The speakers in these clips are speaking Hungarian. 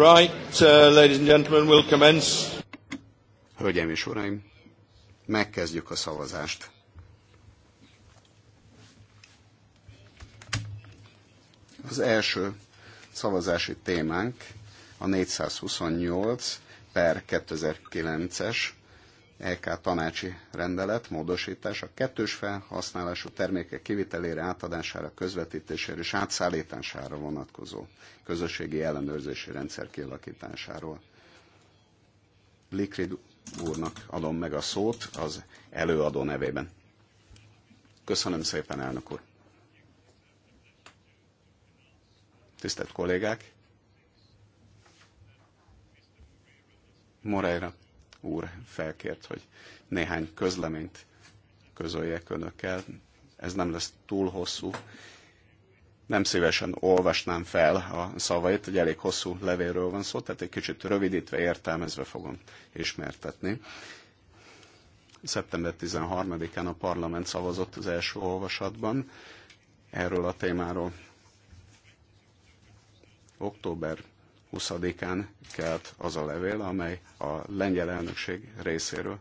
Right, uh, ladies and gentlemen, we'll commence. Hölgyeim és uraim, megkezdjük a szavazást. Az első szavazási témánk a 428 per 2009-es EK tanácsi rendelet a kettős felhasználású termékek kivitelére, átadására, közvetítésére és átszállítására vonatkozó közösségi ellenőrzési rendszer kialakításáról. Likrid úrnak adom meg a szót az előadó nevében. Köszönöm szépen, elnök úr! Tisztelt kollégák! Moreira úr felkért, hogy néhány közleményt közöljek önökkel. Ez nem lesz túl hosszú. Nem szívesen olvasnám fel a szavait, egy elég hosszú levélről van szó, tehát egy kicsit rövidítve, értelmezve fogom ismertetni. Szeptember 13-án a parlament szavazott az első olvasatban erről a témáról. Október 20-án kelt az a levél, amely a lengyel elnökség részéről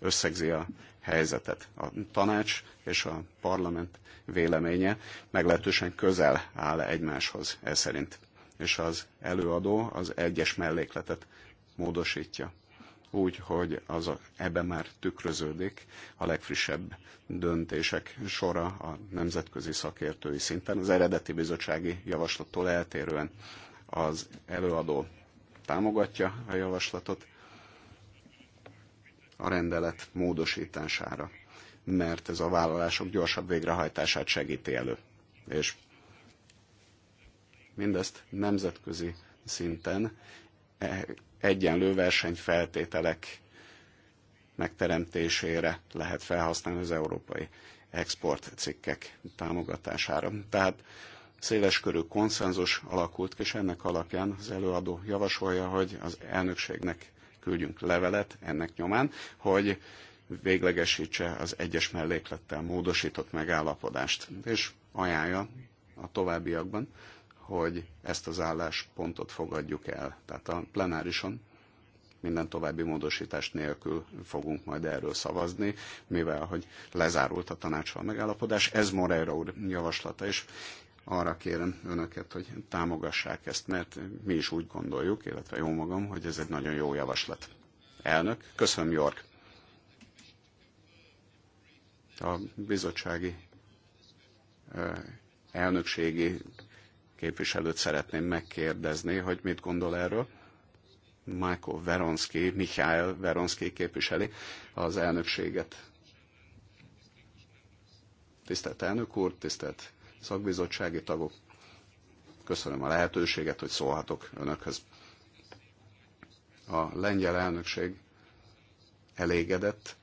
összegzi a helyzetet. A tanács és a parlament véleménye meglehetősen közel áll egymáshoz ez szerint. És az előadó az egyes mellékletet módosítja úgy, hogy az a, ebben már tükröződik a legfrissebb döntések sora a nemzetközi szakértői szinten, az eredeti bizottsági javaslattól eltérően az előadó támogatja a javaslatot a rendelet módosítására, mert ez a vállalások gyorsabb végrehajtását segíti elő. És mindezt nemzetközi szinten e egyenlő versenyfeltételek megteremtésére lehet felhasználni az európai exportcikkek támogatására. Tehát széleskörű konszenzus alakult ki, és ennek alapján az előadó javasolja, hogy az elnökségnek küldjünk levelet ennek nyomán, hogy véglegesítse az egyes melléklettel módosított megállapodást, és ajánlja a továbbiakban, hogy ezt az álláspontot fogadjuk el. Tehát a plenárison minden további módosítás nélkül fogunk majd erről szavazni, mivel hogy lezárult a tanácsval megállapodás. Ez Moreira úr javaslata, is arra kérem önöket, hogy támogassák ezt, mert mi is úgy gondoljuk, illetve jó magam, hogy ez egy nagyon jó javaslat. Elnök, köszönöm, Jorg. A bizottsági elnökségi képviselőt szeretném megkérdezni, hogy mit gondol erről. Michael Veronski, Michael Veronski képviseli az elnökséget. Tisztelt elnök úr, tisztelt szakbizottsági tagok. Köszönöm a lehetőséget, hogy szólhatok önökhöz. A lengyel elnökség elégedett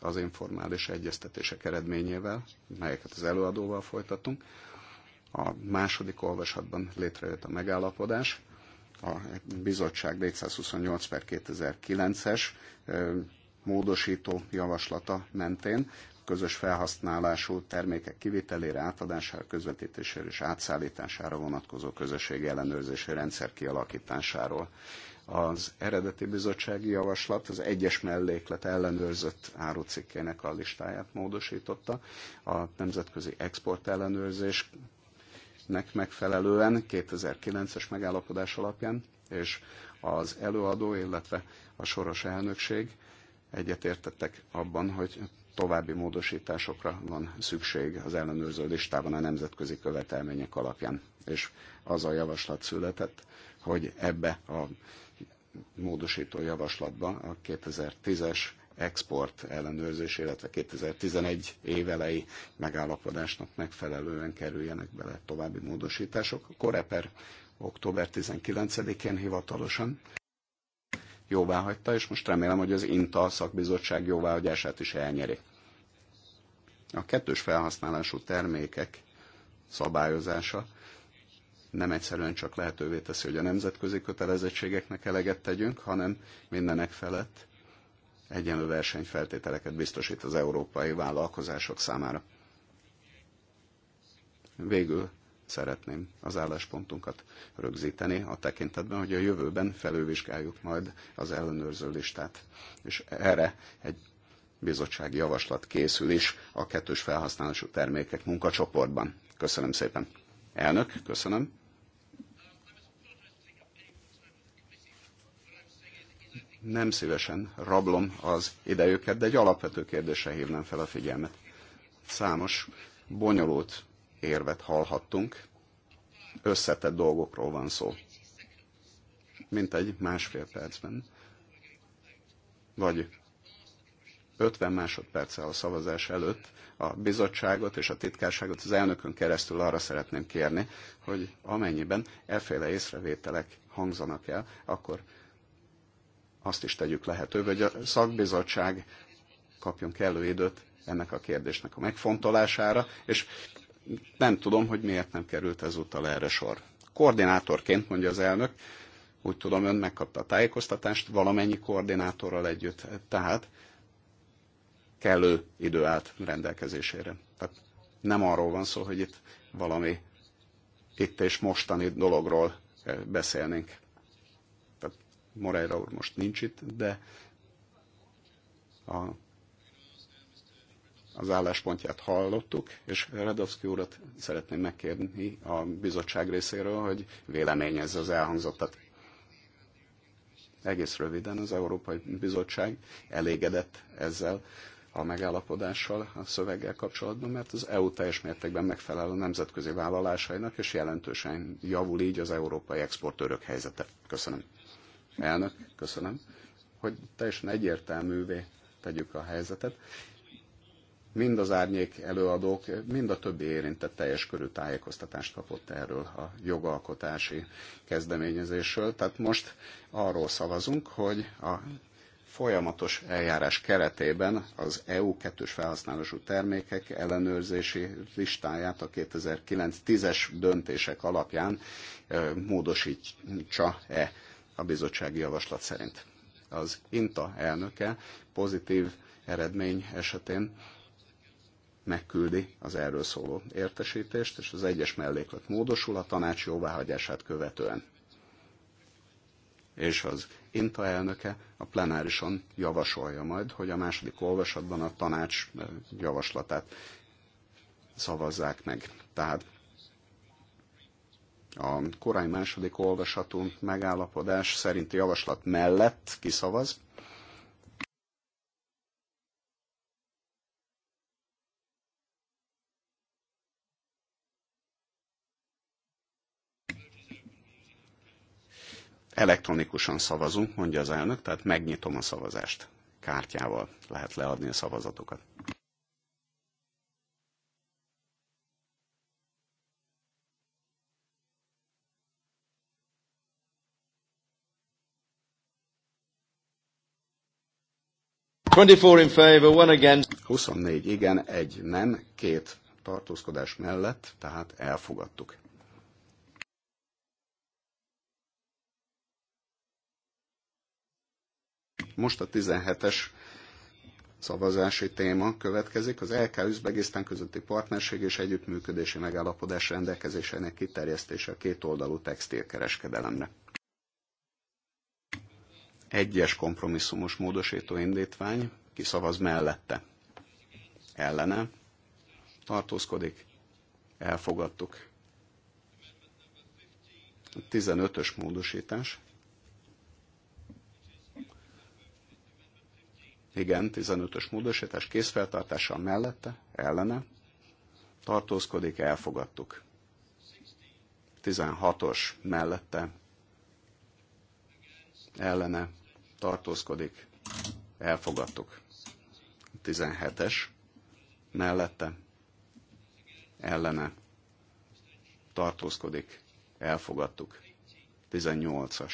az informális egyeztetések eredményével, melyeket az előadóval folytatunk. A második olvasatban létrejött a megállapodás, a bizottság 428 per 2009-es módosító javaslata mentén közös felhasználású termékek kivitelére, átadására, közvetítésére és átszállítására vonatkozó közösségi ellenőrzési rendszer kialakításáról. Az eredeti bizottsági javaslat az egyes melléklet ellenőrzött árucikkének a listáját módosította. A nemzetközi export ellenőrzésnek megfelelően 2009-es megállapodás alapján, és az előadó, illetve a soros elnökség egyetértettek abban, hogy további módosításokra van szükség az ellenőrző listában a nemzetközi követelmények alapján. És az a javaslat született, hogy ebbe a módosító javaslatba a 2010-es export ellenőrzés, illetve 2011 évelei megállapodásnak megfelelően kerüljenek bele további módosítások. A Koreper október 19-én hivatalosan jóvá hagyta, és most remélem, hogy az INTA szakbizottság jóváhagyását is elnyeri. A kettős felhasználású termékek szabályozása nem egyszerűen csak lehetővé teszi, hogy a nemzetközi kötelezettségeknek eleget tegyünk, hanem mindenek felett egyenlő versenyfeltételeket biztosít az európai vállalkozások számára. Végül szeretném az álláspontunkat rögzíteni a tekintetben, hogy a jövőben felülvizsgáljuk majd az ellenőrző listát. És erre egy bizottsági javaslat készül is a kettős felhasználású termékek munkacsoportban. Köszönöm szépen. Elnök, köszönöm. Nem szívesen rablom az idejüket, de egy alapvető kérdésre hívnám fel a figyelmet. Számos bonyolult érvet hallhattunk. Összetett dolgokról van szó. Mint egy másfél percben, vagy 50 másodperccel a szavazás előtt a bizottságot és a titkárságot az elnökön keresztül arra szeretném kérni, hogy amennyiben efféle észrevételek hangzanak el, akkor azt is tegyük lehetővé, hogy a szakbizottság kapjon kellő időt ennek a kérdésnek a megfontolására, és nem tudom, hogy miért nem került ezúttal erre sor. Koordinátorként, mondja az elnök, úgy tudom, ön megkapta a tájékoztatást valamennyi koordinátorral együtt, tehát kellő idő állt rendelkezésére. Tehát nem arról van szó, hogy itt valami itt és mostani dologról eh, beszélnénk. Tehát Moreira úr most nincs itt, de a az álláspontját hallottuk, és Radovszki úrat szeretném megkérni a bizottság részéről, hogy véleményezze az elhangzottat. Egész röviden az Európai Bizottság elégedett ezzel a megállapodással, a szöveggel kapcsolatban, mert az EU teljes mértékben megfelel a nemzetközi vállalásainak, és jelentősen javul így az európai exportőrök helyzete. Köszönöm. Elnök, köszönöm, hogy teljesen egyértelművé tegyük a helyzetet mind az árnyék előadók, mind a többi érintett teljes körű tájékoztatást kapott erről a jogalkotási kezdeményezésről. Tehát most arról szavazunk, hogy a folyamatos eljárás keretében az EU kettős felhasználású termékek ellenőrzési listáját a 2009-10-es döntések alapján módosítsa-e a bizottsági javaslat szerint. Az INTA elnöke pozitív eredmény esetén megküldi az erről szóló értesítést, és az egyes melléklet módosul a tanács jóváhagyását követően. És az INTA elnöke a plenárison javasolja majd, hogy a második olvasatban a tanács javaslatát szavazzák meg. Tehát a korai második olvasatú megállapodás szerinti javaslat mellett kiszavaz, Elektronikusan szavazunk, mondja az elnök, tehát megnyitom a szavazást. Kártyával lehet leadni a szavazatokat. in favor, one against. 24 igen, egy nem, két tartózkodás mellett, tehát elfogadtuk. Most a 17-es szavazási téma következik, az LK Üzbegisztán közötti partnerség és együttműködési megállapodás rendelkezésének kiterjesztése a kétoldalú textilkereskedelemre. Egyes kompromisszumos módosító indítvány, ki szavaz mellette. Ellene tartózkodik, elfogadtuk. A 15-ös módosítás Igen, 15-ös módosítás készfeltartása mellette, ellene. Tartózkodik, elfogadtuk. 16-os mellette, ellene. Tartózkodik, elfogadtuk. 17-es mellette, ellene. Tartózkodik, elfogadtuk. 18-as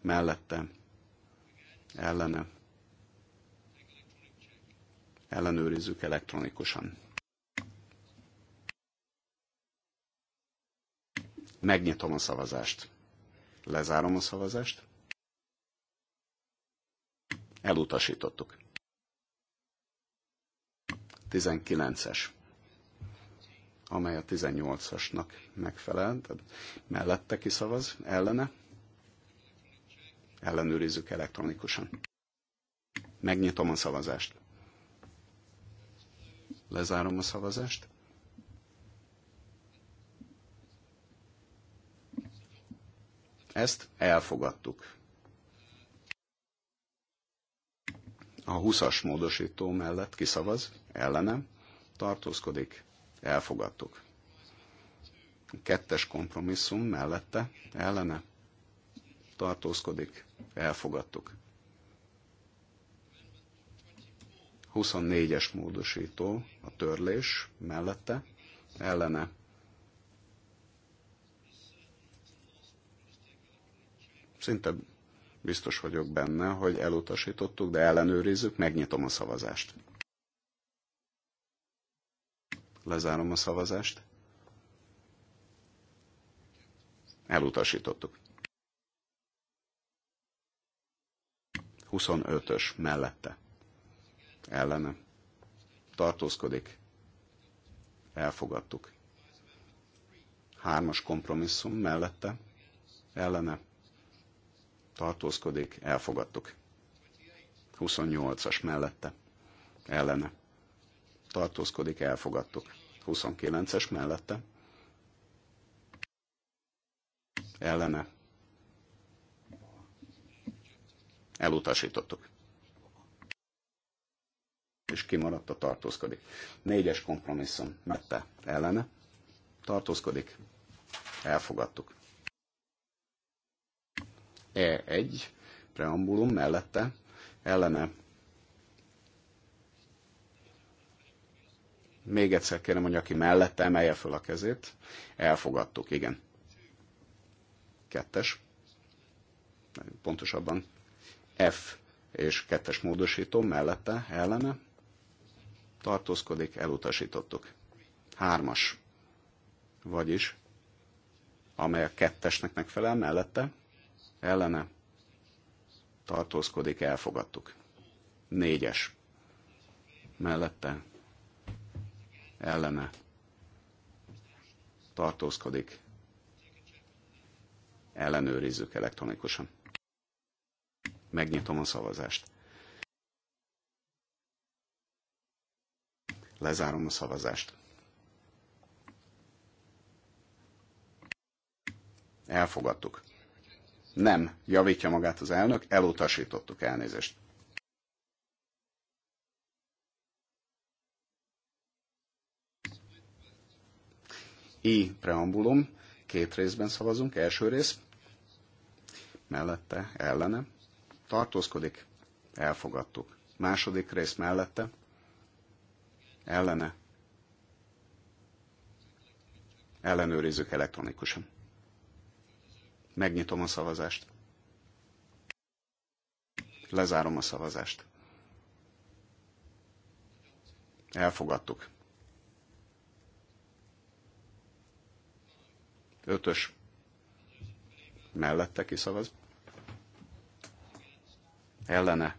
mellette, ellene ellenőrizzük elektronikusan. Megnyitom a szavazást. Lezárom a szavazást. Elutasítottuk. 19-es, amely a 18-asnak megfelel, tehát mellette kiszavaz, ellene. Ellenőrizzük elektronikusan. Megnyitom a szavazást. Lezárom a szavazást. Ezt elfogadtuk. A 20-as módosító mellett kiszavaz, ellenem, tartózkodik, elfogadtuk. A Kettes kompromisszum mellette, ellene, tartózkodik, elfogadtuk. 24-es módosító a törlés mellette ellene szinte biztos vagyok benne, hogy elutasítottuk, de ellenőrizzük, megnyitom a szavazást. Lezárom a szavazást. Elutasítottuk. 25-ös mellette ellene tartózkodik, elfogadtuk. Hármas kompromisszum mellette, ellene tartózkodik, elfogadtuk. 28-as mellette, ellene tartózkodik, elfogadtuk. 29-es mellette, ellene elutasítottuk és kimaradt a tartózkodik. Négyes kompromisszum mette ellene, tartózkodik, elfogadtuk. E1 preambulum mellette ellene még egyszer kérem, hogy aki mellette emelje fel a kezét. Elfogadtuk, igen. Kettes. Pontosabban F és kettes módosító mellette, ellene tartózkodik, elutasítottuk. Hármas, vagyis, amely a kettesnek megfelel mellette, ellene tartózkodik, elfogadtuk. Négyes, mellette, ellene tartózkodik, ellenőrizzük elektronikusan. Megnyitom a szavazást. Lezárom a szavazást. Elfogadtuk. Nem, javítja magát az elnök, elutasítottuk elnézést. I preambulum, két részben szavazunk, első rész, mellette, ellene, tartózkodik, elfogadtuk. Második rész mellette, ellene ellenőrizzük elektronikusan. Megnyitom a szavazást. Lezárom a szavazást. Elfogadtuk. Ötös. Mellette kiszavaz. Ellene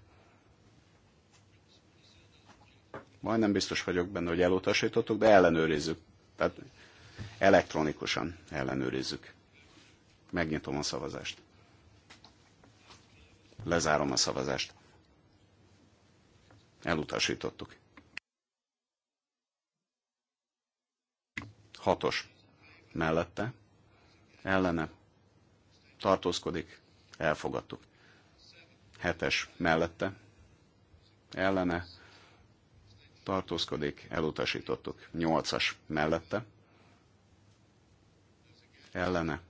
majdnem biztos vagyok benne, hogy elutasítottuk, de ellenőrizzük. Tehát elektronikusan ellenőrizzük. Megnyitom a szavazást. Lezárom a szavazást. Elutasítottuk. Hatos. Mellette. Ellene. Tartózkodik. Elfogadtuk. Hetes. Mellette. Ellene tartózkodik, elutasítottuk. nyolcas mellette, ellene.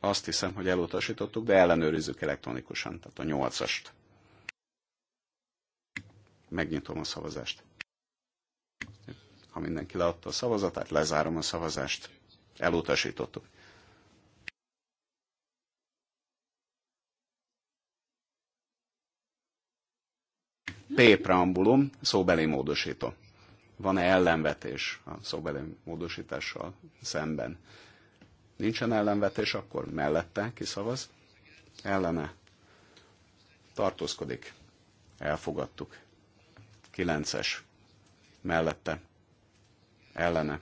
Azt hiszem, hogy elutasítottuk, de ellenőrizzük elektronikusan, tehát a nyolcast. Megnyitom a szavazást. Ha mindenki leadta a szavazatát, lezárom a szavazást. Elutasítottuk. P preambulum, szóbeli módosító. Van-e ellenvetés a szóbeli módosítással szemben? Nincsen ellenvetés, akkor mellette kiszavaz. Ellene tartózkodik. Elfogadtuk. Kilences. Mellette. Ellene.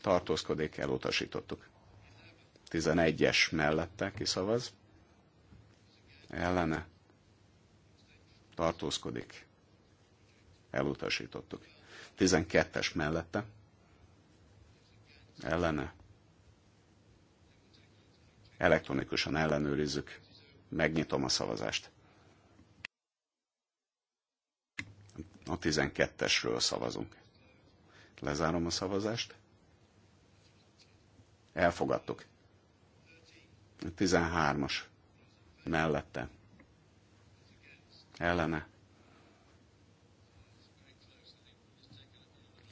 Tartózkodik, elutasítottuk. 11-es mellette kiszavaz. Ellene tartózkodik, elutasítottuk. 12-es mellette, ellene, elektronikusan ellenőrizzük, megnyitom a szavazást. A 12-esről szavazunk. Lezárom a szavazást. Elfogadtuk. 13-as mellette ellene.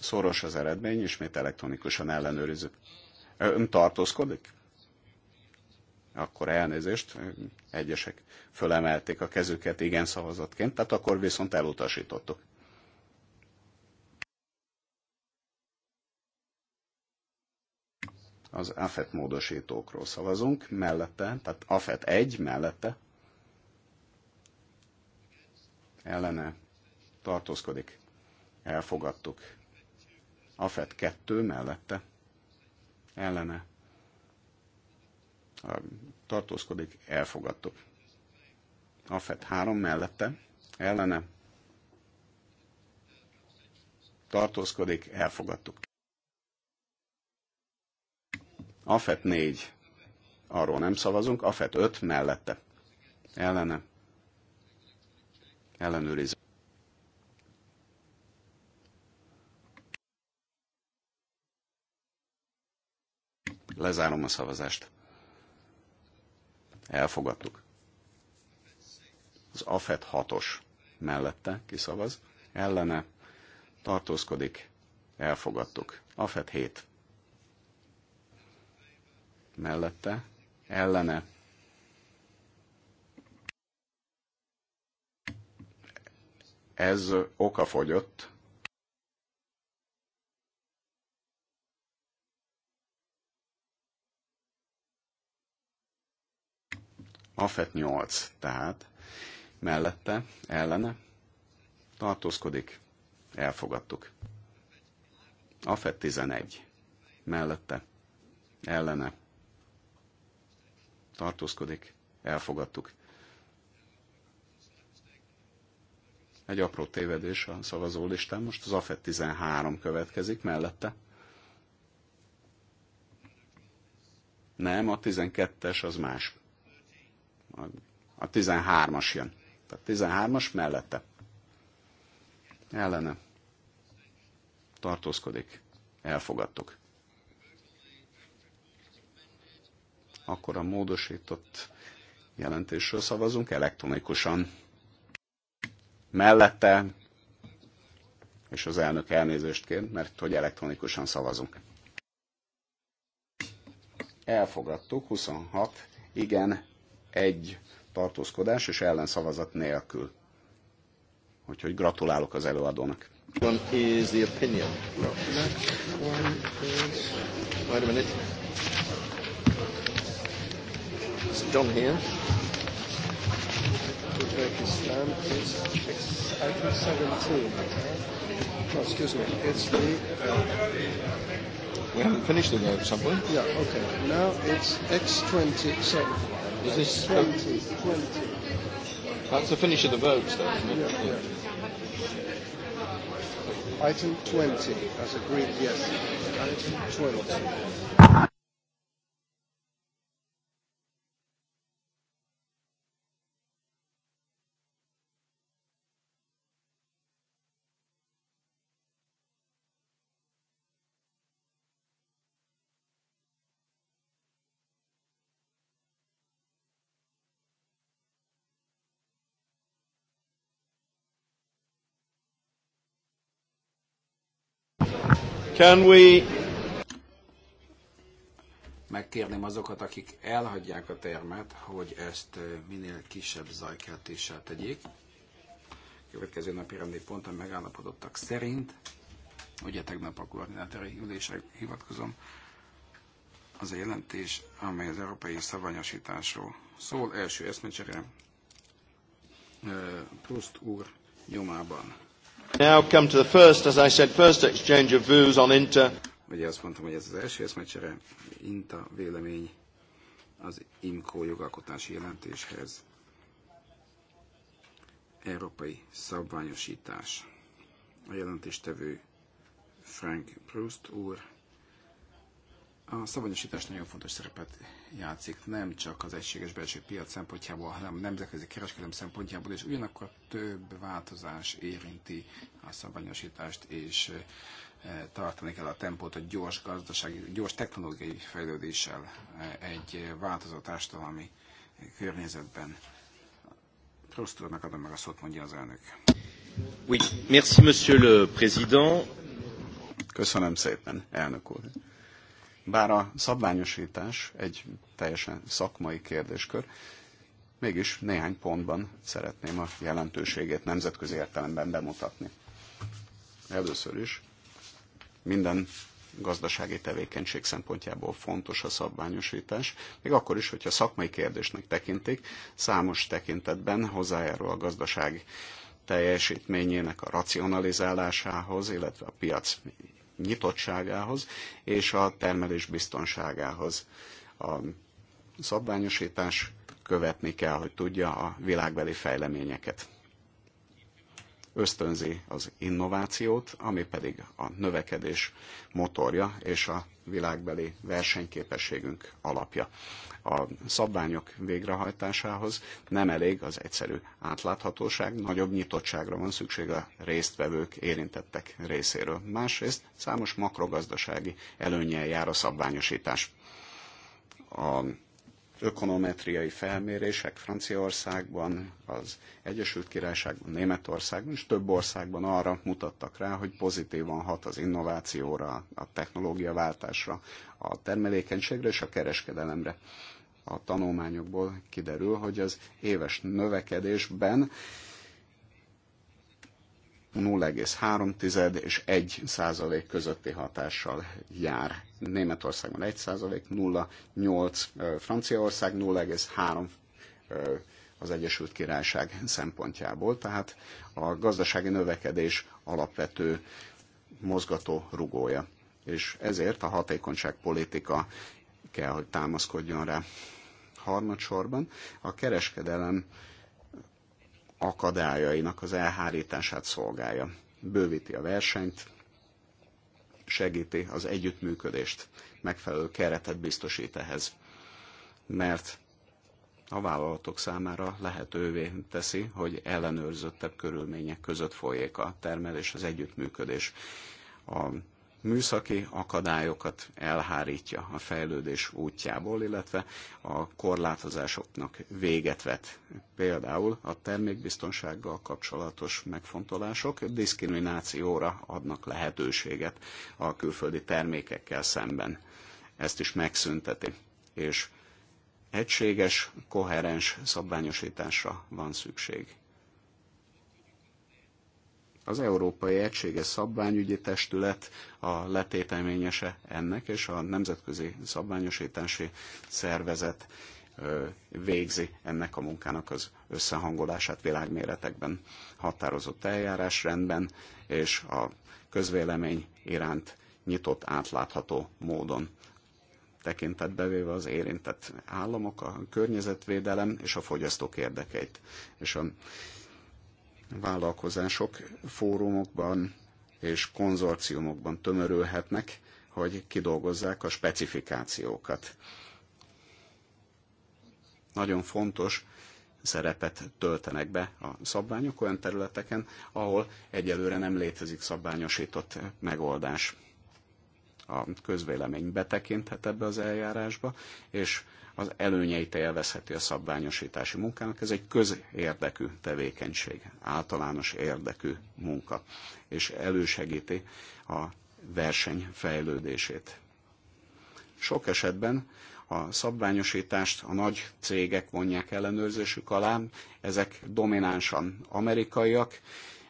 Szoros az eredmény, ismét elektronikusan ellenőrizzük. Ön tartózkodik? Akkor elnézést, egyesek fölemelték a kezüket igen szavazatként, tehát akkor viszont elutasítottuk. az AFET módosítókról szavazunk, mellette, tehát AFET 1 mellette, ellene tartózkodik, elfogadtuk. Afet kettő mellette, ellene tartózkodik, elfogadtuk. Afet három mellette, ellene tartózkodik, elfogadtuk. Afet négy. arról nem szavazunk, Afet öt mellette, ellene ellenőriz. Lezárom a szavazást. Elfogadtuk. Az AFET 6-os mellette kiszavaz, ellene tartózkodik, elfogadtuk. AFET 7 mellette, ellene ez okafogyott, Afet 8, tehát mellette, ellene tartózkodik, elfogadtuk. Afet 11, mellette, ellene tartózkodik, elfogadtuk. egy apró tévedés a szavazó listán. Most az AFET 13 következik mellette. Nem, a 12-es az más. A 13-as jön. Tehát 13-as mellette. Ellene. Tartózkodik. Elfogadtuk. Akkor a módosított jelentésről szavazunk elektronikusan mellette, és az elnök elnézést kér, mert hogy elektronikusan szavazunk. Elfogadtuk 26, igen, egy tartózkodás és ellenszavazat nélkül. Úgyhogy gratulálok az előadónak. One is the opinion. No. Wait a minute. It's done here. Uzbekistan is item 17. Oh, excuse me. It's the. Uh, we haven't finished the road, have we? Yeah, okay. Now it's X20. So, is this. 20, 20. That's the finish of the votes, though, isn't it? Yeah, yeah. yeah. Item 20, as agreed, yes. Item 20. Can we... Megkérném azokat, akik elhagyják a termet, hogy ezt minél kisebb zajkeltéssel tegyék. Következő napi rendi ponton megállapodottak szerint, ugye tegnap a koordinátori ülésre hivatkozom, az a jelentés, amely az európai szabványosításról szól, első eszmecsere, Proust úr nyomában. Now come to the first, as I said, first exchange of views on Inter. Ugye azt mondtam, hogy ez az első eszmecsere, Inta vélemény az IMCO jogalkotási jelentéshez. Európai szabványosítás. A jelentéstevő Frank Proust úr. A szabványosítás nagyon fontos szerepet játszik nem csak az egységes belső piac szempontjából, hanem a nemzetközi kereskedelem szempontjából, és ugyanakkor több változás érinti a szabványosítást, és eh, tartani kell a tempót a gyors gazdasági, gyors technológiai fejlődéssel eh, egy változó társadalmi környezetben. Prost úrnak adom meg a szót, mondja az elnök. Oui, merci, monsieur le président. Köszönöm szépen, elnök úr. Bár a szabványosítás egy teljesen szakmai kérdéskör, mégis néhány pontban szeretném a jelentőségét nemzetközi értelemben bemutatni. Először is minden gazdasági tevékenység szempontjából fontos a szabványosítás, még akkor is, hogyha szakmai kérdésnek tekintik, számos tekintetben hozzájárul a gazdaság teljesítményének a racionalizálásához, illetve a piac nyitottságához és a termelés biztonságához. A szabványosítás követni kell, hogy tudja a világbeli fejleményeket ösztönzi az innovációt, ami pedig a növekedés motorja és a világbeli versenyképességünk alapja. A szabványok végrehajtásához nem elég az egyszerű átláthatóság, nagyobb nyitottságra van szükség a résztvevők érintettek részéről. Másrészt számos makrogazdasági előnyel jár a szabványosítás. A ökonometriai felmérések Franciaországban, az Egyesült Királyságban, Németországban és több országban arra mutattak rá, hogy pozitívan hat az innovációra, a technológiaváltásra, a termelékenységre és a kereskedelemre. A tanulmányokból kiderül, hogy az éves növekedésben 0,3 és 1 százalék közötti hatással jár. Németországban 1 százalék, 0,8 Franciaország, 0,3 az Egyesült Királyság szempontjából. Tehát a gazdasági növekedés alapvető mozgató rugója. És ezért a hatékonyságpolitika kell, hogy támaszkodjon rá. Harmadsorban a kereskedelem akadályainak az elhárítását szolgálja. Bővíti a versenyt, segíti az együttműködést, megfelelő keretet biztosít ehhez. Mert a vállalatok számára lehetővé teszi, hogy ellenőrzöttebb körülmények között folyék a termelés, az együttműködés. A műszaki akadályokat elhárítja a fejlődés útjából, illetve a korlátozásoknak véget vet. Például a termékbiztonsággal kapcsolatos megfontolások diszkriminációra adnak lehetőséget a külföldi termékekkel szemben. Ezt is megszünteti. És egységes, koherens szabványosításra van szükség az Európai Egységes Szabványügyi Testület a letéteményese ennek, és a Nemzetközi Szabványosítási Szervezet végzi ennek a munkának az összehangolását világméretekben határozott eljárásrendben, és a közvélemény iránt nyitott, átlátható módon tekintetbe véve az érintett államok, a környezetvédelem és a fogyasztók érdekeit. És a vállalkozások fórumokban és konzorciumokban tömörülhetnek, hogy kidolgozzák a specifikációkat. Nagyon fontos szerepet töltenek be a szabványok olyan területeken, ahol egyelőre nem létezik szabványosított megoldás a közvélemény betekinthet ebbe az eljárásba, és az előnyeit élvezheti a szabványosítási munkának. Ez egy közérdekű tevékenység, általános érdekű munka, és elősegíti a verseny fejlődését. Sok esetben a szabványosítást a nagy cégek vonják ellenőrzésük alá, ezek dominánsan amerikaiak,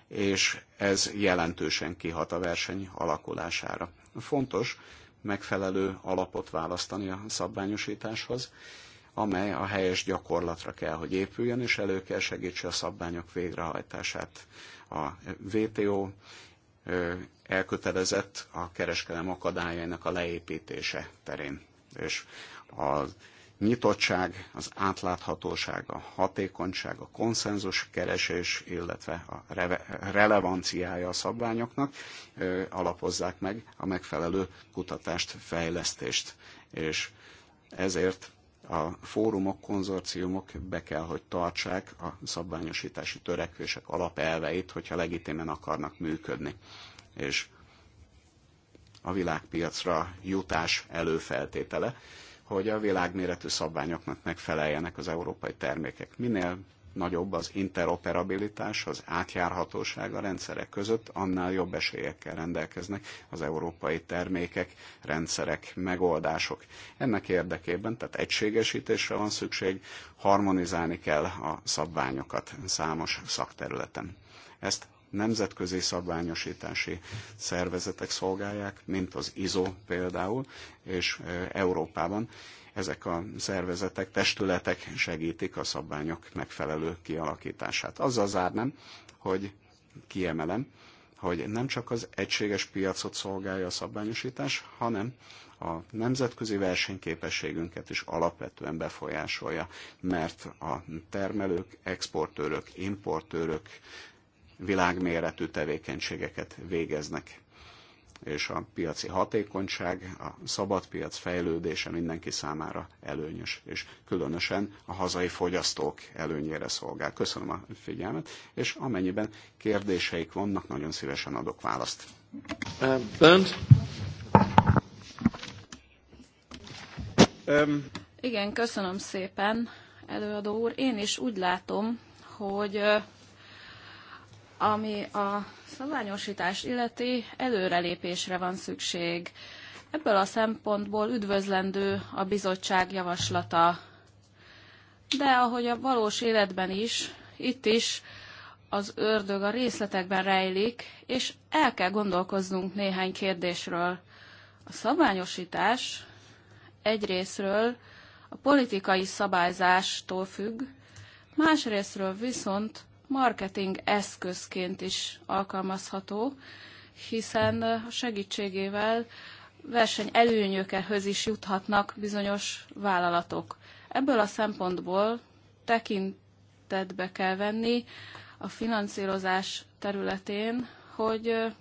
és ez jelentősen kihat a verseny alakulására fontos megfelelő alapot választani a szabványosításhoz, amely a helyes gyakorlatra kell, hogy épüljön, és elő kell segítse a szabványok végrehajtását. A VTO elkötelezett a kereskedelem akadályainak a leépítése terén, és az nyitottság, az átláthatóság, a hatékonyság, a konszenzus keresés, illetve a relevanciája a szabványoknak alapozzák meg a megfelelő kutatást, fejlesztést. És ezért a fórumok, konzorciumok be kell, hogy tartsák a szabványosítási törekvések alapelveit, hogyha legitimen akarnak működni. És a világpiacra jutás előfeltétele hogy a világméretű szabványoknak megfeleljenek az európai termékek. Minél nagyobb az interoperabilitás, az átjárhatóság a rendszerek között, annál jobb esélyekkel rendelkeznek az európai termékek, rendszerek, megoldások. Ennek érdekében, tehát egységesítésre van szükség, harmonizálni kell a szabványokat számos szakterületen. Ezt nemzetközi szabványosítási szervezetek szolgálják, mint az ISO például, és Európában ezek a szervezetek, testületek segítik a szabványok megfelelő kialakítását. Azzal zárnám, hogy kiemelem, hogy nem csak az egységes piacot szolgálja a szabványosítás, hanem a nemzetközi versenyképességünket is alapvetően befolyásolja, mert a termelők, exportőrök, importőrök világméretű tevékenységeket végeznek. És a piaci hatékonyság, a szabad piac fejlődése mindenki számára előnyös, és különösen a hazai fogyasztók előnyére szolgál. Köszönöm a figyelmet, és amennyiben kérdéseik vannak, nagyon szívesen adok választ. Bent? Um. Igen, köszönöm szépen, előadó úr. Én is úgy látom, hogy ami a szabványosítás illeti, előrelépésre van szükség. Ebből a szempontból üdvözlendő a bizottság javaslata. De ahogy a valós életben is, itt is az ördög a részletekben rejlik, és el kell gondolkoznunk néhány kérdésről. A szabványosítás egyrésztről a politikai szabályzástól függ, másrésztről viszont marketing eszközként is alkalmazható, hiszen a segítségével versenyelőnyökhöz is juthatnak bizonyos vállalatok. Ebből a szempontból tekintetbe kell venni a finanszírozás területén, hogy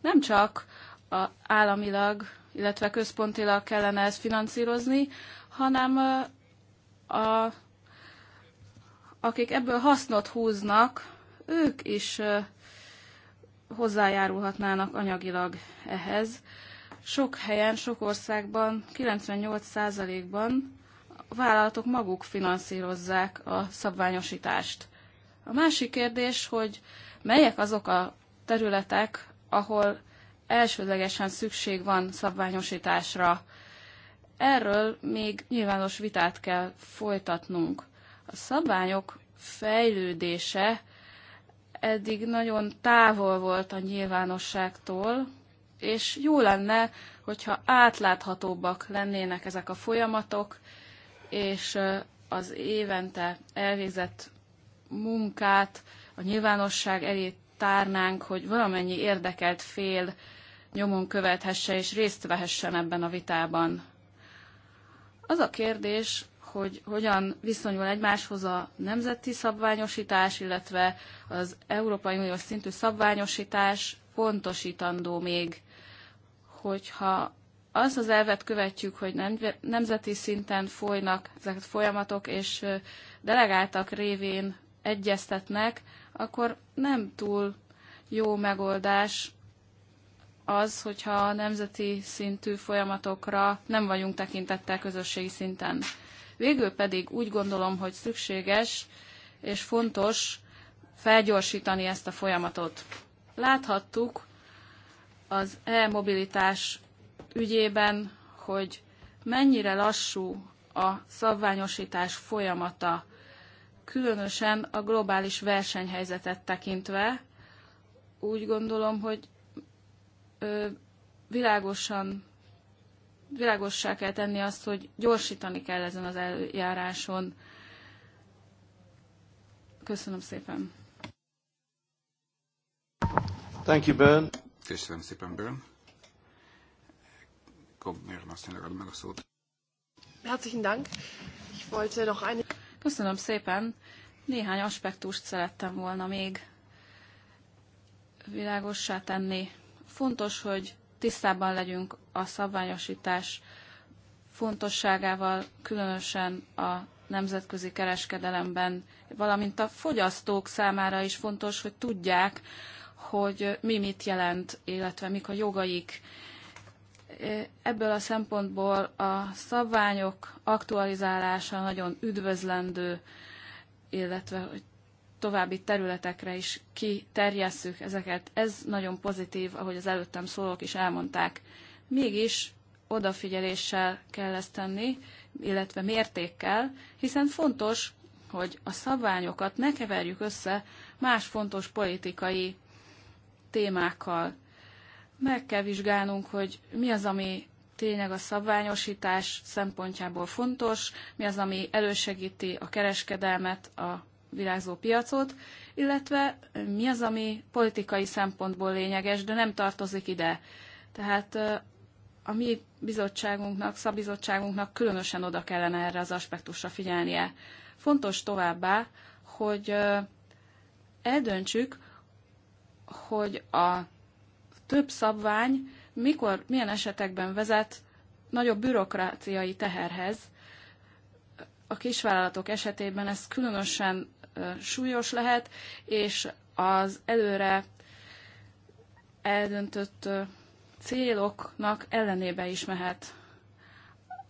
nem csak a államilag, illetve központilag kellene ezt finanszírozni, hanem a akik ebből hasznot húznak, ők is hozzájárulhatnának anyagilag ehhez. Sok helyen, sok országban, 98%-ban a vállalatok maguk finanszírozzák a szabványosítást. A másik kérdés, hogy melyek azok a területek, ahol elsődlegesen szükség van szabványosításra. Erről még nyilvános vitát kell folytatnunk. A szabványok fejlődése eddig nagyon távol volt a nyilvánosságtól, és jó lenne, hogyha átláthatóbbak lennének ezek a folyamatok, és az évente elvégzett munkát a nyilvánosság elé tárnánk, hogy valamennyi érdekelt fél nyomon követhesse és részt vehessen ebben a vitában. Az a kérdés, hogy hogyan viszonyul egymáshoz a nemzeti szabványosítás, illetve az Európai Uniós szintű szabványosítás pontosítandó még, hogyha azt az elvet követjük, hogy nem, nemzeti szinten folynak ezek a folyamatok, és delegáltak révén egyeztetnek, akkor nem túl jó megoldás az, hogyha a nemzeti szintű folyamatokra nem vagyunk tekintettel közösségi szinten. Végül pedig úgy gondolom, hogy szükséges és fontos felgyorsítani ezt a folyamatot. Láthattuk az e-mobilitás ügyében, hogy mennyire lassú a szabványosítás folyamata, különösen a globális versenyhelyzetet tekintve. Úgy gondolom, hogy világosan világossá kell tenni azt, hogy gyorsítani kell ezen az eljáráson. Köszönöm szépen. Thank you, Bern. Köszönöm szépen, Bern. Komm, aztán legalább meg a szót. Herzlichen Dank. Ich wollte noch eine... Köszönöm szépen. Néhány aspektust szerettem volna még világossá tenni. Fontos, hogy tisztában legyünk a szabványosítás fontosságával, különösen a nemzetközi kereskedelemben, valamint a fogyasztók számára is fontos, hogy tudják, hogy mi mit jelent, illetve mik a jogaik. Ebből a szempontból a szabványok aktualizálása nagyon üdvözlendő, illetve hogy további területekre is kiterjesszük ezeket. Ez nagyon pozitív, ahogy az előttem szólók is elmondták. Mégis odafigyeléssel kell ezt tenni, illetve mértékkel, hiszen fontos, hogy a szabványokat ne keverjük össze más fontos politikai témákkal. Meg kell vizsgálnunk, hogy mi az, ami tényleg a szabványosítás szempontjából fontos, mi az, ami elősegíti a kereskedelmet, a virágzó piacot, illetve mi az, ami politikai szempontból lényeges, de nem tartozik ide. Tehát a mi bizottságunknak, szabizottságunknak különösen oda kellene erre az aspektusra figyelnie. Fontos továbbá, hogy eldöntsük, hogy a több szabvány mikor, milyen esetekben vezet nagyobb bürokráciai teherhez. A kisvállalatok esetében ez különösen súlyos lehet, és az előre eldöntött céloknak ellenébe is mehet.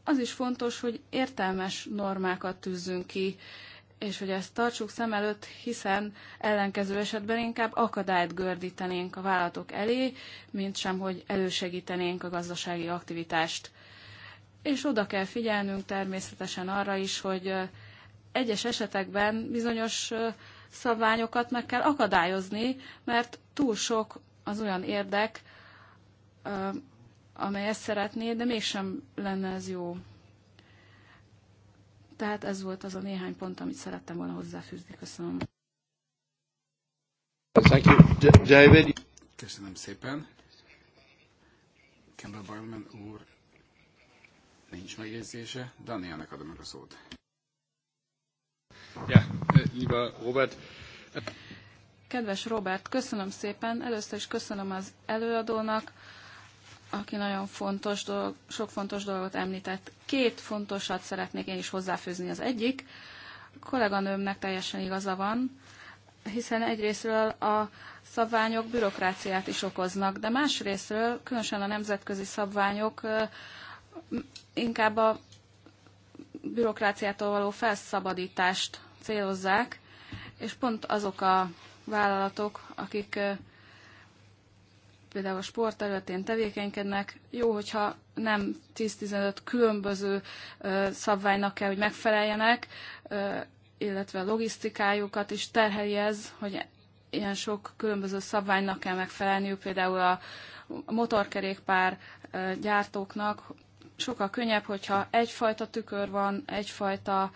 Az is fontos, hogy értelmes normákat tűzzünk ki, és hogy ezt tartsuk szem előtt, hiszen ellenkező esetben inkább akadályt gördítenénk a vállalatok elé, mint sem, hogy elősegítenénk a gazdasági aktivitást. És oda kell figyelnünk természetesen arra is, hogy egyes esetekben bizonyos szabványokat meg kell akadályozni, mert túl sok az olyan érdek, amely ezt szeretné, de mégsem lenne ez jó. Tehát ez volt az a néhány pont, amit szerettem volna hozzáfűzni. Köszönöm. Thank you. David. Köszönöm szépen. Kemba Barman úr nincs megjegyzése. Danielnek adom meg a szót. Kedves Robert, köszönöm szépen. Először is köszönöm az előadónak, aki nagyon fontos dolog, sok fontos dolgot említett. Két fontosat szeretnék én is hozzáfűzni. Az egyik, a kolléganőmnek teljesen igaza van, hiszen egyrésztről a szabványok bürokráciát is okoznak, de másrésztről, különösen a nemzetközi szabványok inkább a bürokráciától való felszabadítást célozzák, és pont azok a vállalatok, akik például a sport területén tevékenykednek, jó, hogyha nem 10-15 különböző szabványnak kell, hogy megfeleljenek, illetve a logisztikájukat is terheli ez, hogy ilyen sok különböző szabványnak kell megfelelniük, például a motorkerékpár gyártóknak, sokkal könnyebb, hogyha egyfajta tükör van, egyfajta,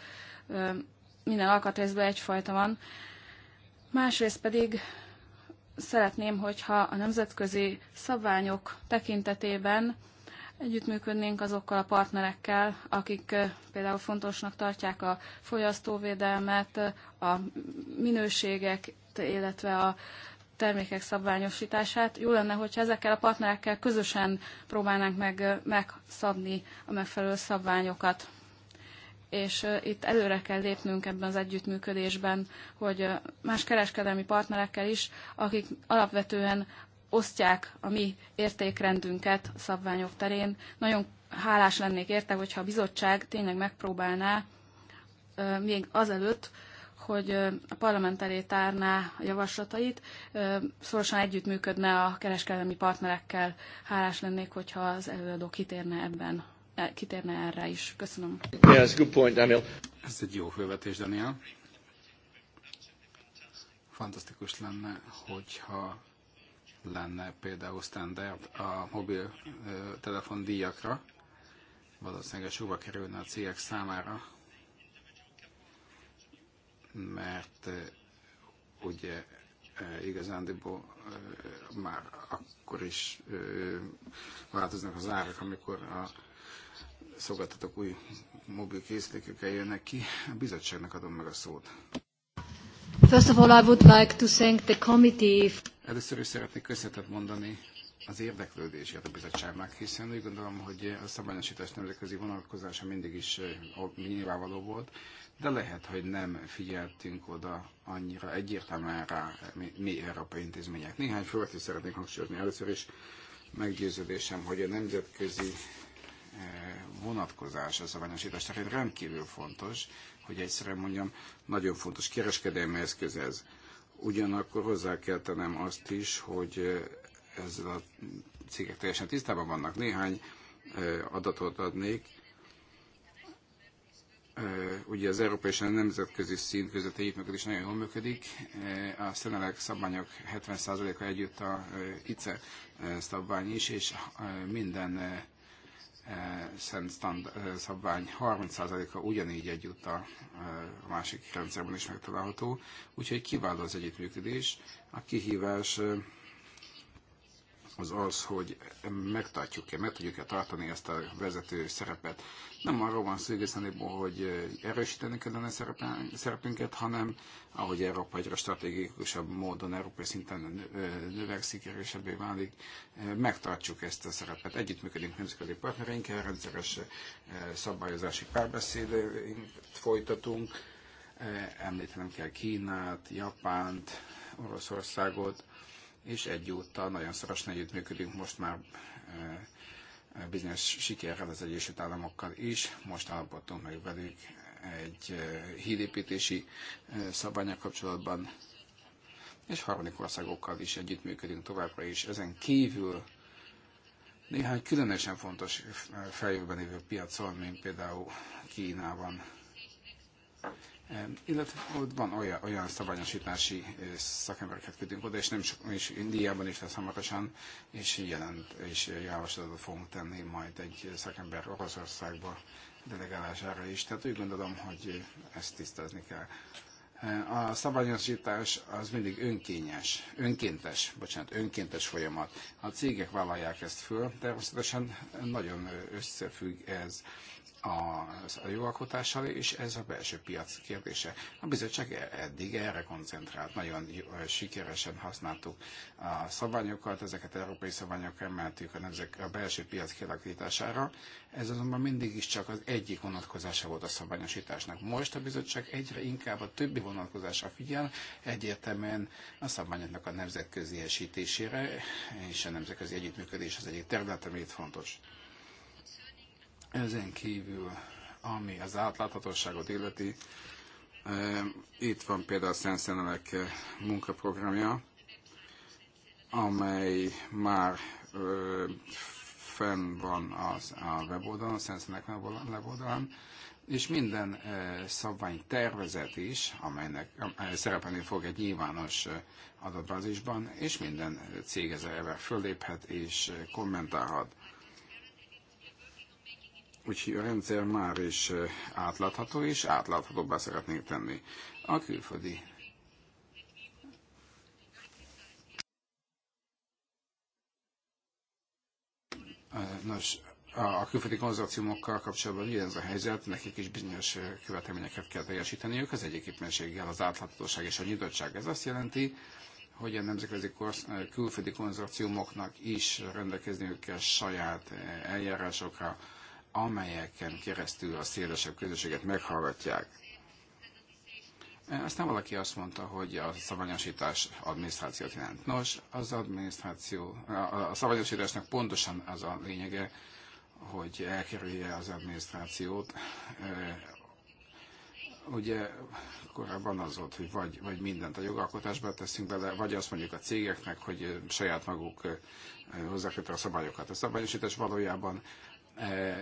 minden alkatrészben egyfajta van. Másrészt pedig szeretném, hogyha a nemzetközi szabványok tekintetében együttműködnénk azokkal a partnerekkel, akik például fontosnak tartják a fogyasztóvédelmet, a minőségek, illetve a termékek szabványosítását. Jó lenne, hogyha ezekkel a partnerekkel közösen próbálnánk meg megszabni a megfelelő szabványokat. És itt előre kell lépnünk ebben az együttműködésben, hogy más kereskedelmi partnerekkel is, akik alapvetően osztják a mi értékrendünket a szabványok terén. Nagyon hálás lennék érte, hogyha a bizottság tényleg megpróbálná még azelőtt, hogy a parlament elé tárná a javaslatait, szorosan együttműködne a kereskedelmi partnerekkel. Hálás lennék, hogyha az előadó kitérne ebben, e, kitérne erre is. Köszönöm. Yeah, good point, Daniel. Ez egy jó felvetés, Daniel. Fantasztikus lenne, hogyha lenne például standard a mobil telefon díjakra. Valószínűleg sokba kerülne a cégek számára, mert eh, ugye eh, igazándiból eh, már akkor is változnak az árak, amikor a szolgáltatók új mobil készülékekkel jönnek ki. A bizottságnak adom meg a szót. First of all, I would like to thank the committee. Először is szeretnék köszönetet mondani az érdeklődését a bizottságnak, hiszen úgy gondolom, hogy a szabályosítás nemzetközi vonatkozása mindig is nyilvánvaló volt, de lehet, hogy nem figyeltünk oda annyira egyértelműen rá mi, mi európai intézmények. Néhány fölött is szeretnék hangsúlyozni. Először is meggyőződésem, hogy a nemzetközi eh, vonatkozás a szabványosítás terén rendkívül fontos, hogy egyszerűen mondjam, nagyon fontos kereskedelmi eszköz ez. Ugyanakkor hozzá kell tennem azt is, hogy eh, ezzel a cégek teljesen tisztában vannak. Néhány eh, adatot adnék ugye az európai és a nemzetközi szint közötti együttműködés nagyon jól működik. A szenelek szabványok 70%-a együtt a ICE szabvány is, és minden szent szabvány 30%-a ugyanígy együtt a másik rendszerben is megtalálható, úgyhogy kiváló az együttműködés. A kihívás az az, hogy megtartjuk-e, meg tudjuk-e tartani ezt a vezető szerepet. Nem arról van szó igazániból, hogy erősíteni kellene szerepünket, hanem ahogy Európa egyre stratégikusabb módon, európai szinten növekszik, erősebbé válik, megtartjuk ezt a szerepet. Együttműködünk nemzetközi partnereinkkel, rendszeres szabályozási párbeszédet folytatunk, említenem kell Kínát, Japánt, Oroszországot, és egyúttal nagyon szorosan együttműködünk most már eh, bizonyos sikerrel az Egyesült Államokkal is. Most állapodtunk meg velük egy eh, hídépítési eh, szabványok kapcsolatban, és harmadik országokkal is együttműködünk továbbra is. Ezen kívül néhány különösen fontos feljövőben lévő piacon, mint például Kínában illetve ott van olyan, olyan szabványosítási szakembereket küldünk oda, és nem csak, és Indiában is lesz hamarosan, és jelent, és javaslatot fogunk tenni majd egy szakember Oroszországba delegálására is. Tehát úgy gondolom, hogy ezt tisztázni kell. A szabályosítás az mindig önkényes, önkéntes, bocsánat, önkéntes folyamat. A cégek vállalják ezt föl, természetesen nagyon összefügg ez a jogalkotással, és ez a belső piac kérdése. A bizottság e- eddig erre koncentrált, nagyon sikeresen használtuk a szabványokat, ezeket európai szabványokra emeltük a, nemzek, a belső piac kialakítására. Ez azonban mindig is csak az egyik vonatkozása volt a szabványosításnak. Most a bizottság egyre inkább a többi vonatkozásra figyel, egyértelműen a szabványoknak a nemzetközi esítésére, és a nemzetközi együttműködés az egyik terület, ami itt fontos. Ezen kívül, ami az átláthatóságot illeti, e, itt van például a Szenelek e, munkaprogramja, amely már e, fenn van az, a weboldalon, a Szenelek weboldalán, és minden ö, szabvány tervezet is, amelynek szerepelni fog egy nyilvános adatbázisban, és minden cég ezzel fölléphet és kommentálhat. Úgyhogy a rendszer már is átlátható, és átláthatóbbá szeretnénk tenni a külföldi Nos, a külföldi konzorciumokkal kapcsolatban ez a helyzet, nekik is bizonyos követelményeket kell teljesíteniük, az egyik éppenséggel az átláthatóság és a nyitottság. Ez azt jelenti, hogy a nemzetközi külföldi konzorciumoknak is rendelkezniük kell saját eljárásokra, amelyeken keresztül a szélesebb közösséget meghallgatják. E, aztán valaki azt mondta, hogy a szabványosítás adminisztrációt jelent. Nos, az adminisztráció, a szabványosításnak pontosan az a lényege, hogy elkerülje az adminisztrációt. E, ugye korábban az volt, hogy vagy, vagy mindent a jogalkotásba teszünk bele, vagy azt mondjuk a cégeknek, hogy saját maguk e, hozzák a szabályokat. A szabályosítás valójában Eh, eh,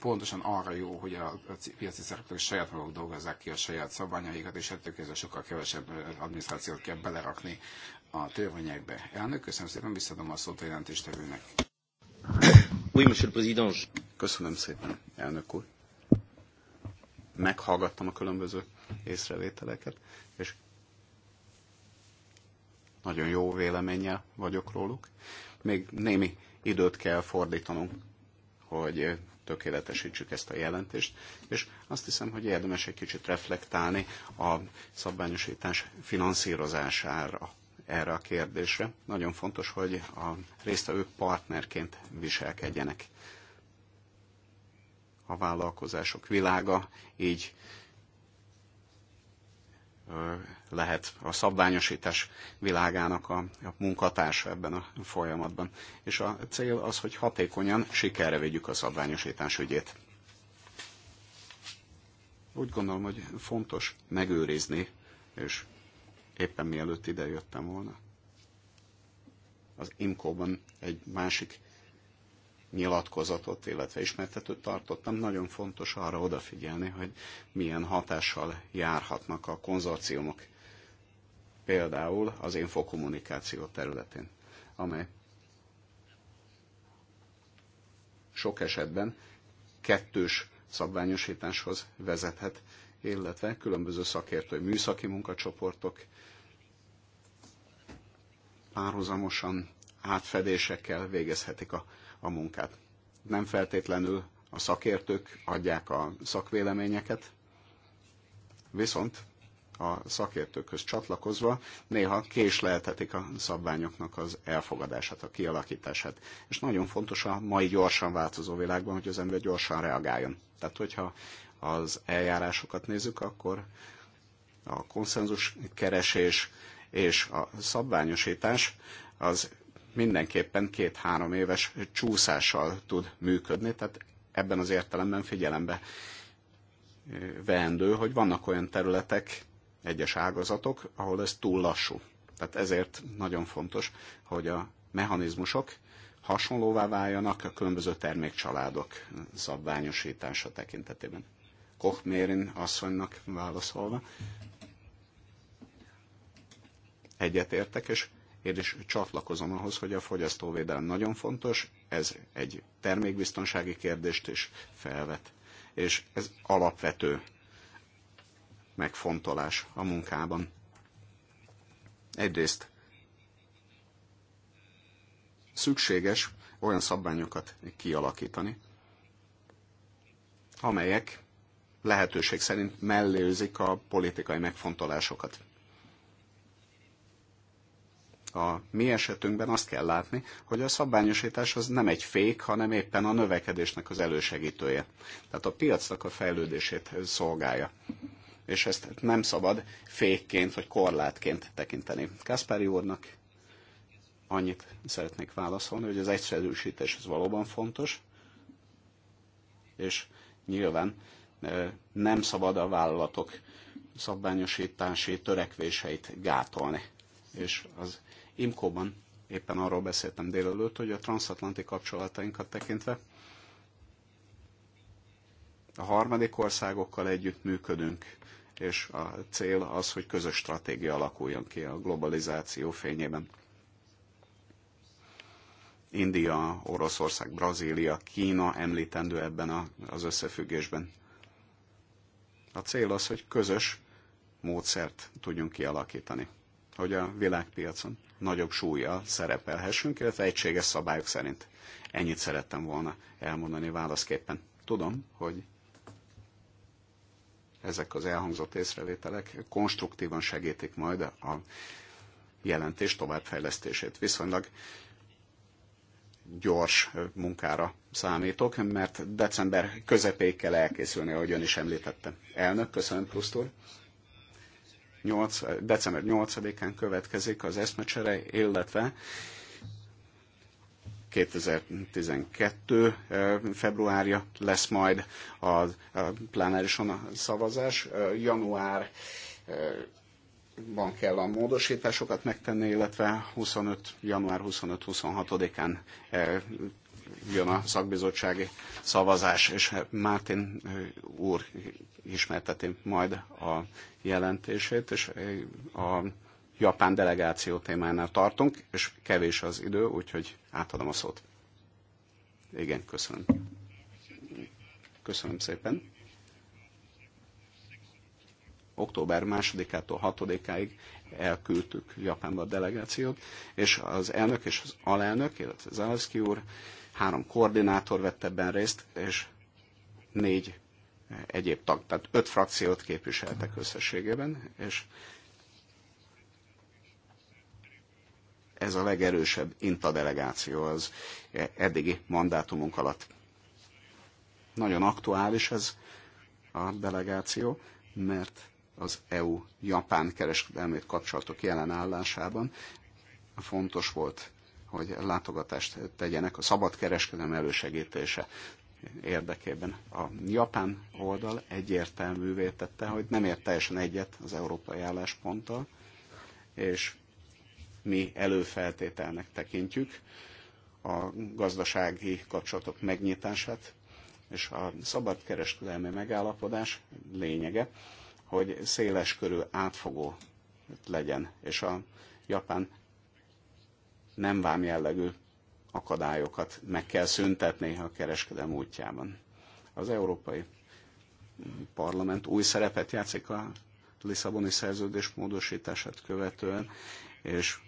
pontosan arra jó, hogy a piaci szereplők saját maguk dolgozzák ki a saját szabványaikat, és ettől kezdve sokkal kevesebb eh, adminisztrációt kell belerakni a törvényekbe. Elnök, köszönöm szépen, visszadom a szót a jelentéstevőnek. Oui, monsieur le président. Köszönöm szépen, elnök úr. Meghallgattam a különböző észrevételeket, és nagyon jó véleménnyel vagyok róluk. Még némi időt kell fordítanunk hogy tökéletesítsük ezt a jelentést, és azt hiszem, hogy érdemes egy kicsit reflektálni a szabványosítás finanszírozására erre a kérdésre. Nagyon fontos, hogy a résztvevők partnerként viselkedjenek. A vállalkozások világa így lehet a szabványosítás világának a, a munkatársa ebben a folyamatban. És a cél az, hogy hatékonyan sikerre vigyük a szabványosítás ügyét. Úgy gondolom, hogy fontos megőrizni, és éppen mielőtt ide jöttem volna, az imkóban egy másik nyilatkozatot, illetve ismertetőt tartottam, nagyon fontos arra odafigyelni, hogy milyen hatással járhatnak a konzorciumok, például az infokommunikáció területén, amely sok esetben kettős szabványosításhoz vezethet, illetve különböző szakértői műszaki munkacsoportok párhuzamosan átfedésekkel végezhetik a a munkát. Nem feltétlenül a szakértők adják a szakvéleményeket, viszont a szakértőkhöz csatlakozva néha késleltetik a szabványoknak az elfogadását, a kialakítását. És nagyon fontos a mai gyorsan változó világban, hogy az ember gyorsan reagáljon. Tehát, hogyha az eljárásokat nézzük, akkor a konszenzus keresés és a szabványosítás az mindenképpen két-három éves csúszással tud működni, tehát ebben az értelemben figyelembe veendő, hogy vannak olyan területek, egyes ágazatok, ahol ez túl lassú. Tehát ezért nagyon fontos, hogy a mechanizmusok hasonlóvá váljanak a különböző termékcsaládok szabványosítása tekintetében. Kochmérin asszonynak válaszolva, egyetértek, és én is csatlakozom ahhoz, hogy a fogyasztóvédelem nagyon fontos, ez egy termékbiztonsági kérdést is felvet, és ez alapvető megfontolás a munkában. Egyrészt szükséges olyan szabványokat kialakítani, amelyek lehetőség szerint mellőzik a politikai megfontolásokat. A mi esetünkben azt kell látni, hogy a szabványosítás az nem egy fék, hanem éppen a növekedésnek az elősegítője. Tehát a piacnak a fejlődését szolgálja. És ezt nem szabad fékként vagy korlátként tekinteni. Kaspari úrnak annyit szeretnék válaszolni, hogy az egyszerűsítés az valóban fontos, és nyilván nem szabad a vállalatok szabványosítási törekvéseit gátolni. És az Imkóban éppen arról beszéltem délelőtt, hogy a transatlanti kapcsolatainkat tekintve a harmadik országokkal együtt működünk, és a cél az, hogy közös stratégia alakuljon ki a globalizáció fényében. India, Oroszország, Brazília, Kína említendő ebben az összefüggésben. A cél az, hogy közös módszert tudjunk kialakítani, hogy a világpiacon nagyobb súlya szerepelhessünk, illetve egységes szabályok szerint. Ennyit szerettem volna elmondani válaszképpen. Tudom, hogy ezek az elhangzott észrevételek konstruktívan segítik majd a jelentés továbbfejlesztését. Viszonylag gyors munkára számítok, mert december közepéig kell elkészülni, ahogy ön is említette. Elnök, köszönöm, Plusztól. 8, december 8-án következik az eszmecsere, illetve 2012. februárja lesz majd a plenárison szavazás. Január van kell a módosításokat megtenni, illetve 25, január 25-26-án jön a szakbizottsági szavazás, és Mártin úr ismerteti majd a jelentését, és a japán delegáció témánál tartunk, és kevés az idő, úgyhogy átadom a szót. Igen, köszönöm. Köszönöm szépen. Október 2-től 6-áig elküldtük Japánba a delegációt, és az elnök és az alelnök, illetve Zalszki úr három koordinátor vett ebben részt, és négy eh, egyéb tag, tehát öt frakciót képviseltek összességében, és ez a legerősebb INTA delegáció az eh, eddigi mandátumunk alatt. Nagyon aktuális ez a delegáció, mert az EU-Japán kereskedelmét kapcsolatok jelenállásában fontos volt hogy látogatást tegyenek a szabadkereskedelem elősegítése érdekében. A japán oldal egyértelművé tette, hogy nem ért teljesen egyet az európai állásponttal, és mi előfeltételnek tekintjük a gazdasági kapcsolatok megnyitását, és a kereskedelmi megállapodás lényege, hogy széles körű átfogó legyen, és a japán nem vám jellegű akadályokat meg kell szüntetni a kereskedelm útjában. Az Európai Parlament új szerepet játszik a Lisszaboni szerződés módosítását követően, és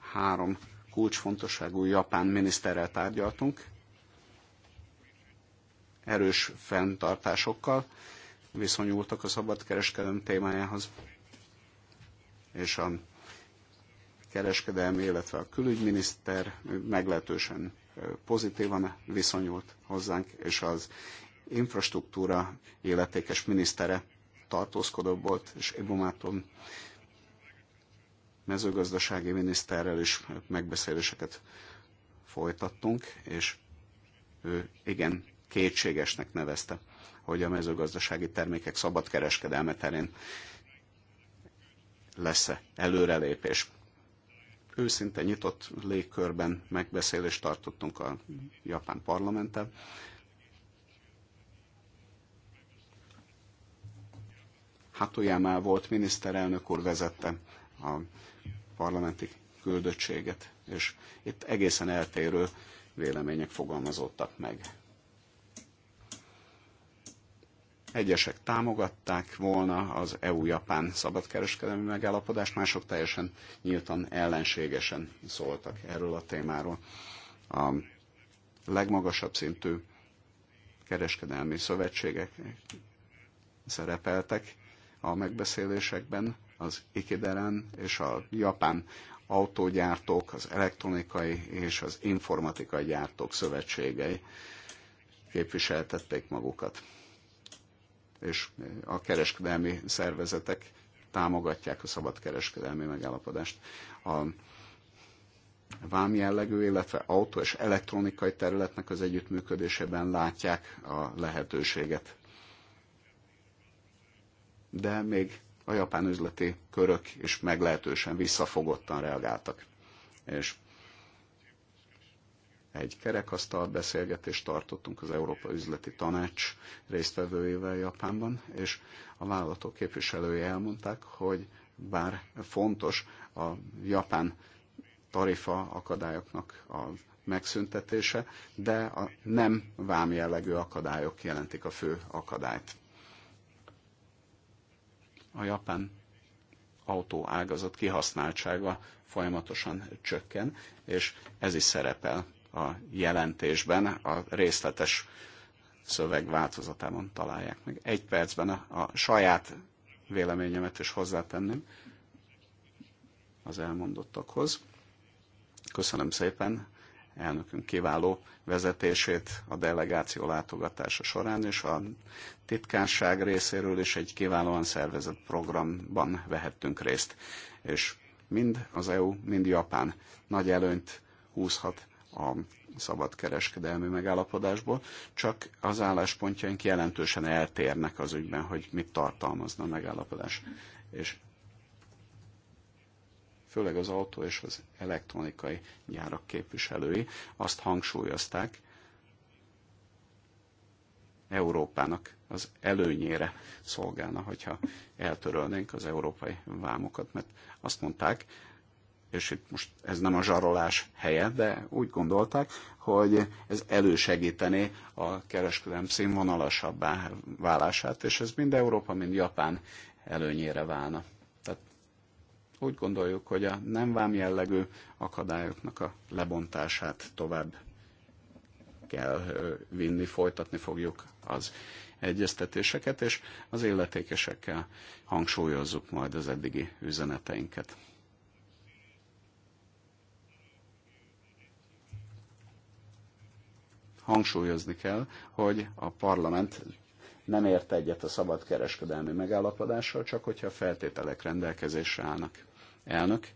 három kulcsfontosságú japán miniszterrel tárgyaltunk, erős fenntartásokkal viszonyultak a szabadkereskedelem témájához, és a kereskedelmi, illetve a külügyminiszter meglehetősen pozitívan viszonyult hozzánk, és az infrastruktúra életékes minisztere tartózkodó volt, és Ibomáton mezőgazdasági miniszterrel is megbeszéléseket folytattunk, és ő igen kétségesnek nevezte, hogy a mezőgazdasági termékek szabad kereskedelme terén lesz-e előrelépés őszinte nyitott légkörben megbeszélést tartottunk a japán parlamenttel. Hatoyama volt miniszterelnök úr vezette a parlamenti küldöttséget, és itt egészen eltérő vélemények fogalmazódtak meg Egyesek támogatták volna az EU-Japán szabadkereskedelmi megállapodást, mások teljesen nyíltan ellenségesen szóltak erről a témáról. A legmagasabb szintű kereskedelmi szövetségek szerepeltek a megbeszélésekben, az Ikideren és a japán autógyártók, az elektronikai és az informatikai gyártók szövetségei képviseltették magukat és a kereskedelmi szervezetek támogatják a szabadkereskedelmi megállapodást. A vám jellegű, illetve autó és elektronikai területnek az együttműködésében látják a lehetőséget. De még a japán üzleti körök is meglehetősen visszafogottan reagáltak. És egy kerekasztal beszélgetést tartottunk az Európa Üzleti Tanács résztvevőjével Japánban, és a vállalatok képviselői elmondták, hogy bár fontos a japán tarifa akadályoknak a megszüntetése, de a nem jellegű akadályok jelentik a fő akadályt. A japán autóágazat kihasználtsága folyamatosan csökken, és ez is szerepel a jelentésben a részletes szöveg változatában találják meg. Egy percben a, a saját véleményemet is hozzátenném az elmondottakhoz. Köszönöm szépen elnökünk kiváló vezetését a delegáció látogatása során, és a titkárság részéről is egy kiválóan szervezett programban vehettünk részt. És mind az EU, mind Japán nagy előnyt húzhat a szabadkereskedelmi megállapodásból, csak az álláspontjaink jelentősen eltérnek az ügyben, hogy mit tartalmazna a megállapodás. És főleg az autó és az elektronikai gyárak képviselői azt hangsúlyozták, Európának az előnyére szolgálna, hogyha eltörölnénk az európai vámokat, mert azt mondták, és itt most ez nem a zsarolás helye, de úgy gondolták, hogy ez elősegítené a kereskedelem színvonalasabbá válását, és ez mind Európa, mind Japán előnyére válna. Tehát úgy gondoljuk, hogy a nem vám jellegű akadályoknak a lebontását tovább kell vinni, folytatni fogjuk az egyeztetéseket, és az illetékesekkel hangsúlyozzuk majd az eddigi üzeneteinket. hangsúlyozni kell, hogy a parlament nem ért egyet a szabadkereskedelmi megállapodással, csak hogyha feltételek rendelkezésre állnak. Elnök,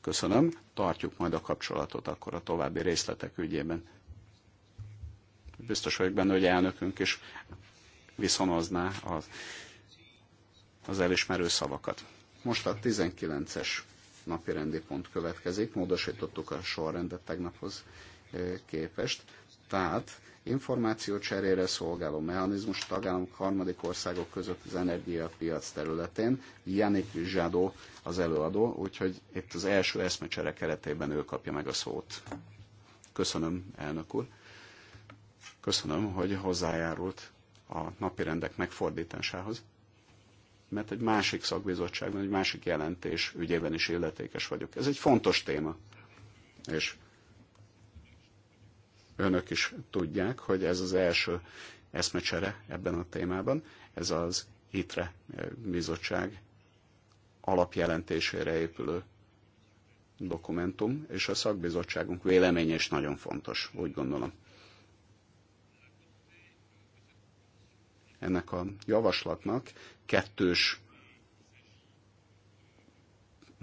köszönöm, tartjuk majd a kapcsolatot akkor a további részletek ügyében. Biztos vagyok benne, hogy elnökünk is viszonozná az, az elismerő szavakat. Most a 19-es napi rendi pont következik, módosítottuk a sorrendet tegnaphoz képest. Tehát információ cserére szolgáló mechanizmus tagállamok harmadik országok között az energiapiac területén. Janik Zsadó az előadó, úgyhogy itt az első eszmecsere keretében ő kapja meg a szót. Köszönöm, elnök úr. Köszönöm, hogy hozzájárult a napirendek megfordításához mert egy másik szakbizottságban, egy másik jelentés ügyében is illetékes vagyok. Ez egy fontos téma, és önök is tudják, hogy ez az első eszmecsere ebben a témában, ez az ITRE eh, bizottság alapjelentésére épülő dokumentum, és a szakbizottságunk véleménye is nagyon fontos, úgy gondolom. Ennek a javaslatnak kettős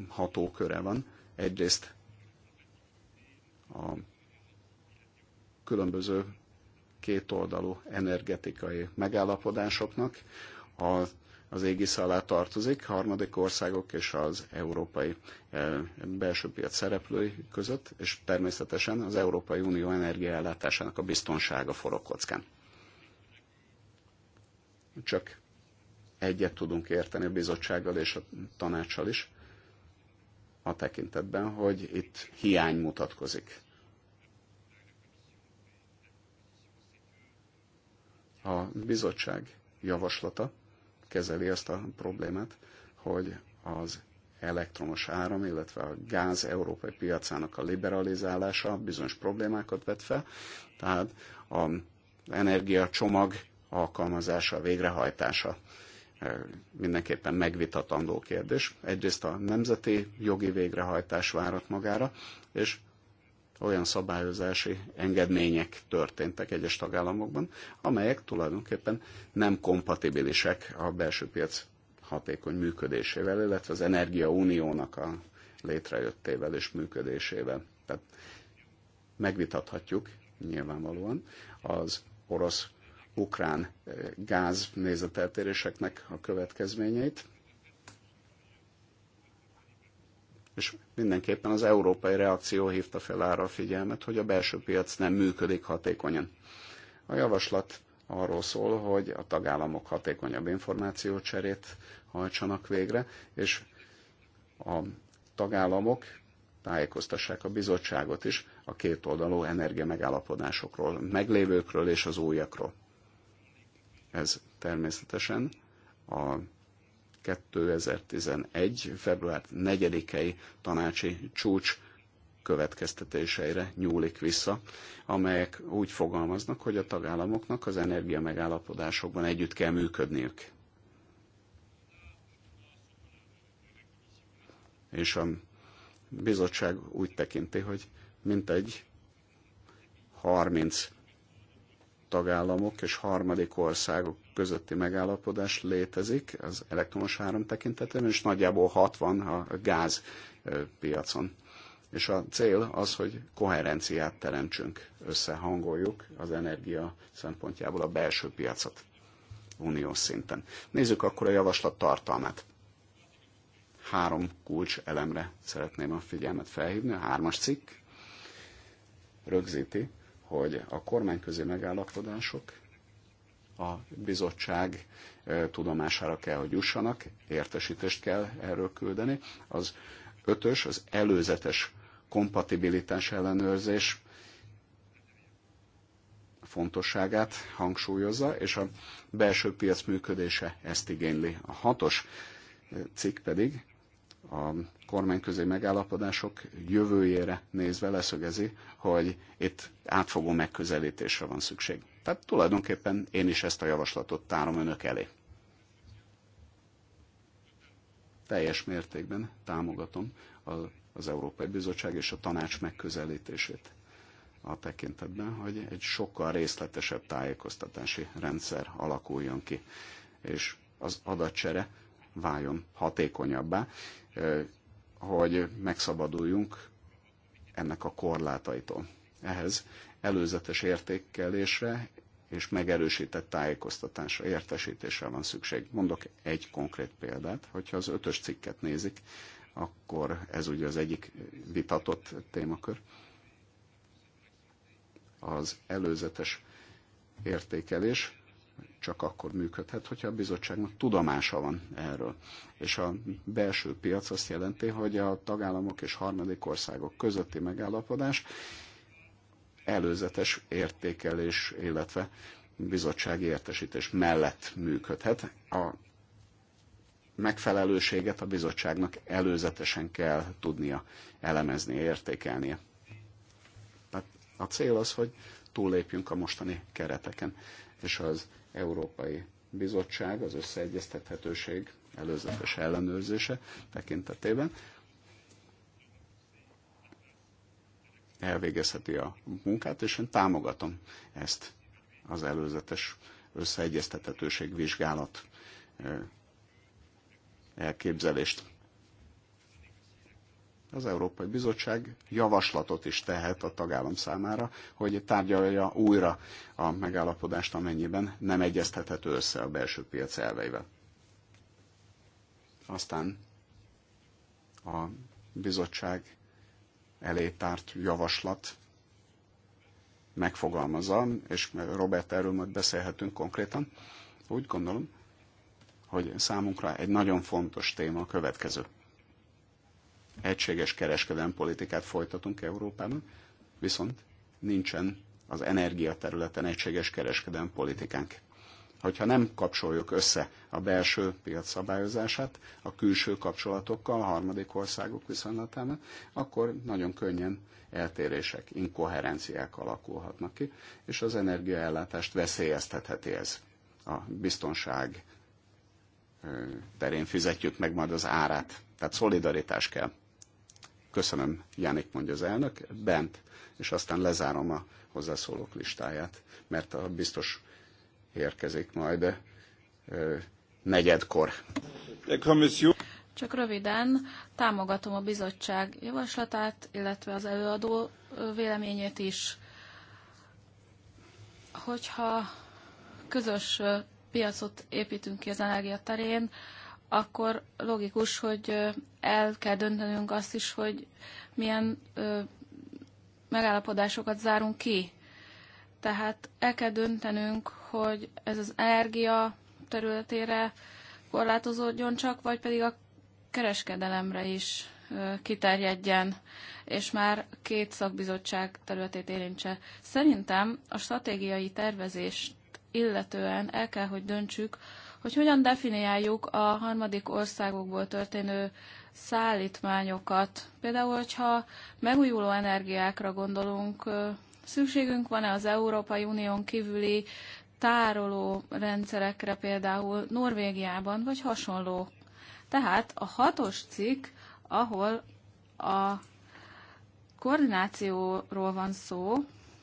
hatóköre van. Egyrészt a különböző kétoldalú energetikai megállapodásoknak a, az égisz alá tartozik, harmadik országok és az európai e, belső piac szereplői között, és természetesen az Európai Unió energiaellátásának a biztonsága forog kockán. Csak egyet tudunk érteni a bizottsággal és a tanácssal is, a tekintetben, hogy itt hiány mutatkozik A bizottság javaslata kezeli ezt a problémát, hogy az elektromos áram, illetve a gáz európai piacának a liberalizálása bizonyos problémákat vet fel, tehát az energiacsomag alkalmazása, végrehajtása e, mindenképpen megvitatandó kérdés. Egyrészt a nemzeti jogi végrehajtás várat magára, és olyan szabályozási engedmények történtek egyes tagállamokban, amelyek tulajdonképpen nem kompatibilisek a belső piac hatékony működésével, illetve az energiauniónak a létrejöttével és működésével. Tehát megvitathatjuk nyilvánvalóan az orosz-ukrán eh, gáz nézeteltéréseknek a következményeit, és mindenképpen az európai reakció hívta fel arra a figyelmet, hogy a belső piac nem működik hatékonyan. A javaslat arról szól, hogy a tagállamok hatékonyabb információcserét hajtsanak végre, és a tagállamok tájékoztassák a bizottságot is a kétoldalú energiamegállapodásokról, meglévőkről és az újakról. Ez természetesen a 2011. február 4-i tanácsi csúcs következtetéseire nyúlik vissza, amelyek úgy fogalmaznak, hogy a tagállamoknak az energia megállapodásokban együtt kell működniük. És a bizottság úgy tekinti, hogy mintegy 30 tagállamok és harmadik országok közötti megállapodás létezik az elektromos áram tekintetében, és nagyjából 60 a gáz piacon. És a cél az, hogy koherenciát teremtsünk, összehangoljuk az energia szempontjából a belső piacot uniós szinten. Nézzük akkor a javaslat tartalmát. Három kulcs elemre szeretném a figyelmet felhívni. A hármas cikk rögzíti, hogy a kormányközi megállapodások a bizottság tudomására kell, hogy jussanak, értesítést kell erről küldeni. Az ötös, az előzetes kompatibilitás ellenőrzés fontosságát hangsúlyozza, és a belső piac működése ezt igényli. A hatos cikk pedig a kormányközi megállapodások jövőjére nézve leszögezi, hogy itt átfogó megközelítésre van szükség. Tehát tulajdonképpen én is ezt a javaslatot tárom önök elé. Teljes mértékben támogatom az Európai Bizottság és a tanács megközelítését a tekintetben, hogy egy sokkal részletesebb tájékoztatási rendszer alakuljon ki, és az adatcsere váljon hatékonyabbá, hogy megszabaduljunk ennek a korlátaitól. Ehhez előzetes értékelésre és megerősített tájékoztatásra, értesítésre van szükség. Mondok egy konkrét példát, hogyha az ötös cikket nézik, akkor ez ugye az egyik vitatott témakör. Az előzetes értékelés csak akkor működhet, hogyha a bizottságnak tudomása van erről. És a belső piac azt jelenti, hogy a tagállamok és harmadik országok közötti megállapodás előzetes értékelés, illetve bizottsági értesítés mellett működhet. A megfelelőséget a bizottságnak előzetesen kell tudnia elemezni, értékelnie. Tehát a cél az, hogy túllépjünk a mostani kereteken, és az Európai Bizottság az összeegyeztethetőség előzetes ellenőrzése tekintetében elvégezheti a munkát, és én támogatom ezt az előzetes összeegyeztethetőség vizsgálat eh, elképzelést az Európai Bizottság javaslatot is tehet a tagállam számára, hogy tárgyalja újra a megállapodást, amennyiben nem egyeztethető össze a belső piac elveivel. Aztán a bizottság elé tárt javaslat megfogalmazza, és Robert, erről majd beszélhetünk konkrétan, úgy gondolom, hogy számunkra egy nagyon fontos téma a következő egységes kereskedelmi politikát folytatunk Európában, viszont nincsen az energiaterületen egységes kereskedelmi politikánk. Hogyha nem kapcsoljuk össze a belső piac szabályozását a külső kapcsolatokkal, a harmadik országok viszonylatában, akkor nagyon könnyen eltérések, inkoherenciák alakulhatnak ki, és az energiaellátást veszélyeztetheti ez. A biztonság terén fizetjük meg majd az árát. Tehát szolidaritás kell. Köszönöm, Jánik mondja az elnök, bent, és aztán lezárom a hozzászólók listáját, mert a biztos érkezik majd negyedkor. Csak röviden támogatom a bizottság javaslatát, illetve az előadó véleményét is. Hogyha közös piacot építünk ki az energia terén, akkor logikus, hogy el kell döntenünk azt is, hogy milyen megállapodásokat zárunk ki. Tehát el kell döntenünk, hogy ez az energia területére korlátozódjon csak, vagy pedig a kereskedelemre is kiterjedjen, és már két szakbizottság területét érintse. Szerintem a stratégiai tervezést illetően el kell, hogy döntsük, hogy hogyan definiáljuk a harmadik országokból történő szállítmányokat. Például, hogyha megújuló energiákra gondolunk, szükségünk van-e az Európai Unión kívüli tároló rendszerekre például Norvégiában, vagy hasonló. Tehát a hatos cikk, ahol a koordinációról van szó,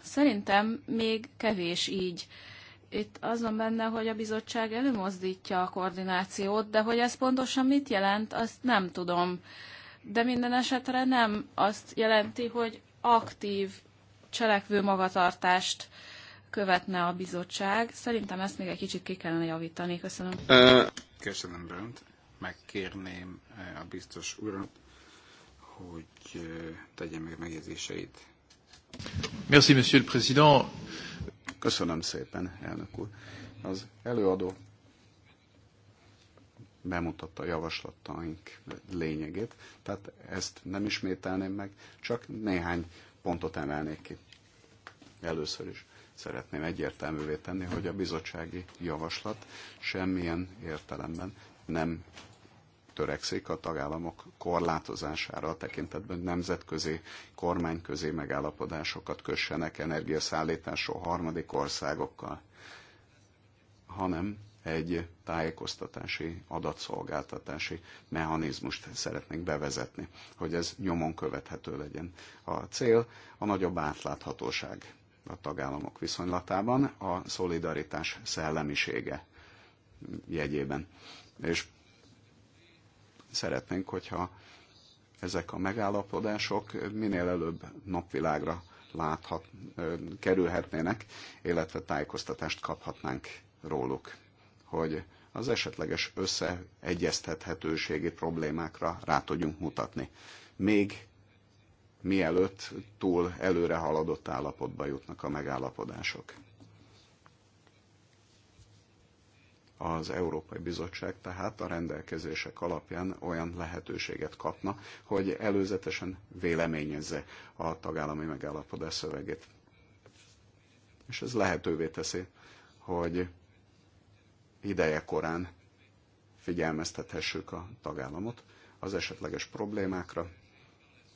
szerintem még kevés így itt az van benne, hogy a bizottság előmozdítja a koordinációt, de hogy ez pontosan mit jelent, azt nem tudom. De minden esetre nem azt jelenti, hogy aktív cselekvő magatartást követne a bizottság. Szerintem ezt még egy kicsit ki kellene javítani. Köszönöm. Köszönöm, Brent. Megkérném a biztos urat, hogy tegye meg megjegyzéseit. Merci, monsieur le président. Köszönöm szépen, elnök úr. Az előadó bemutatta a javaslataink lényegét, tehát ezt nem ismételném meg, csak néhány pontot emelnék ki. Először is szeretném egyértelművé tenni, hogy a bizottsági javaslat semmilyen értelemben nem törekszik a tagállamok korlátozására a tekintetben nemzetközi kormányközi megállapodásokat kössenek energiaszállításról harmadik országokkal, hanem egy tájékoztatási, adatszolgáltatási mechanizmust szeretnénk bevezetni, hogy ez nyomon követhető legyen. A cél a nagyobb átláthatóság a tagállamok viszonylatában, a szolidaritás szellemisége jegyében. És szeretnénk, hogyha ezek a megállapodások minél előbb napvilágra láthat, kerülhetnének, illetve tájékoztatást kaphatnánk róluk, hogy az esetleges összeegyeztethetőségi problémákra rá tudjunk mutatni. Még mielőtt túl előre haladott állapotba jutnak a megállapodások. az Európai Bizottság tehát a rendelkezések alapján olyan lehetőséget kapna, hogy előzetesen véleményezze a tagállami megállapodás szövegét. És ez lehetővé teszi, hogy ideje korán figyelmeztethessük a tagállamot az esetleges problémákra,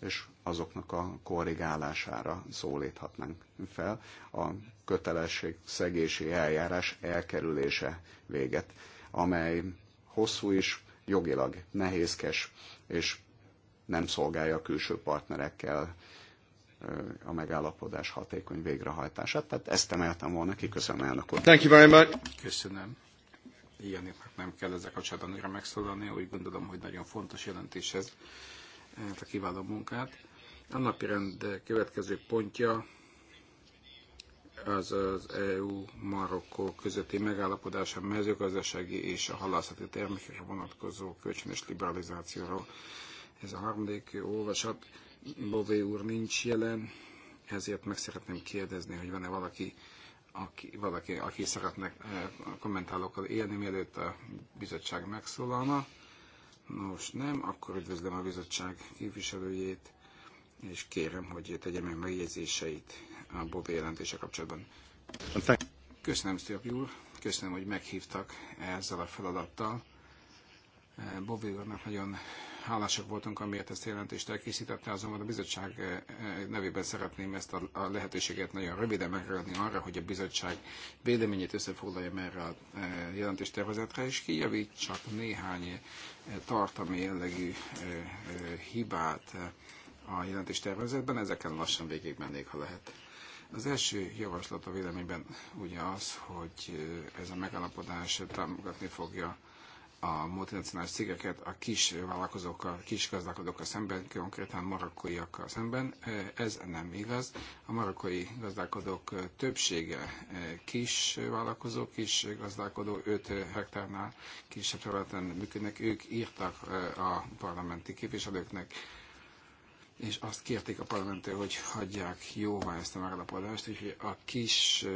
és azoknak a korrigálására szólíthatnánk fel a kötelesség szegési eljárás elkerülése véget, amely hosszú is, jogilag nehézkes, és nem szolgálja a külső partnerekkel a megállapodás hatékony végrehajtását. Tehát ezt emeltem volna ki. Köszönöm, elnök úr. Thank you very much. Köszönöm. Ilyen nem kell ezek a újra megszólalni. Úgy gondolom, hogy nagyon fontos jelentés ez ezt hát, a kiváló munkát. A napirend következő pontja az az EU-Marokkó közötti megállapodás a mezőgazdasági és a halászati termékekre vonatkozó kölcsönös liberalizációról. Ez a harmadik olvasat. Bové úr nincs jelen, ezért meg szeretném kérdezni, hogy van-e valaki, aki, valaki, aki szeretne eh, kommentálókkal élni, mielőtt a bizottság megszólalna. Nos, nem, akkor üdvözlöm a bizottság képviselőjét, és kérem, hogy tegye meg megjegyzéseit a Bob jelentése kapcsolatban. Köszönöm, Sztiap úr, köszönöm, hogy meghívtak ezzel a feladattal. Bob úrnak nagyon hálásak voltunk, amiért ezt jelentést elkészítette, azonban a bizottság eh, eh, nevében szeretném ezt a lehetőséget nagyon röviden megragadni arra, hogy a bizottság véleményét összefoglalja erre a eh, jelentéstervezetre, és kijavít csak néhány tartalmi jellegű hibát a jelentéstervezetben, ezeken lassan végigmennék, ha lehet. Az első javaslat a véleményben ugye az, hogy ez a megállapodás támogatni fogja a multinacionális cégeket a kis vállalkozókkal, kis gazdálkodókkal szemben, konkrétan marokkóiakkal szemben. Ez nem igaz. A marokkói gazdálkodók többsége eh, kis vállalkozó, kis gazdálkodó, 5 hektárnál kisebb területen működnek. Ők írtak eh, a parlamenti képviselőknek és azt kérték a parlamenttől, hogy hagyják jóvá ezt a megállapodást, úgyhogy a kis,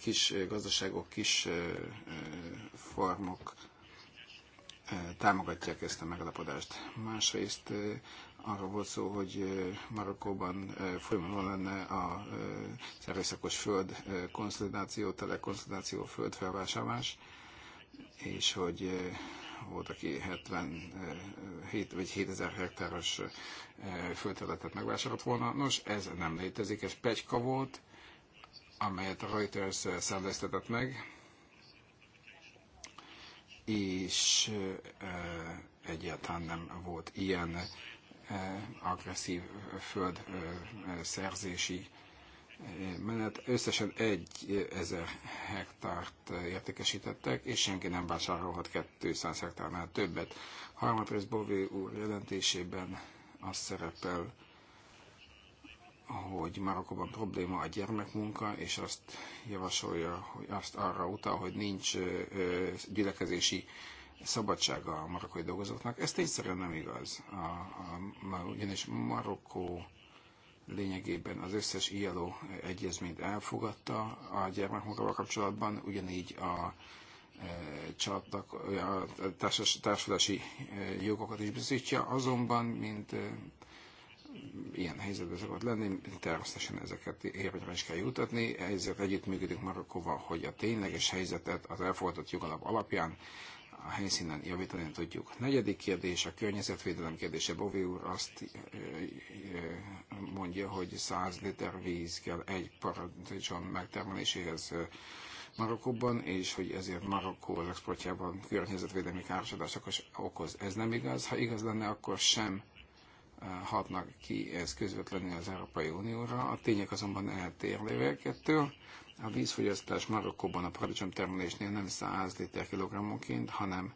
kis gazdaságok, kis farmok támogatják ezt a megállapodást. Másrészt arra volt szó, hogy Marokkóban folyamatosan lenne a erőszakos föld konszolidáció, telekonszolidáció, földfelvásárlás, és hogy volt, aki 77 eh, vagy 7000 hektáros eh, földterületet megvásárolt volna. Nos, ez nem létezik, ez pecska volt, amelyet a Reuters eh, szerveztetett meg, és egyáltalán nem volt ilyen agresszív földszerzési menet. Összesen 1000 hektárt értékesítettek, és senki nem vásárolhat 200 hektárnál többet. Harmadrész Bové úr jelentésében az szerepel, hogy Marokkóban probléma a gyermekmunka, és azt javasolja, hogy azt arra utal, hogy nincs gyülekezési szabadsága a marokkói dolgozóknak. Ez tényszerűen nem igaz. A, a, ugyanis Marokkó lényegében az összes ILO egyezményt elfogadta a gyermekmunkával kapcsolatban, ugyanígy a, e, csatlak, a társas, e, jogokat is biztosítja, azonban, mint e, ilyen helyzetben szokott lenni, természetesen ezeket érvényre is kell jutatni, ezért együttműködünk Marokkóval, hogy a tényleges helyzetet az elfogadott jogalap alapján a helyszínen javítani tudjuk. Negyedik kérdés, a környezetvédelem kérdése. Bovi úr azt mondja, hogy 100 liter víz kell egy paradicsom megtermeléséhez Marokkóban, és hogy ezért Marokkó az exportjában környezetvédelmi károsodásokat okoz. Ez nem igaz. Ha igaz lenne, akkor sem hatnak ki ez közvetlenül az Európai Unióra. A tények azonban eltérőek ettől. A vízfogyasztás Marokkóban a paradicsom termelésnél nem 100 liter kilogrammonként, hanem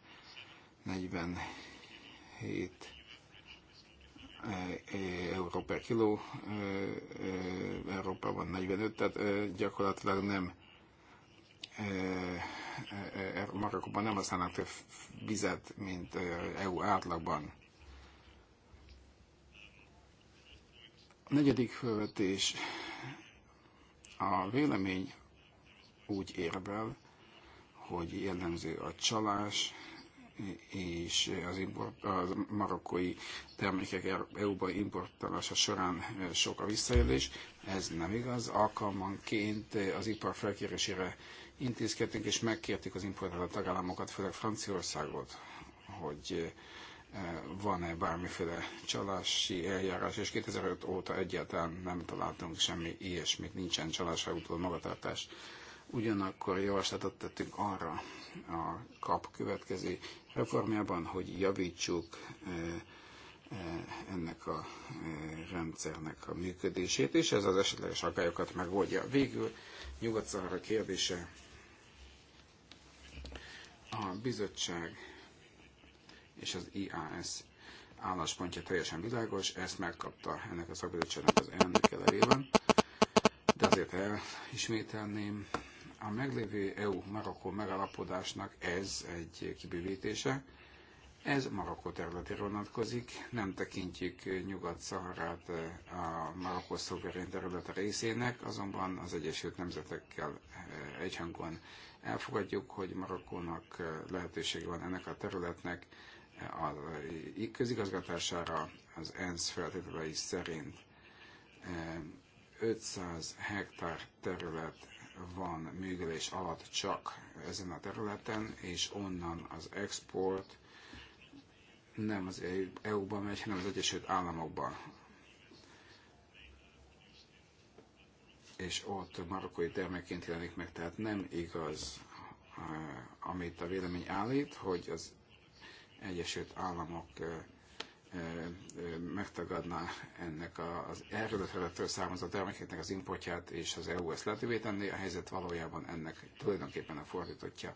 47 eh, euró per kiló, eh, eh, Európában 45, tehát gyakorlatilag nem Marokkóban nem használnak több vizet, mint EU átlagban. A negyedik felvetés a vélemény úgy érvel, hogy jellemző a csalás, és az, import, az marokkói termékek EU-ba importálása során sok a visszaélés. Ez nem igaz. Alkalmanként az ipar felkérésére intézkedtünk, és megkértük az importáló tagállamokat, főleg Franciaországot, hogy van-e bármiféle csalási eljárás, és 2005 óta egyáltalán nem találtunk semmi ilyesmit, nincsen csalásra utaló magatartás. Ugyanakkor javaslatot tettünk arra a kap következő reformjában, hogy javítsuk eh, eh, ennek a eh, rendszernek a működését, és ez az esetleges akályokat megoldja. Végül nyugat kérdése a bizottság és az IAS álláspontja teljesen világos, ezt megkapta ennek a szakbizottságnak az elnöke levében, de azért elismételném, a meglévő EU-Marokkó megalapodásnak ez egy kibővítése, ez Marokkó területére vonatkozik, nem tekintjük Nyugat-Szaharát eh, a Marokkó szuverén területe részének, azonban az Egyesült Nemzetekkel eh, egyhangon elfogadjuk, hogy Marokkónak eh, lehetősége van ennek a területnek a közigazgatására az ENSZ feltételei szerint 500 eh, hektár terület van művelés alatt csak ezen a területen, és onnan az export nem az eu ban megy, hanem az Egyesült államokban És ott marokkói termékként jelenik meg, tehát nem igaz, eh, amit a vélemény állít, hogy az Egyesült Államok megtagadná ennek az erről származó termékeknek az importját, és az EU ezt lehetővé tenni, a helyzet valójában ennek tulajdonképpen a fordítottja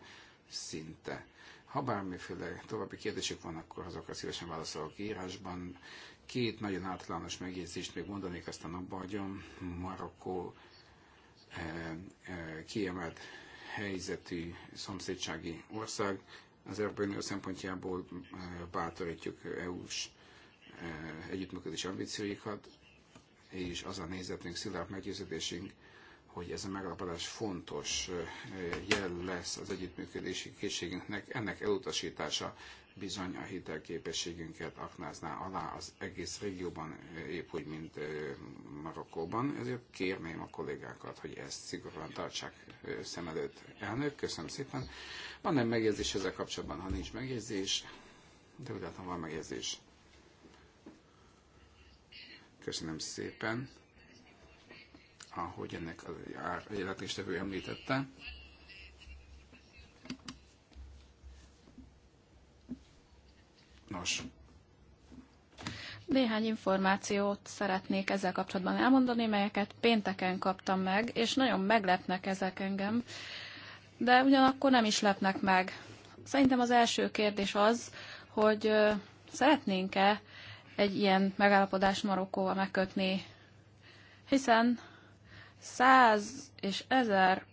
szinte. Ha bármiféle további kérdések van, akkor azokra szívesen válaszolok írásban. Két nagyon általános megjegyzést még mondanék, aztán abba hagyom. Marokkó kiemelt helyzetű szomszédsági ország, az Európai Unió szempontjából eh, bátorítjuk EU-s eh, együttműködés ambícióikat, és az a nézetünk, szilárd meggyőződésünk, hogy ez a megállapodás fontos jel lesz az együttműködési készségünknek, ennek elutasítása bizony a hitelképességünket aknázná alá az egész régióban, épp úgy, mint Marokkóban. Ezért kérném a kollégákat, hogy ezt szigorúan tartsák szem előtt. Elnök, köszönöm szépen. Van-e megjegyzés ezzel kapcsolatban? Ha nincs megjegyzés, de úgy látom, van megjegyzés. Köszönöm szépen ahogy ennek a jelentéstevő említette. Nos. Néhány információt szeretnék ezzel kapcsolatban elmondani, melyeket pénteken kaptam meg, és nagyon meglepnek ezek engem, de ugyanakkor nem is lepnek meg. Szerintem az első kérdés az, hogy szeretnénk-e egy ilyen megállapodást Marokkóval megkötni, hiszen száz és ezer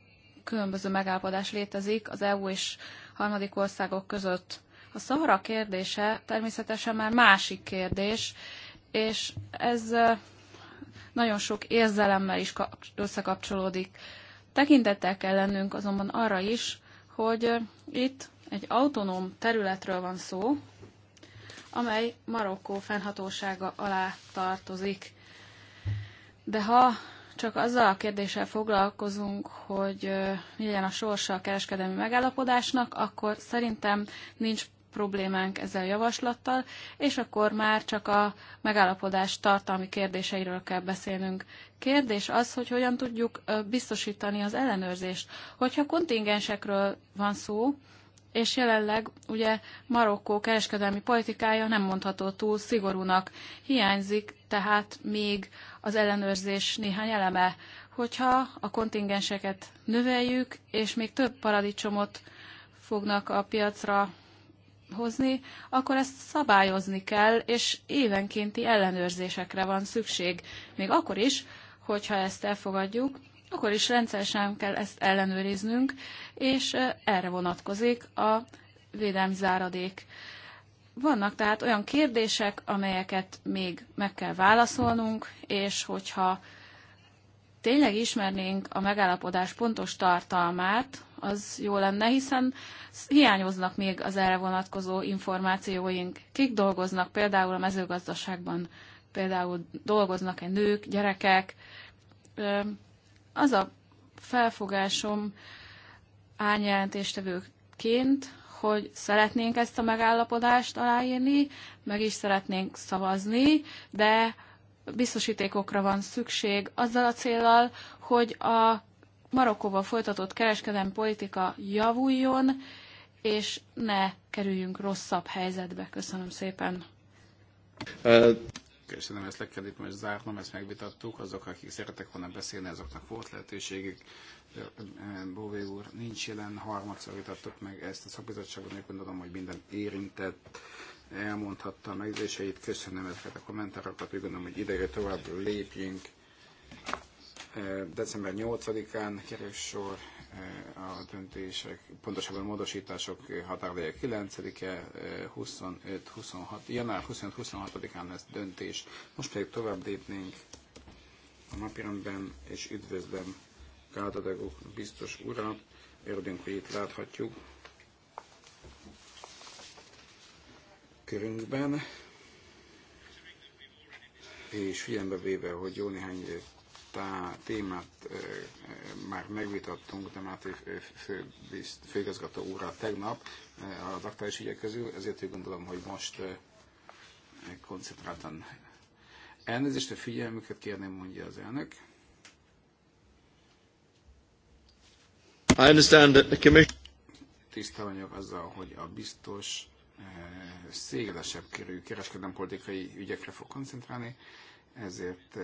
különböző megállapodás létezik az EU és harmadik országok között. A Szahara kérdése természetesen már másik kérdés, és ez nagyon sok érzelemmel is összekapcsolódik. Tekintettel kell lennünk azonban arra is, hogy itt egy autonóm területről van szó, amely Marokkó fennhatósága alá tartozik. De ha csak azzal a kérdéssel foglalkozunk, hogy mi legyen a sorsa a kereskedelmi megállapodásnak, akkor szerintem nincs problémánk ezzel a javaslattal, és akkor már csak a megállapodás tartalmi kérdéseiről kell beszélnünk. Kérdés az, hogy hogyan tudjuk biztosítani az ellenőrzést. Hogyha kontingensekről van szó, és jelenleg ugye Marokkó kereskedelmi politikája nem mondható túl szigorúnak. Hiányzik tehát még az ellenőrzés néhány eleme, hogyha a kontingenseket növeljük, és még több paradicsomot fognak a piacra hozni, akkor ezt szabályozni kell, és évenkénti ellenőrzésekre van szükség. Még akkor is, hogyha ezt elfogadjuk, akkor is rendszeresen kell ezt ellenőriznünk, és erre vonatkozik a védelmi záradék. Vannak tehát olyan kérdések, amelyeket még meg kell válaszolnunk, és hogyha tényleg ismernénk a megállapodás pontos tartalmát, az jó lenne, hiszen hiányoznak még az erre vonatkozó információink. Kik dolgoznak például a mezőgazdaságban? Például dolgoznak-e nők, gyerekek? Az a felfogásom árnyjelentéstevőként, hogy szeretnénk ezt a megállapodást aláírni, meg is szeretnénk szavazni, de biztosítékokra van szükség azzal a célral, hogy a Marokkóval folytatott kereskedelmi politika javuljon, és ne kerüljünk rosszabb helyzetbe. Köszönöm szépen. Uh, Köszönöm, ezt le itt most zárnom, ezt megvitattuk. Azok, akik szeretek volna beszélni, azoknak volt lehetőségük. Bóvé úr nincs jelen, harmadszor vitattuk meg ezt a szakbizottságot, még gondolom, hogy minden érintett elmondhatta a megzéseit. Köszönöm ezeket a kommentárokat, úgy gondolom, hogy ideje tovább lépjünk. December 8-án kerül sor a döntések, pontosabban a módosítások határideje 9-e, 25-26, január 25-26-án lesz döntés. Most pedig tovább lépnénk a napirendben, és üdvözlöm Káldadegó biztos urat. Örülünk, hogy itt láthatjuk körünkben, és figyelembe véve, hogy jó néhány a témát e, már megvitattunk Demáté fő, főigazgató úrral tegnap e, az aktuális ügyek közül, ezért úgy gondolom, hogy most e, koncentráltan elnézést a figyelmüket kérném, mondja az elnök. I understand that the commission... Tiszta vagyok azzal, hogy a biztos szélesebb körű kereskedelmi politikai ügyekre fog koncentrálni, ezért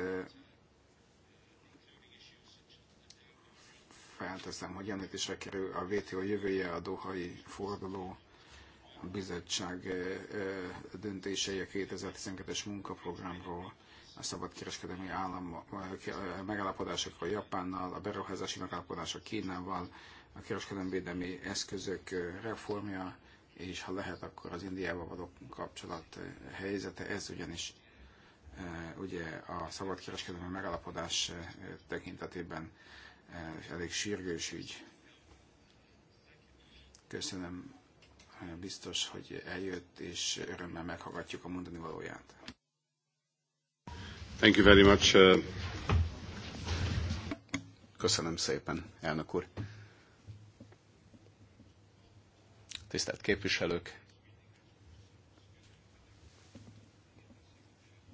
felteszem, hogy említésre kerül a VTO jövője, a Dohai forduló, bizottság eh, eh, döntései a 2012-es munkaprogramról, a szabadkereskedelmi állam eh, megállapodásokról Japánnal, a beruházási megállapodások Kínával, a kereskedelmi eszközök reformja, és ha lehet, akkor az Indiával való kapcsolat helyzete, ez ugyanis ugye a szabadkereskedelmi megállapodás tekintetében és elég sírgős ügy. Köszönöm eh, biztos, hogy eljött, és örömmel meghallgatjuk a mondani valóját. Thank you very much. Uh, Köszönöm szépen, elnök úr. Tisztelt képviselők!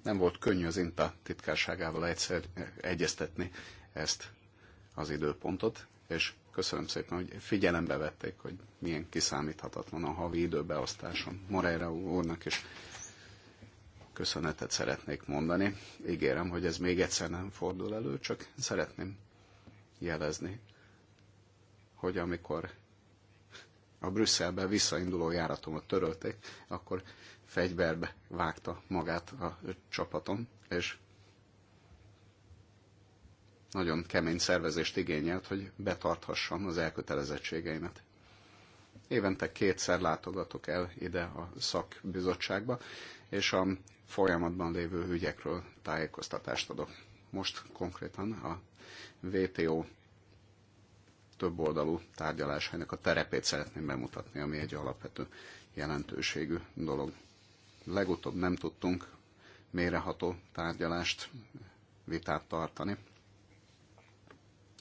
Nem volt könnyű az INTA titkárságával egyszer eh, egyeztetni ezt az időpontot, és köszönöm szépen, hogy figyelembe vették, hogy milyen kiszámíthatatlan a havi időbeosztáson Moreira úrnak is köszönetet szeretnék mondani. Ígérem, hogy ez még egyszer nem fordul elő, csak szeretném jelezni, hogy amikor a Brüsszelbe visszainduló járatomat törölték, akkor fegyverbe vágta magát a csapatom, és nagyon kemény szervezést igényelt, hogy betarthassam az elkötelezettségeimet. Évente kétszer látogatok el ide a szakbizottságba, és a folyamatban lévő ügyekről tájékoztatást adok. Most konkrétan a VTO több oldalú tárgyalásainak a terepét szeretném bemutatni, ami egy alapvető jelentőségű dolog. Legutóbb nem tudtunk méreható tárgyalást, vitát tartani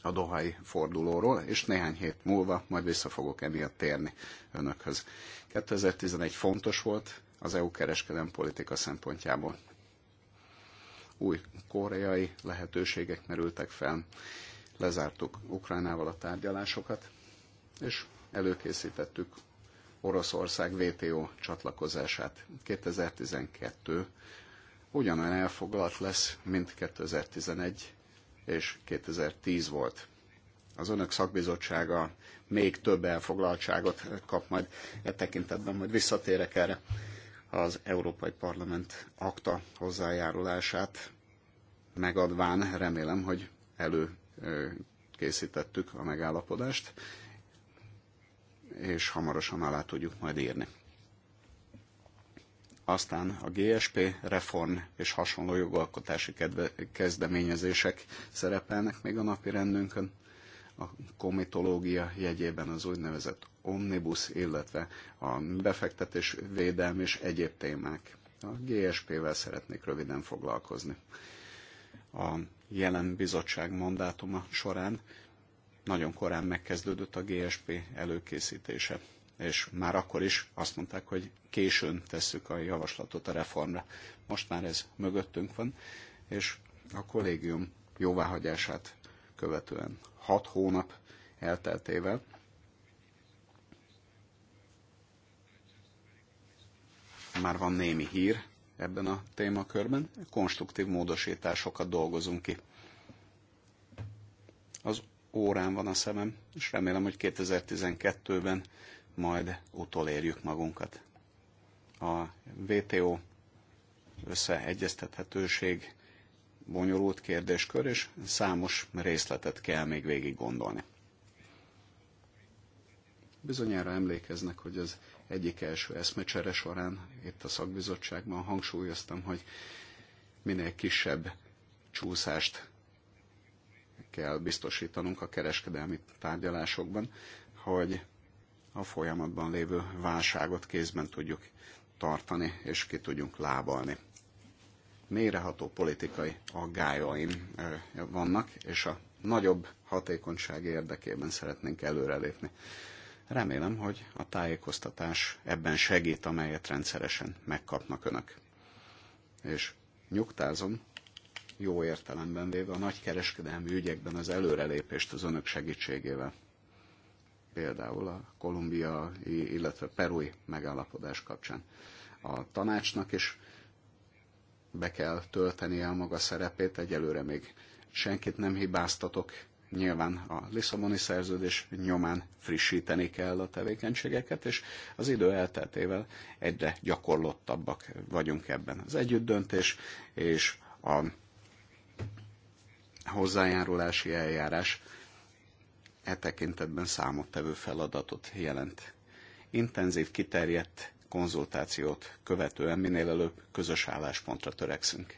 a Dohai fordulóról, és néhány hét múlva majd vissza fogok emiatt térni önökhöz. 2011 fontos volt az EU kereskedelmi politika szempontjából. Új koreai lehetőségek merültek fel, lezártuk Ukrajnával a tárgyalásokat, és előkészítettük Oroszország WTO csatlakozását. 2012 ugyanolyan elfoglalt lesz, mint 2011, és 2010 volt. Az önök szakbizottsága még több elfoglaltságot kap majd e tekintetben, majd visszatérek erre az Európai Parlament akta hozzájárulását megadván, remélem, hogy elő készítettük a megállapodást, és hamarosan alá tudjuk majd írni aztán a GSP reform és hasonló jogalkotási kezdeményezések szerepelnek még a napi rendünkön. A komitológia jegyében az úgynevezett omnibus, illetve a befektetés védelmi és egyéb témák. A GSP-vel szeretnék röviden foglalkozni. A jelen bizottság mandátuma során nagyon korán megkezdődött a GSP előkészítése és már akkor is azt mondták, hogy későn tesszük a javaslatot a reformra. Most már ez mögöttünk van, és a kollégium jóváhagyását követően hat hónap elteltével már van némi hír ebben a témakörben, konstruktív módosításokat dolgozunk ki. Az órán van a szemem, és remélem, hogy 2012-ben majd utolérjük magunkat. A WTO összeegyeztethetőség bonyolult kérdéskör, és számos részletet kell még végig gondolni. Bizonyára emlékeznek, hogy az egyik első eszmecsere során itt a szakbizottságban hangsúlyoztam, hogy minél kisebb csúszást kell biztosítanunk a kereskedelmi tárgyalásokban, hogy a folyamatban lévő válságot kézben tudjuk tartani, és ki tudjunk lábalni. Méreható politikai aggályaim vannak, és a nagyobb hatékonyság érdekében szeretnénk előrelépni. Remélem, hogy a tájékoztatás ebben segít, amelyet rendszeresen megkapnak önök. És nyugtázom, jó értelemben véve a nagykereskedelmi ügyekben az előrelépést az önök segítségével például a Kolumbia, illetve Perui megállapodás kapcsán. A tanácsnak is be kell töltenie a maga szerepét, egyelőre még senkit nem hibáztatok, nyilván a Lisszaboni szerződés nyomán frissíteni kell a tevékenységeket, és az idő elteltével egyre gyakorlottabbak vagyunk ebben. Az együttdöntés és a hozzájárulási eljárás e tekintetben számottevő feladatot jelent. Intenzív, kiterjedt konzultációt követően minél előbb közös álláspontra törekszünk.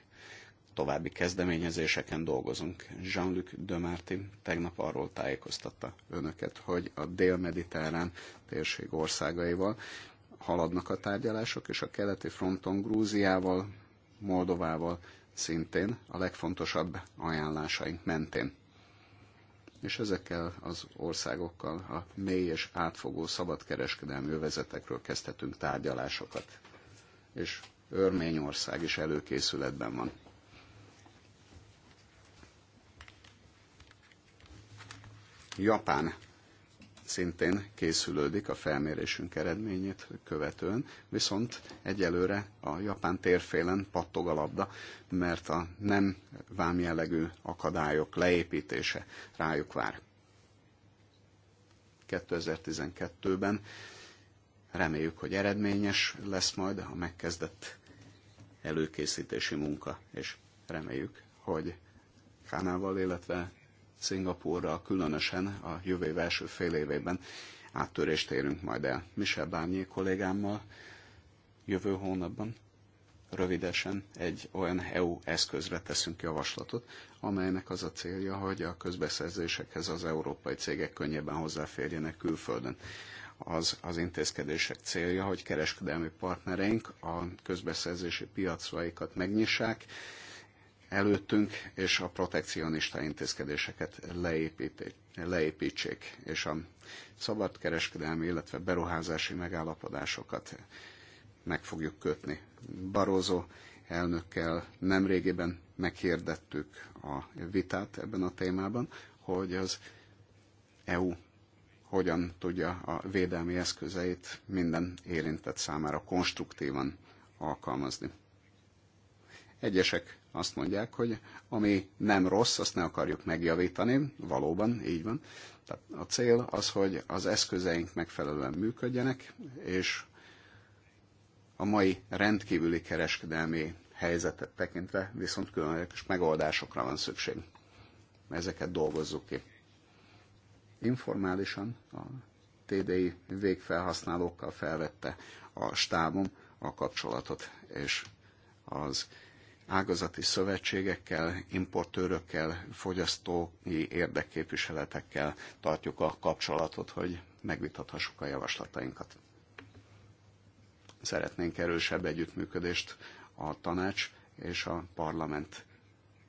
További kezdeményezéseken dolgozunk. Jean-Luc Dömárti tegnap arról tájékoztatta önöket, hogy a dél-mediterrán térség országaival haladnak a tárgyalások, és a keleti fronton Grúziával, Moldovával szintén a legfontosabb ajánlásaink mentén és ezekkel az országokkal a mély és átfogó szabadkereskedelmi övezetekről kezdhetünk tárgyalásokat. És Örményország is előkészületben van. Japán szintén készülődik a felmérésünk eredményét követően, viszont egyelőre a japán térfélen pattog a labda, mert a nem vámjellegű akadályok leépítése rájuk vár. 2012-ben reméljük, hogy eredményes lesz majd a megkezdett előkészítési munka, és reméljük, hogy Kánával, illetve Szingapúrra különösen a jövő év első fél évében áttörést érünk majd el. Michel Barnier kollégámmal jövő hónapban rövidesen egy olyan EU eszközre teszünk javaslatot, amelynek az a célja, hogy a közbeszerzésekhez az európai cégek könnyebben hozzáférjenek külföldön. Az, az intézkedések célja, hogy kereskedelmi partnereink a közbeszerzési piacaikat megnyissák, előttünk, és a protekcionista intézkedéseket leépíti, leépítsék, és a szabadkereskedelmi, illetve beruházási megállapodásokat meg fogjuk kötni. Barózó elnökkel nemrégiben meghirdettük a vitát ebben a témában, hogy az EU hogyan tudja a védelmi eszközeit minden érintett számára konstruktívan alkalmazni. Egyesek azt mondják, hogy ami nem rossz, azt ne akarjuk megjavítani, valóban így van. Tehát a cél az, hogy az eszközeink megfelelően működjenek, és a mai rendkívüli kereskedelmi helyzetet tekintve viszont különleges megoldásokra van szükség. Ezeket dolgozzuk ki. Informálisan a TDI végfelhasználókkal felvette a stábom a kapcsolatot, és az ágazati szövetségekkel, importőrökkel, fogyasztói érdekképviseletekkel tartjuk a kapcsolatot, hogy megvitathassuk a javaslatainkat. Szeretnénk erősebb együttműködést a tanács és a parlament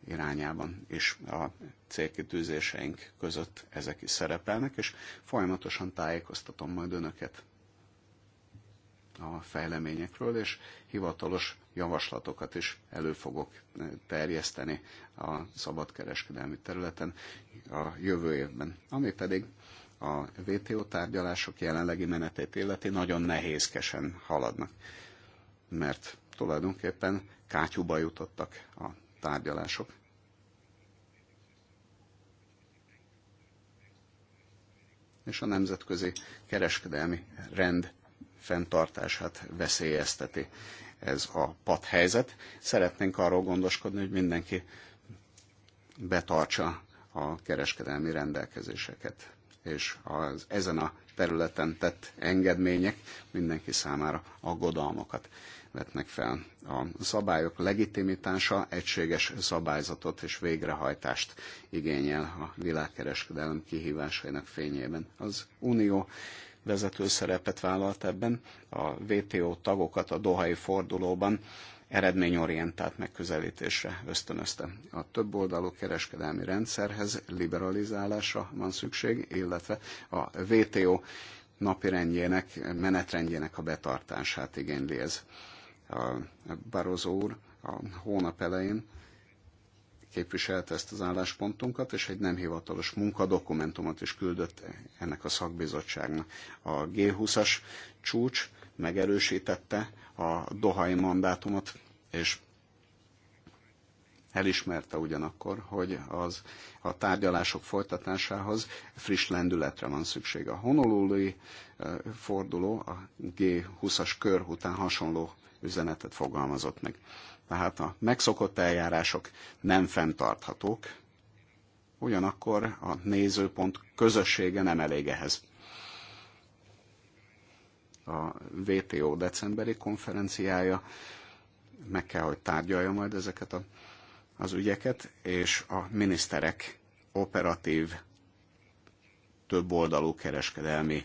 irányában is a célkitűzéseink között ezek is szerepelnek, és folyamatosan tájékoztatom majd önöket a fejleményekről, és hivatalos javaslatokat is elő fogok eh, terjeszteni a szabadkereskedelmi területen a jövő évben. Ami pedig a WTO tárgyalások jelenlegi menetét illeti nagyon nehézkesen haladnak, mert tulajdonképpen kátyúba jutottak a tárgyalások. És a nemzetközi kereskedelmi rend fenntartását veszélyezteti ez a padhelyzet. Szeretnénk arról gondoskodni, hogy mindenki betartsa a kereskedelmi rendelkezéseket, és az ezen a területen tett engedmények mindenki számára aggodalmakat vetnek fel. A szabályok legitimitása egységes szabályzatot és végrehajtást igényel a világkereskedelem kihívásainak fényében. Az Unió vezető szerepet vállalt ebben, a WTO tagokat a Dohai fordulóban eredményorientált megközelítésre ösztönözte. A többoldalú kereskedelmi rendszerhez liberalizálásra van szükség, illetve a WTO napirendjének, menetrendjének a betartását igényli ez. Barozó úr a hónap elején képviselte ezt az álláspontunkat, és egy nem hivatalos munkadokumentumot is küldött ennek a szakbizottságnak. A G20-as csúcs megerősítette a dohai mandátumot, és elismerte ugyanakkor, hogy az, a tárgyalások folytatásához friss lendületre van szükség. A honolulói forduló a G20-as kör után hasonló üzenetet fogalmazott meg. Tehát a megszokott eljárások nem fenntarthatók, ugyanakkor a nézőpont közössége nem elég ehhez. A WTO decemberi konferenciája meg kell, hogy tárgyalja majd ezeket a, az ügyeket, és a miniszterek operatív több oldalú kereskedelmi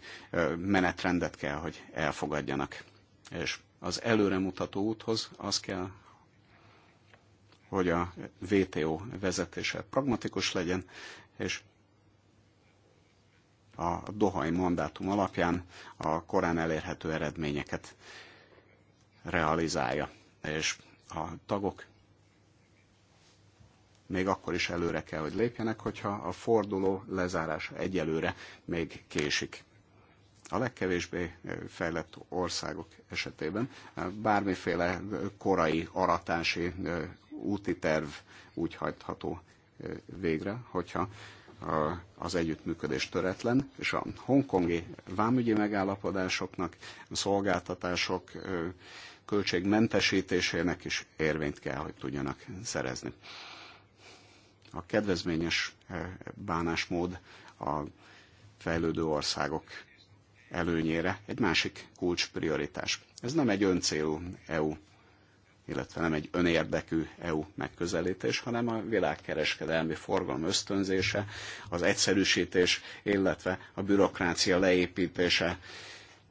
menetrendet kell, hogy elfogadjanak. És az előremutató úthoz az kell, hogy a VTO vezetése pragmatikus legyen, és a dohai mandátum alapján a korán elérhető eredményeket realizálja. És a tagok még akkor is előre kell, hogy lépjenek, hogyha a forduló lezárása egyelőre még késik. A legkevésbé fejlett országok esetében bármiféle korai aratási úti terv úgy hajtható végre, hogyha az együttműködés töretlen, és a hongkongi vámügyi megállapodásoknak, a szolgáltatások költségmentesítésének is érvényt kell, hogy tudjanak szerezni. A kedvezményes bánásmód a fejlődő országok előnyére egy másik kulcs prioritás. Ez nem egy öncélú EU illetve nem egy önérdekű EU megközelítés, hanem a világkereskedelmi forgalom ösztönzése, az egyszerűsítés, illetve a bürokrácia leépítése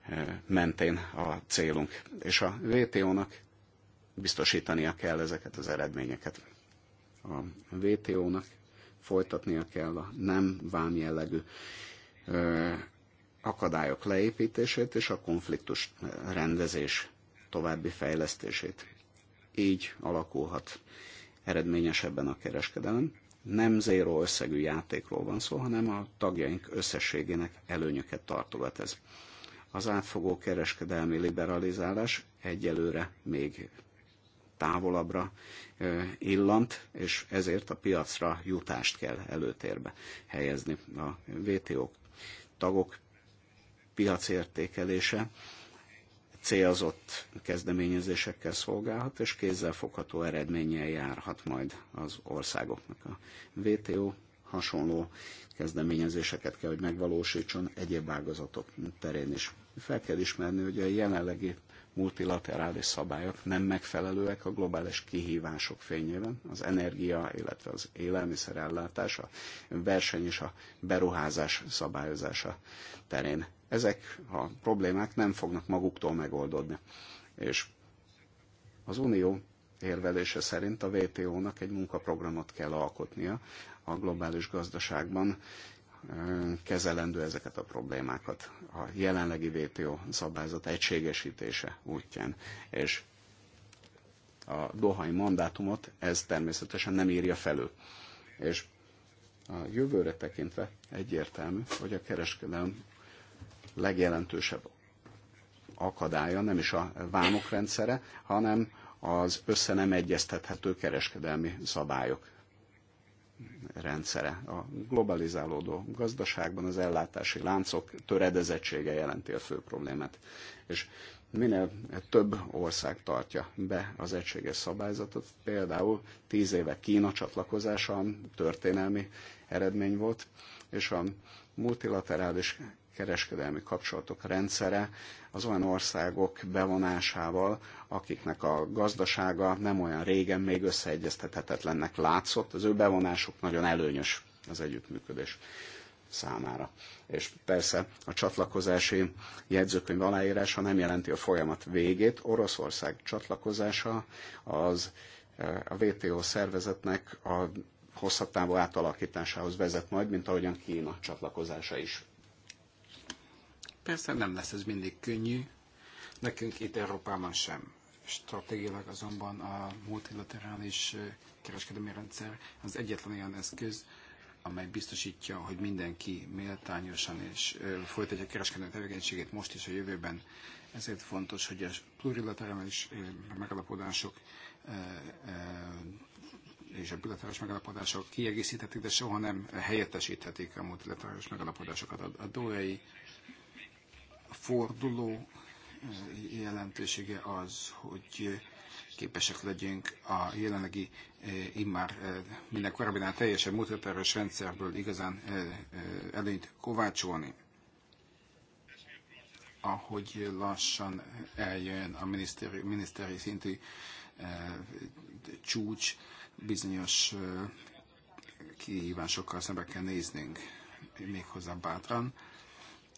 eh, mentén a célunk. És a WTO-nak biztosítania kell ezeket az eredményeket. A WTO-nak folytatnia kell a nem vámjellegű eh, akadályok leépítését és a konfliktus rendezés további fejlesztését így alakulhat eredményesebben a kereskedelem. Nem zéró összegű játékról van szó, hanem a tagjaink összességének előnyöket tartogat ez. Az átfogó kereskedelmi liberalizálás egyelőre még távolabbra illant, és ezért a piacra jutást kell előtérbe helyezni. A WTO tagok piacértékelése célzott kezdeményezésekkel szolgálhat, és kézzelfogható eredménnyel járhat majd az országoknak. A WTO hasonló kezdeményezéseket kell, hogy megvalósítson egyéb ágazatok terén is. Fel kell ismerni, hogy a jelenlegi multilaterális szabályok nem megfelelőek a globális kihívások fényében. Az energia, illetve az élelmiszerellátás, a verseny és a beruházás szabályozása terén ezek a problémák nem fognak maguktól megoldódni. És az Unió érvelése szerint a WTO-nak egy munkaprogramot kell alkotnia a globális gazdaságban, kezelendő ezeket a problémákat a jelenlegi WTO szabályzat egységesítése útján. És a dohai mandátumot ez természetesen nem írja felül. És a jövőre tekintve egyértelmű, hogy a kereskedelem legjelentősebb akadálya nem is a vámok rendszere, hanem az össze nem egyeztethető kereskedelmi szabályok rendszere. A globalizálódó gazdaságban az ellátási láncok töredezettsége jelenti a fő problémát. És minél több ország tartja be az egységes szabályzatot, például tíz éve Kína csatlakozása történelmi eredmény volt, és a multilaterális kereskedelmi kapcsolatok rendszere az olyan országok bevonásával, akiknek a gazdasága nem olyan régen még összeegyeztethetetlennek látszott, az ő bevonásuk nagyon előnyös az együttműködés számára. És persze a csatlakozási jegyzőkönyv aláírása nem jelenti a folyamat végét. Oroszország csatlakozása az eh, a WTO szervezetnek a hosszabb távú átalakításához vezet majd, mint ahogyan Kína csatlakozása is. Persze nem lesz ez mindig könnyű, nekünk itt Európában sem. Stratégiailag azonban a multilaterális kereskedelmi rendszer az egyetlen olyan eszköz, amely biztosítja, hogy mindenki méltányosan és folytatja a kereskedelmi tevékenységét most és a jövőben. Ezért fontos, hogy a plurilaterális megalapodások és a bilaterális megalapodások kiegészíthetik, de soha nem helyettesíthetik a multilaterális megalapodásokat. A, a forduló eh, jelentősége az, hogy eh, képesek legyünk a jelenlegi, eh, immár minden korábbinál teljesen mutatáros rendszerből igazán előnyt kovácsolni. Ahogy lassan eljön a miniszteri, miniszteri szintű csúcs, bizonyos kihívásokkal szembe kell néznünk méghozzá bátran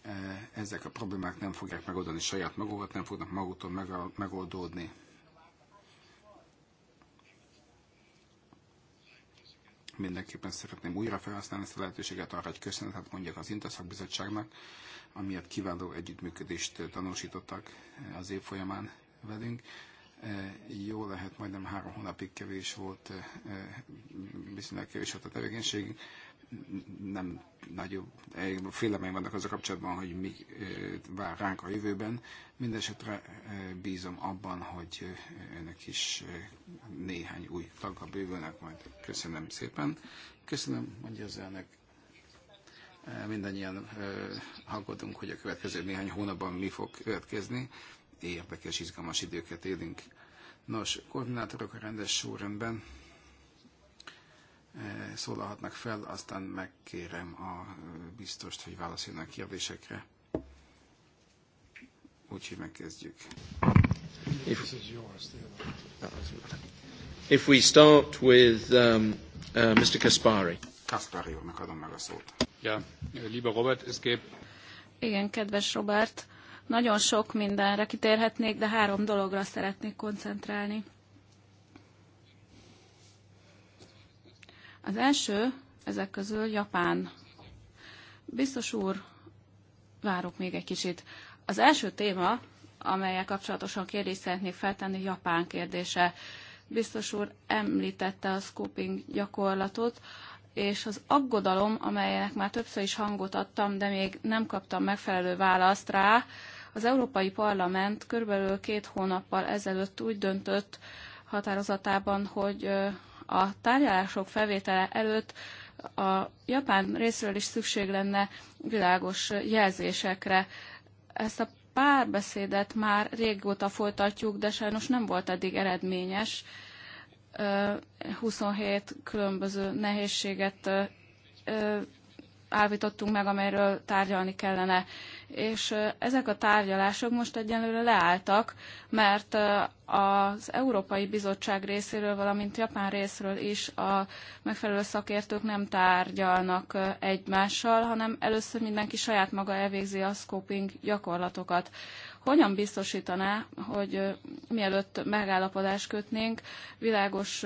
Eh, ezek a problémák nem fogják megoldani saját magukat, nem fognak maguktól megoldódni. Mindenképpen szeretném újra felhasználni ezt a lehetőséget arra, hogy köszönetet mondjak az Interszak Bizottságnak, amiért kiváló együttműködést tanúsítottak az év folyamán velünk. Eh, jó lehet, majdnem három hónapig kevés volt, eh, viszonylag kevés volt a tevékenységünk nem nagyobb eh, félelmeim vannak az a kapcsolatban, hogy mi eh, vár ránk a jövőben. Mindenesetre eh, bízom abban, hogy önök is néhány új taggal bővülnek majd. Köszönöm szépen. Köszönöm, mondja az elnök. Mindannyian aggódunk, hogy a következő néhány hónapban mi fog következni. Érdekes, izgalmas időket élünk. Nos, koordinátorok a rendes sorrendben. Eh, szólalhatnak fel, aztán megkérem a eh, biztost, hogy válaszoljanak kérdésekre. Úgyhogy megkezdjük. If, if we start with um, uh, Mr. Kaspari. Kaspari úrnak adom meg a szót. Ja, lieber Robert, es gäbe... Igen, kedves Robert, nagyon sok mindenre kitérhetnék, de három dologra szeretnék koncentrálni. Az első ezek közül Japán. Biztos úr, várok még egy kicsit. Az első téma, amelyel kapcsolatosan kérdést szeretnék feltenni, Japán kérdése. Biztos úr említette a scoping gyakorlatot, és az aggodalom, amelynek már többször is hangot adtam, de még nem kaptam megfelelő választ rá, az Európai Parlament körülbelül két hónappal ezelőtt úgy döntött határozatában, hogy a tárgyalások felvétele előtt a japán részről is szükség lenne világos jelzésekre. Ezt a párbeszédet már régóta folytatjuk, de sajnos nem volt eddig eredményes. 27 különböző nehézséget állítottunk meg, amelyről tárgyalni kellene. És ezek a tárgyalások most egyelőre leálltak, mert az Európai Bizottság részéről, valamint Japán részről is a megfelelő szakértők nem tárgyalnak egymással, hanem először mindenki saját maga elvégzi a scoping gyakorlatokat hogyan biztosítaná, hogy mielőtt megállapodást kötnénk, világos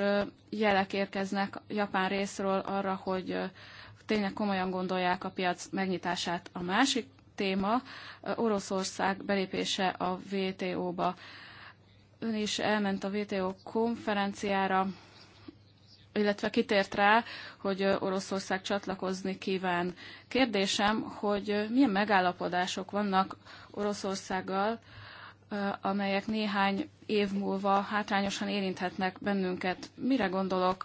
jelek érkeznek Japán részről arra, hogy tényleg komolyan gondolják a piac megnyitását. A másik téma Oroszország belépése a WTO-ba. Ön is elment a WTO konferenciára, illetve kitért rá, hogy Oroszország csatlakozni kíván. Kérdésem, hogy milyen megállapodások vannak Oroszországgal, amelyek néhány év múlva hátrányosan érinthetnek bennünket. Mire gondolok?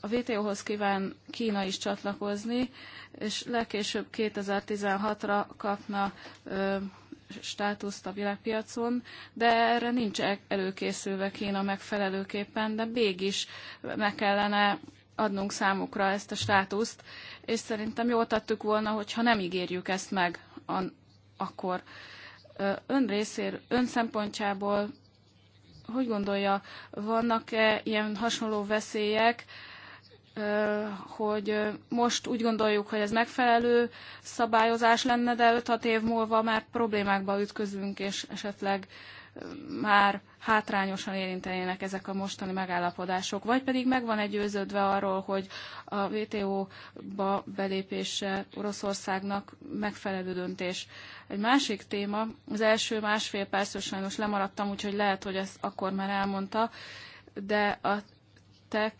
A WTO-hoz kíván Kína is csatlakozni, és legkésőbb 2016-ra kapna státuszt a világpiacon, de erre nincs e- előkészülve Kína megfelelőképpen, de mégis meg kellene adnunk számukra ezt a státuszt, és szerintem jól tettük volna, hogyha nem ígérjük ezt meg, akkor ön részér, ön szempontjából hogy gondolja, vannak-e ilyen hasonló veszélyek, hogy most úgy gondoljuk, hogy ez megfelelő szabályozás lenne, de 5-6 év múlva már problémákba ütközünk, és esetleg már hátrányosan érintenének ezek a mostani megállapodások, vagy pedig meg van egyőződve arról, hogy a WTO-ba belépése Oroszországnak megfelelő döntés. Egy másik téma, az első másfél percről sajnos lemaradtam, úgyhogy lehet, hogy ezt akkor már elmondta, de a TEC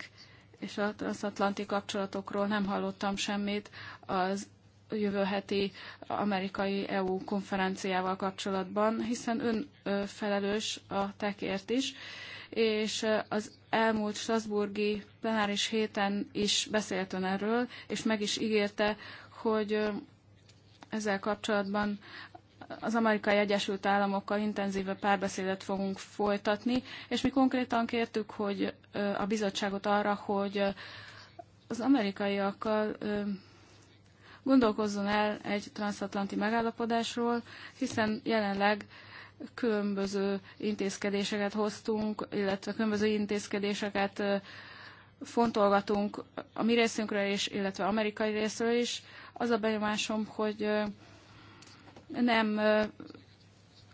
és a transatlanti kapcsolatokról nem hallottam semmit. Az jövő heti amerikai EU konferenciával kapcsolatban, hiszen ön felelős a tekért is, és az elmúlt Strasburgi plenáris héten is beszélt ön erről, és meg is ígérte, hogy ezzel kapcsolatban az amerikai Egyesült Államokkal intenzíve párbeszédet fogunk folytatni, és mi konkrétan kértük, hogy a bizottságot arra, hogy az amerikaiakkal gondolkozzon el egy transatlanti megállapodásról, hiszen jelenleg különböző intézkedéseket hoztunk, illetve különböző intézkedéseket fontolgatunk a mi részünkről is, illetve amerikai részről is. Az a benyomásom, hogy nem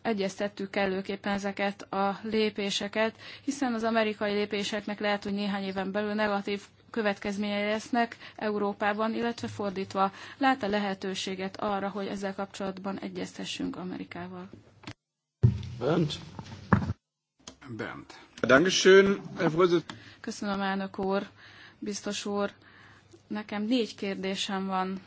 egyeztettük előképpen ezeket a lépéseket, hiszen az amerikai lépéseknek lehet, hogy néhány éven belül negatív következményei lesznek Európában, illetve fordítva lát-e lehetőséget arra, hogy ezzel kapcsolatban egyeztessünk Amerikával? Bent. Bent. Dankeschön, Köszönöm, elnök úr, biztos úr. Nekem négy kérdésem van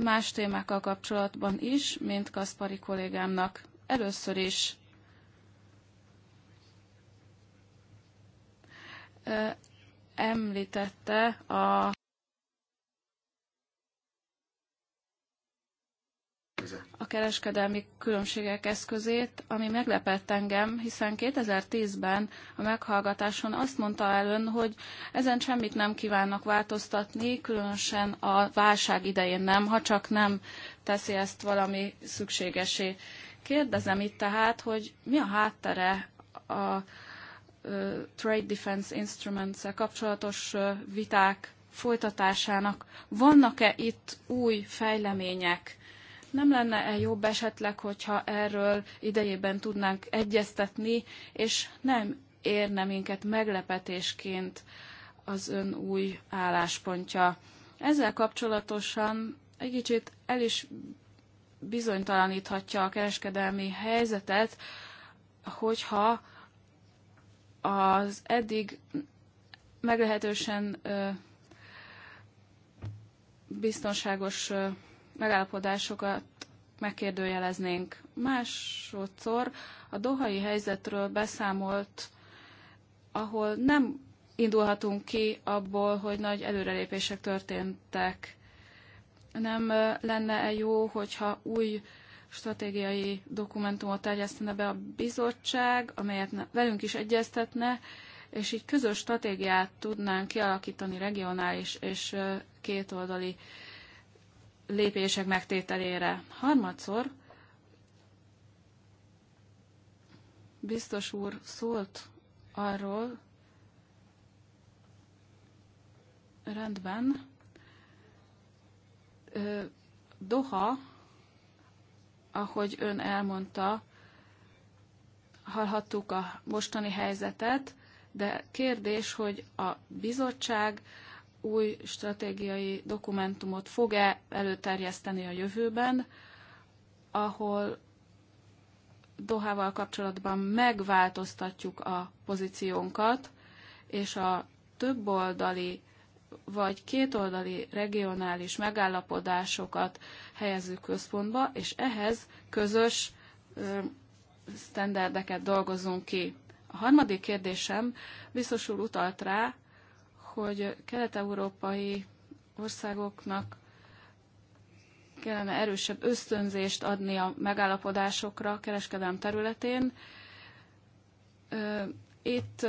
más témákkal kapcsolatban is, mint Kaspari kollégámnak. Először is említette a a kereskedelmi különbségek eszközét, ami meglepett engem, hiszen 2010-ben a meghallgatáson azt mondta el ön, hogy ezen semmit nem kívánnak változtatni, különösen a válság idején nem, ha csak nem teszi ezt valami szükségesé. Kérdezem itt tehát, hogy mi a háttere a Trade Defense instruments kapcsolatos viták folytatásának vannak-e itt új fejlemények? Nem lenne-e jobb esetleg, hogyha erről idejében tudnánk egyeztetni, és nem érne minket meglepetésként az ön új álláspontja? Ezzel kapcsolatosan egy kicsit el is bizonytalaníthatja a kereskedelmi helyzetet, hogyha az eddig meglehetősen biztonságos megállapodásokat megkérdőjeleznénk. Másodszor a dohai helyzetről beszámolt, ahol nem indulhatunk ki abból, hogy nagy előrelépések történtek. Nem lenne -e jó, hogyha új stratégiai dokumentumot terjesztene be a bizottság, amelyet velünk is egyeztetne, és így közös stratégiát tudnánk kialakítani regionális és kétoldali lépések megtételére. Harmadszor biztos úr szólt arról, rendben, Doha ahogy ön elmondta, hallhattuk a mostani helyzetet, de kérdés, hogy a bizottság új stratégiai dokumentumot fog-e előterjeszteni a jövőben, ahol Dohával kapcsolatban megváltoztatjuk a pozíciónkat, és a többoldali vagy kétoldali regionális megállapodásokat helyezzük központba, és ehhez közös sztenderdeket dolgozunk ki. A harmadik kérdésem biztos úr utalt rá, hogy kelet-európai országoknak kellene erősebb ösztönzést adni a megállapodásokra a kereskedelem területén. Itt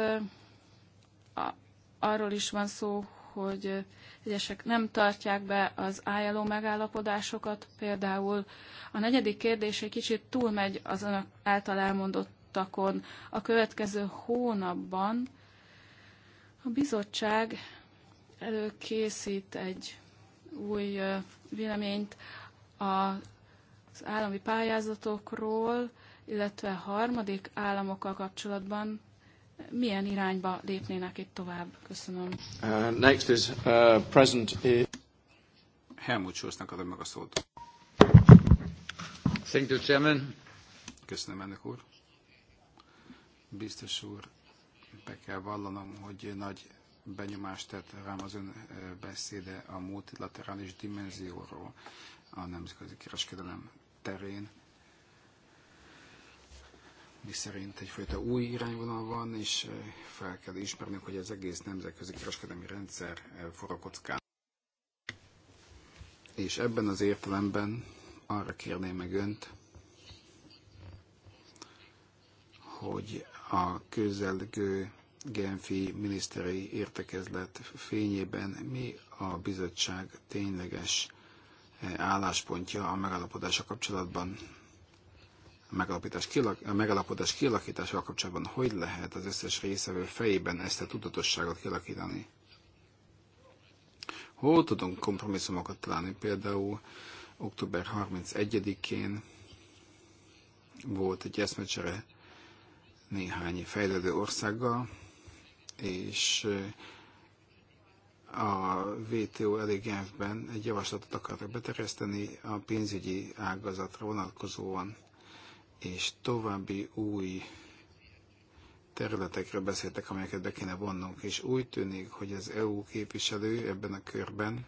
arról is van szó, hogy egyesek nem tartják be az ILO megállapodásokat. Például a negyedik kérdés egy kicsit túlmegy az önök által elmondottakon. A következő hónapban a bizottság előkészít egy új véleményt az állami pályázatokról, illetve harmadik államokkal kapcsolatban milyen irányba lépnének itt tovább? Köszönöm. Uh, next is uh, present is... Helmut Schulznak adom meg a szót. Thank you, Chairman. Köszönöm, ennek úr. Biztos úr, be kell vallanom, hogy nagy benyomást tett rám az ön uh, beszéde a multilaterális dimenzióról a nemzetközi kereskedelem terén mi szerint egyfajta új irányvonal van, és eh, fel kell ismernünk, hogy az egész nemzetközi kereskedelmi rendszer eh, forró kockán. És ebben az értelemben arra kérném meg Önt, hogy a közelgő Genfi miniszteri értekezlet fényében mi a bizottság tényleges eh, álláspontja a megállapodása kapcsolatban megalapítás, megalapodás kialakításával kapcsolatban hogy lehet az összes részevő fejében ezt a tudatosságot kialakítani? Hol tudunk kompromisszumokat találni? Például október 31-én volt egy eszmecsere néhány fejlődő országgal, és eh, a WTO elég egy javaslatot akartak beterjeszteni a pénzügyi ágazatra vonatkozóan és további új területekre beszéltek, amelyeket be kéne vonnunk, és úgy tűnik, hogy az EU képviselő ebben a körben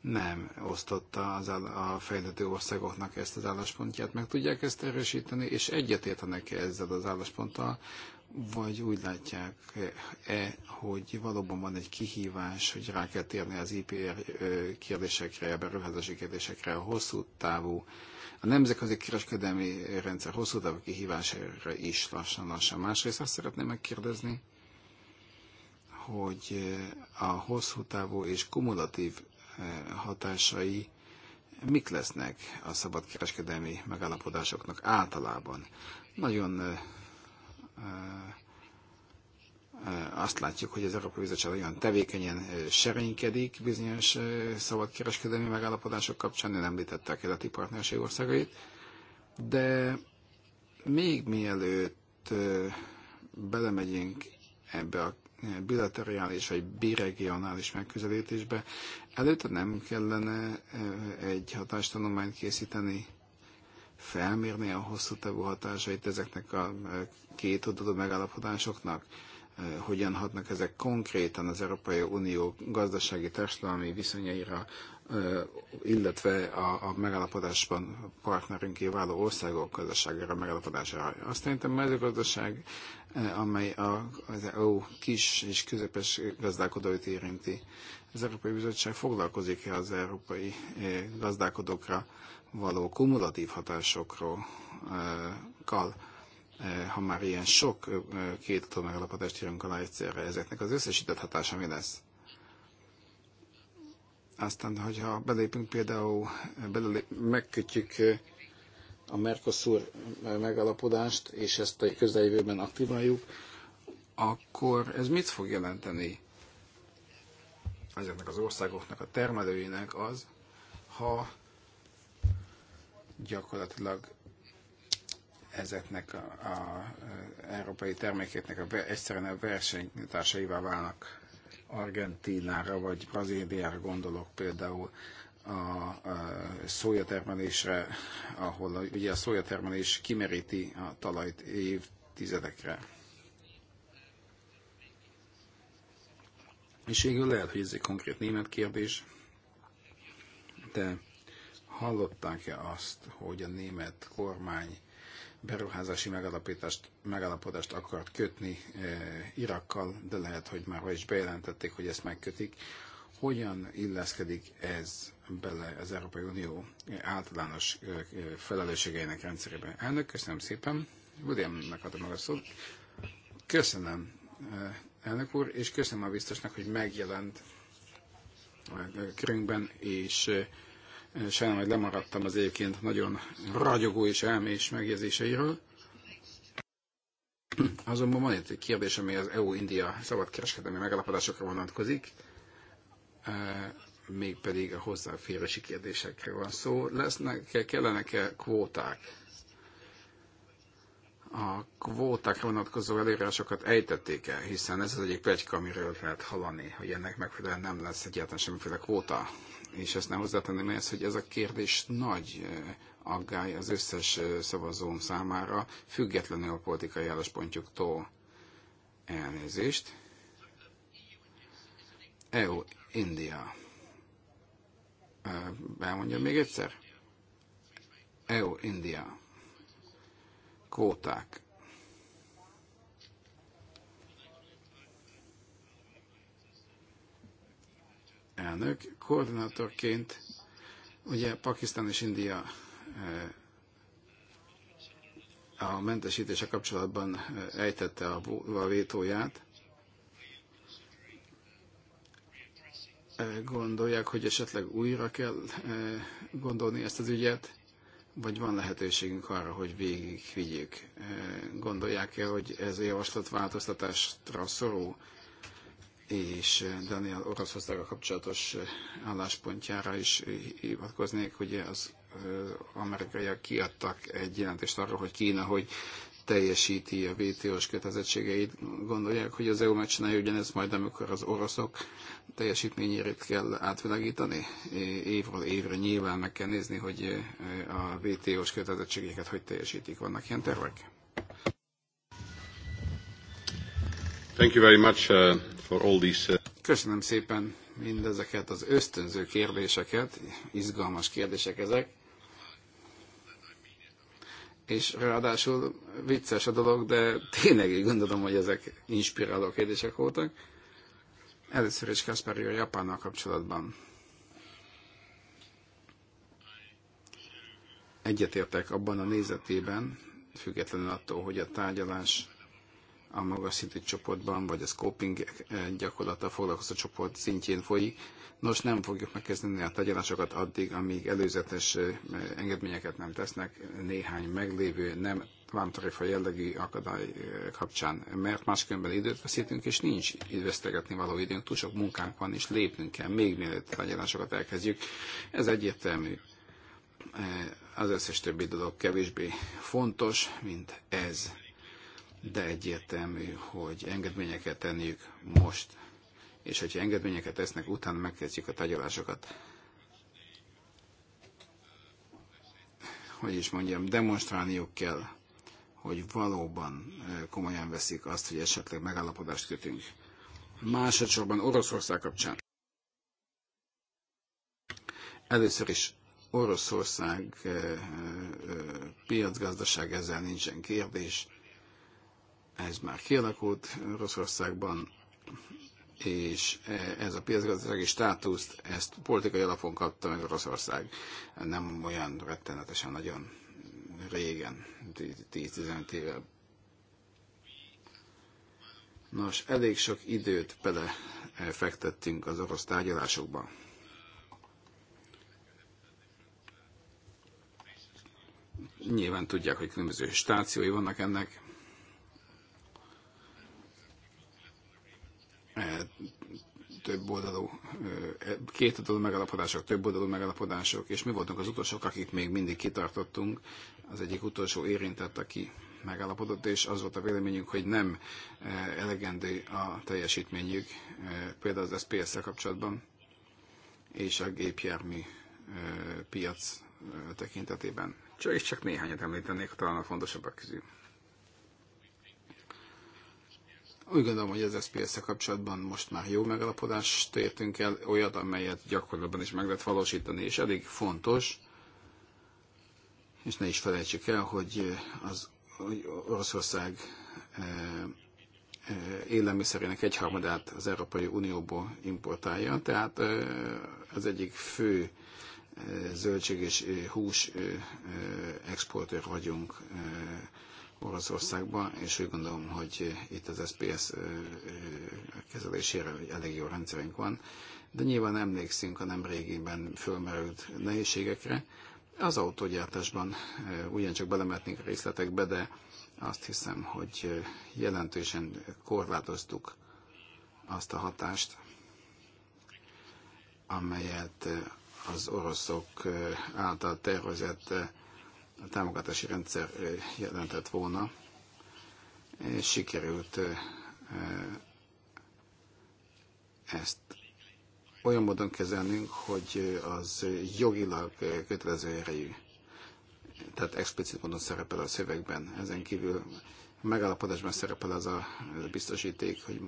nem osztotta az a fejlődő országoknak ezt az álláspontját, meg tudják ezt erősíteni, és egyetértenek -e ezzel az állásponttal, vagy úgy látják-e, hogy valóban van egy kihívás, hogy rá kell térni az IPR kérdésekre, a beruházási kérdésekre, a hosszú távú a nemzetközi kereskedelmi rendszer hosszú távú kihívására is lassan-lassan. Másrészt azt szeretném megkérdezni, hogy eh, a hosszú távú és kumulatív eh, hatásai mik lesznek a szabad kereskedelmi megállapodásoknak általában. Nagyon eh, azt látjuk, hogy az Európai Bizottság olyan tevékenyen serénykedik bizonyos szabadkereskedelmi megállapodások kapcsán, nem említette a keleti partnerség országait, de még mielőtt belemegyünk ebbe a bilaterális vagy biregionális megközelítésbe, előtte nem kellene egy hatástanulmányt készíteni, felmérni a hosszú távú hatásait ezeknek a két oldalú megállapodásoknak, hogyan hatnak ezek konkrétan az Európai Unió gazdasági társadalmi viszonyaira, illetve a, a megállapodásban partnerünké váló országok gazdaságára megállapodására. Azt szerintem mezőgazdaság, amely a, az EU kis és közepes gazdálkodóit érinti. Az Európai Bizottság foglalkozik -e az európai gazdálkodókra való kumulatív hatásokról, kal, Eh, ha már ilyen sok eh, két megállapodást írunk alá egyszerre, ezeknek az összesített hatása mi lesz? Aztán, hogyha belépünk például, eh, belép, megkötjük a Mercosur megalapodást, és ezt a közeljövőben aktiváljuk, akkor ez mit fog jelenteni ezeknek az országoknak, a termelőinek az, ha gyakorlatilag ezeknek a, a európai termékeknek a, egyszerűen a versenytársaivá válnak Argentinára vagy Brazíliára gondolok például a, a szójatermelésre, ahol a, ugye a szójatermelés kimeríti a talajt évtizedekre. És végül lehet, hogy ez egy konkrét német kérdés, de hallották-e azt, hogy a német kormány beruházási megalapítást, megalapodást akart kötni eh, Irakkal, de lehet, hogy már is bejelentették, hogy ezt megkötik. Hogyan illeszkedik ez bele az Európai Unió eh, általános eh, felelősségeinek rendszerében? Elnök, köszönöm szépen. Williamnek adom meg a szót. Köszönöm, elnök úr, és köszönöm a biztosnak, hogy megjelent a körünkben, és Sajnálom, hogy lemaradtam az egyébként nagyon ragyogó és elmés megjegyzéseiről. Azonban van itt egy kérdés, ami az EU-India szabadkereskedelmi megalapodásokra vonatkozik, e, mégpedig a hozzáférési kérdésekre van szó. Lesznek, kellenek-e kvóták? A kvótákra vonatkozó előírásokat ejtették e hiszen ez az egyik pegyka, amiről lehet hallani, hogy ennek megfelelően nem lesz egyáltalán semmiféle kvóta és ezt nem hozzátenném ehhez, hogy ez a kérdés nagy eh, aggály az összes eh, szavazóm számára, függetlenül a politikai álláspontjuktól. Elnézést. EU, India. Eh, elmondjam még egyszer? EU, India. Kvóták elnök. Koordinátorként ugye Pakisztán és India eh, a mentesítése kapcsolatban eh, ejtette a vétóját. Eh, gondolják, hogy esetleg újra kell gondolni ezt az ügyet, vagy van lehetőségünk arra, hogy végigvigyük. Gondolják-e, hogy ez a javaslat változtatásra szorul? és eh, Daniel Oroszországgal kapcsolatos eh, álláspontjára is eh, hivatkoznék. hogy az amerikaiak kiadtak egy jelentést arról, hogy Kína, hogy teljesíti a WTO-s kötelezettségeit. Gondolják, hogy az EU megcsinálja ugyanezt majd, amikor az oroszok teljesítményérét kell átvilágítani? Évről évre nyilván meg kell nézni, hogy a WTO-s kötelezettségeket hogy teljesítik. Vannak ilyen tervek? Thank you very much, uh, for all these... Uh, Köszönöm szépen mindezeket az ösztönző kérdéseket, izgalmas kérdések ezek. És ráadásul vicces a dolog, de tényleg így gondolom, hogy ezek inspiráló kérdések voltak. Először is Kaspar a Japánnal kapcsolatban. Egyetértek abban a nézetében, függetlenül attól, hogy a tárgyalás a magas szintű csoportban, vagy a scoping eh, gyakorlata foglalkozó csoport szintjén folyik. Nos, nem fogjuk megkezdeni a tagyalásokat addig, amíg előzetes eh, engedményeket nem tesznek néhány meglévő nem vámtarifa jellegű akadály eh, kapcsán, mert máskülönben időt veszítünk, és nincs vesztegetni való időnk, túl sok munkánk van, és lépnünk kell, még mielőtt tárgyalásokat elkezdjük. Ez egyértelmű. Az összes többi dolog kevésbé fontos, mint ez de egyértelmű, hogy engedményeket tenniük most. És hogyha engedményeket tesznek, utána megkezdjük a tagyalásokat. Hogy is mondjam, demonstrálniuk kell, hogy valóban komolyan veszik azt, hogy esetleg megállapodást kötünk. Másodszorban Oroszország kapcsán. Először is Oroszország piacgazdaság, ezzel nincsen kérdés ez már kialakult Oroszországban, és e, ez a piacgazdasági státuszt, ezt politikai alapon kapta meg Oroszország, nem olyan rettenetesen nagyon régen, 10-15 éve. Nos, elég sok időt bele e, fektettünk az orosz tárgyalásokba. Nyilván tudják, hogy különböző stációi vannak ennek, Eh, több oldalú, eh, két oldalú megalapodások, több oldalú megalapodások, és mi voltunk az utolsók, akik még mindig kitartottunk. Az egyik utolsó érintett, aki megalapodott, és az volt a véleményünk, hogy nem eh, elegendő a teljesítményük, például az SPS-szel kapcsolatban, és a gépjármű piac tekintetében. Csak és csak néhányat említenék, talán a fontosabbak közül. Úgy gondolom, hogy az SPS-szel kapcsolatban most már jó megalapodást értünk el, olyat, amelyet gyakorlatban is meg lehet valósítani, és elég fontos, és ne is felejtsük el, hogy az hogy Oroszország e, e, élelmiszerének egyharmadát az Európai Unióból importálja, tehát e, az egyik fő zöldség és hús exportőr vagyunk Oroszországba, és úgy gondolom, hogy itt az SPS kezelésére elég jó rendszerünk van, de nyilván emlékszünk a nem régiben fölmerült nehézségekre. Az autógyártásban ugyancsak belemetnénk a részletekbe, de azt hiszem, hogy jelentősen korlátoztuk azt a hatást, amelyet az oroszok által tervezett a támogatási rendszer jelentett volna, és sikerült ezt olyan módon kezelnünk, hogy az jogilag kötelező erejű, tehát explicit módon szerepel a szövegben. Ezen kívül a megállapodásban szerepel az a biztosíték, hogy,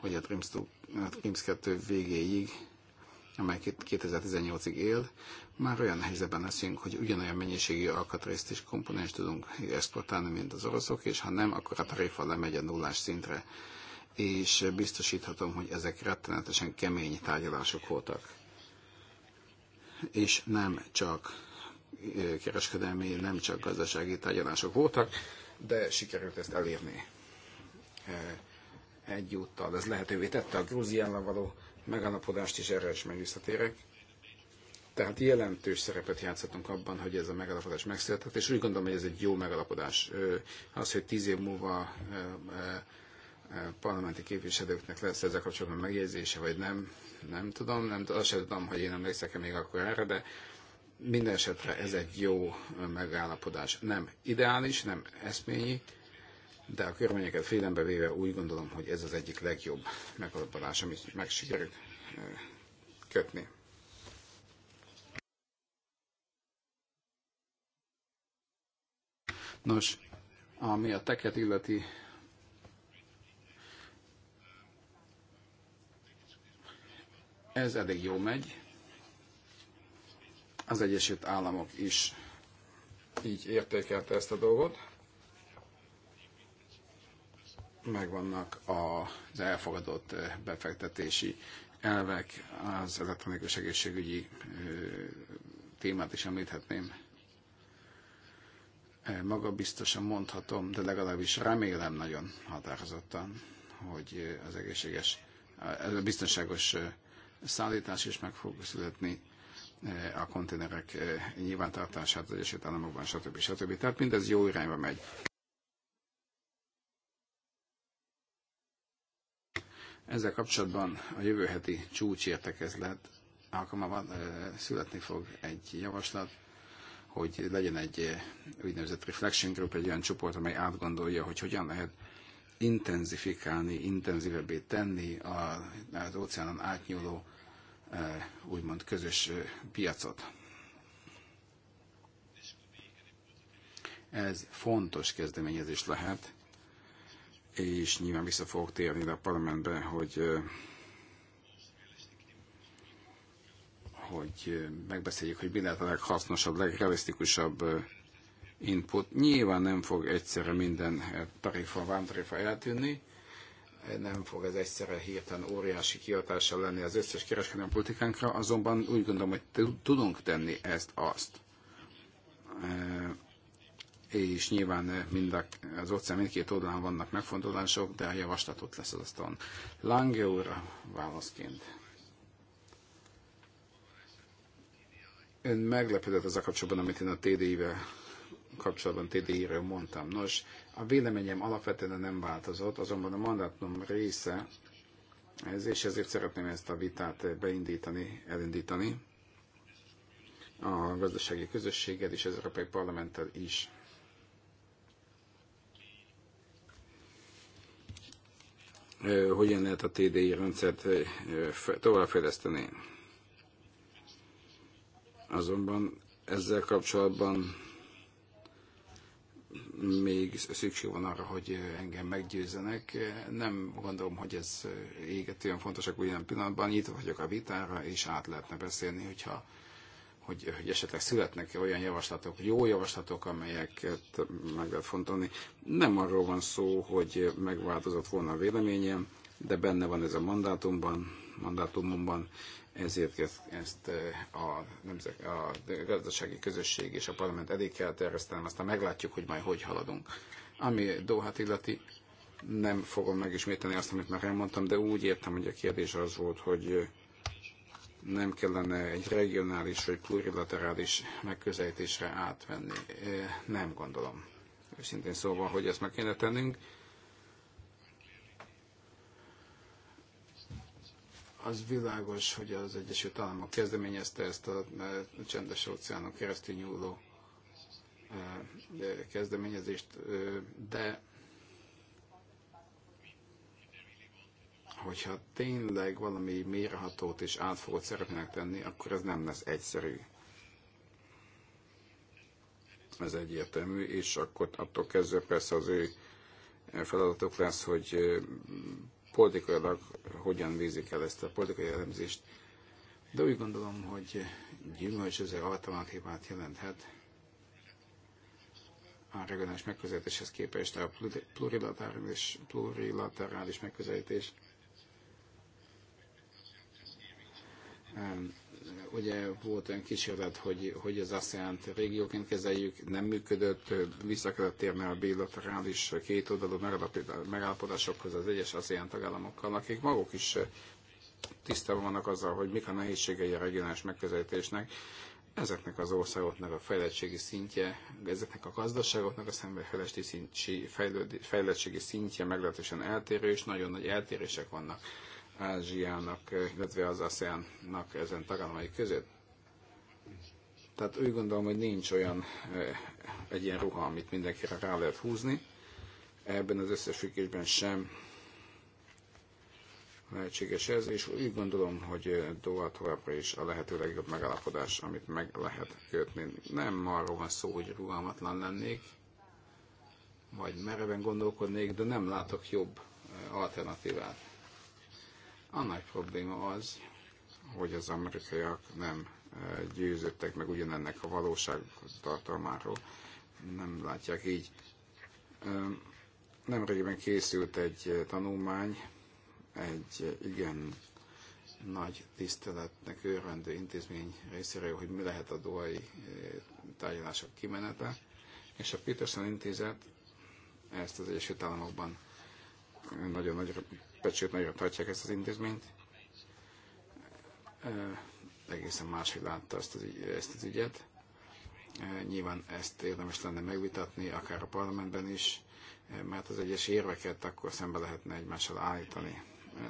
hogy a TRIMS 2 végéig amely 2018-ig él, már olyan helyzetben leszünk, hogy ugyanolyan mennyiségű alkatrészt és komponens tudunk exportálni, mint az oroszok, és ha nem, akkor hát a tarifa lemegy a nullás szintre. És biztosíthatom, hogy ezek rettenetesen kemény tárgyalások voltak. És nem csak kereskedelmi, nem csak gazdasági tárgyalások voltak, de sikerült ezt elérni. Egyúttal ez lehetővé tette a Grúziával való megalapodást is erre is megvisszatérek. Tehát jelentős szerepet játszhatunk abban, hogy ez a megalapodás megszületett, és úgy gondolom, hogy ez egy jó megalapodás. Az, hogy tíz év múlva parlamenti képviselőknek lesz ezzel kapcsolatban megjegyzése, vagy nem, nem tudom, nem, azt sem tudom, hogy én emlékszek-e még akkor erre, de minden esetre ez egy jó megállapodás. Nem ideális, nem eszményi, de a körményeket félembe véve úgy gondolom, hogy ez az egyik legjobb megalapodás, amit meg sikerült kötni. Nos, ami a teket illeti, ez elég jó megy. Az Egyesült Államok is így értékelte ezt a dolgot megvannak az elfogadott eh, befektetési elvek, az elektronikus egészségügyi eh, témát is említhetném. Eh, maga biztosan mondhatom, de legalábbis remélem nagyon határozottan, hogy az egészséges, ez a biztonságos szállítás is meg fog születni, a konténerek nyilvántartását az Egyesült Államokban, stb. stb. Tehát mindez jó irányba megy. Ezzel kapcsolatban a jövő heti értekezlet alkalmában születni fog egy javaslat, hogy legyen egy úgynevezett reflection group, egy olyan csoport, amely átgondolja, hogy hogyan lehet intenzifikálni, intenzívebbé tenni az óceánon átnyúló úgymond közös piacot. Ez fontos kezdeményezés lehet, és nyilván vissza fogok térni a parlamentbe, hogy hogy megbeszéljük, hogy mi lehet a leghasznosabb, legrealisztikusabb input. Nyilván nem fog egyszerre minden tarifa, vámtarifa eltűnni, nem fog ez egyszerre hirtelen óriási kiadással lenni az összes kereskedelmi politikánkra, azonban úgy gondolom, hogy tudunk tenni ezt-azt és nyilván eh, mind a, az óceán mindkét oldalán vannak megfontolások, de a javaslat ott lesz az asztalon. Lange úr válaszként. Ön meglepődött az a kapcsolatban, amit én a TDI-vel kapcsolatban TDI-ről mondtam. Nos, a véleményem alapvetően nem változott, azonban a mandátum része ez, és ezért szeretném ezt a vitát beindítani, elindítani a gazdasági közösséggel és az Európai Parlamenttel is. hogyan lehet a TDI rendszert továbbfejleszteni. Azonban ezzel kapcsolatban még szükség van arra, hogy engem meggyőzzenek. Nem gondolom, hogy ez égetően fontosak ugyan pillanatban. Nyitva vagyok a vitára, és át lehetne beszélni, hogyha hogy, hogy esetleg születnek olyan javaslatok, jó javaslatok, amelyeket meg lehet fontolni. Nem arról van szó, hogy megváltozott volna a véleményem, de benne van ez a mandátumban, mandátumomban, ezért ezt eh, a, nemzet, a gazdasági közösség és a parlament elé kell terjesztenem, aztán meglátjuk, hogy majd hogy haladunk. Ami Dohát illeti, nem fogom megismételni azt, amit már elmondtam, de úgy értem, hogy a kérdés az volt, hogy eh, nem kellene egy regionális vagy plurilaterális megközelítésre átvenni. Nem gondolom. Őszintén szóval, hogy ezt meg kéne tennünk. Az világos, hogy az Egyesült Államok kezdeményezte ezt a csendes óceánon keresztül nyúló kezdeményezést, de hogyha tényleg valami mérhatót és átfogót szeretnének tenni, akkor ez nem lesz egyszerű. Ez egyértelmű, és akkor attól kezdve persze az ő feladatok lesz, hogy politikailag hogyan vízik el ezt a politikai elemzést. De úgy gondolom, hogy gyümölcsöző alternatívát jelenthet a regionális megközelítéshez képest a plurilaterális, plurilaterális megközelítés Ugye volt olyan kísérlet, hogy, hogy az asean régióként kezeljük, nem működött, vissza kellett térni a bilaterális oldalú megállapodásokhoz az egyes ASEAN tagállamokkal, akik maguk is eh, tisztában vannak azzal, hogy mik a nehézségei a regionális megközelítésnek, ezeknek az országoknak a fejlettségi szintje, ezeknek a gazdaságoknak a szemben fejlettségi szintje meglehetősen eltérő, és nagyon nagy eltérések vannak Ázsiának, eh, illetve az ASEAN-nak ezen tagállamai között. Tehát úgy gondolom, hogy nincs olyan eh, egy ilyen ruha, amit mindenkire rá lehet húzni. Ebben az összefüggésben sem lehetséges ez, és úgy gondolom, hogy eh, Doha továbbra is a lehető legjobb megállapodás, amit meg lehet kötni. Nem arról van szó, hogy rugalmatlan lennék, vagy mereven gondolkodnék, de nem látok jobb alternatívát. A nagy probléma az, hogy az amerikaiak nem e, győződtek meg ugyanennek a valóság tartalmáról, nem látják így. E, Nemrégiben készült egy e, tanulmány, egy igen nagy tiszteletnek őrendő intézmény részéről, hogy mi lehet a doai tárgyalások kimenete, és a Peterson intézet ezt az Egyesült Államokban nagyon nagy pecsét, nagyon tartják ezt az intézményt. Egészen máshogy látta ezt az, ügy, ezt az ügyet. Nyilván ezt érdemes lenne megvitatni, akár a parlamentben is, mert az egyes érveket akkor szembe lehetne egymással állítani.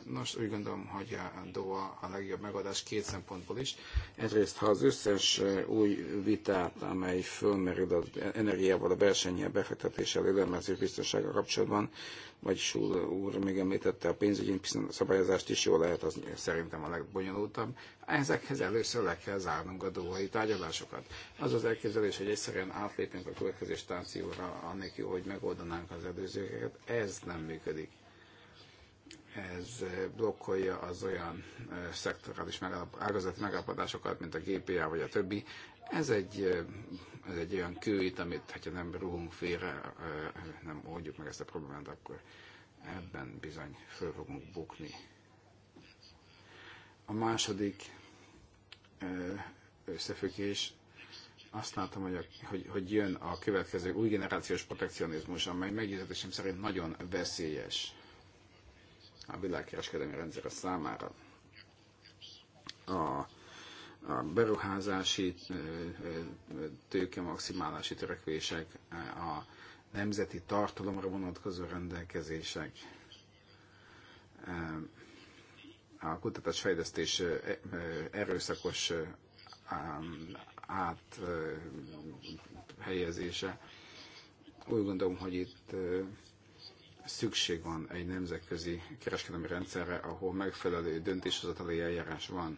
Nos, úgy gondolom, hogy a DOA a legjobb megoldás két szempontból is. Egyrészt, ha az összes eh, új vitát, amely fölmerül az energiával, a versenyel, befektetéssel, élelmezés biztonsága kapcsolatban, vagy Sul úr még említette a pénzügyi szabályozást is, jó lehet, az szerintem a legbonyolultabb. Ezekhez először le kell zárnunk a dohai tárgyalásokat. Az az elképzelés, hogy egyszerűen átlépünk a következő stációra, annélkül, hogy megoldanánk az előzőket, ez nem működik ez eh, blokkolja az olyan eh, szektorális ágazati megállapodásokat, mint a GPA vagy a többi. Ez egy, eh, ez egy olyan kő itt, amit ha nem rúgunk félre, nem oldjuk meg ezt a problémát, akkor ebben bizony föl fogunk bukni. A második összefüggés azt látom, hogy, a, hogy, hogy jön a következő új generációs protekcionizmus, amely meggyőződésem szerint nagyon veszélyes a világkereskedelmi rendszerre számára. A a beruházási tőke maximálási törekvések, a nemzeti tartalomra vonatkozó rendelkezések, a kutatásfejlesztés e, erőszakos áthelyezése. Úgy gondolom, hogy itt szükség van egy nemzetközi kereskedelmi rendszerre, ahol megfelelő döntéshozatali eljárás van.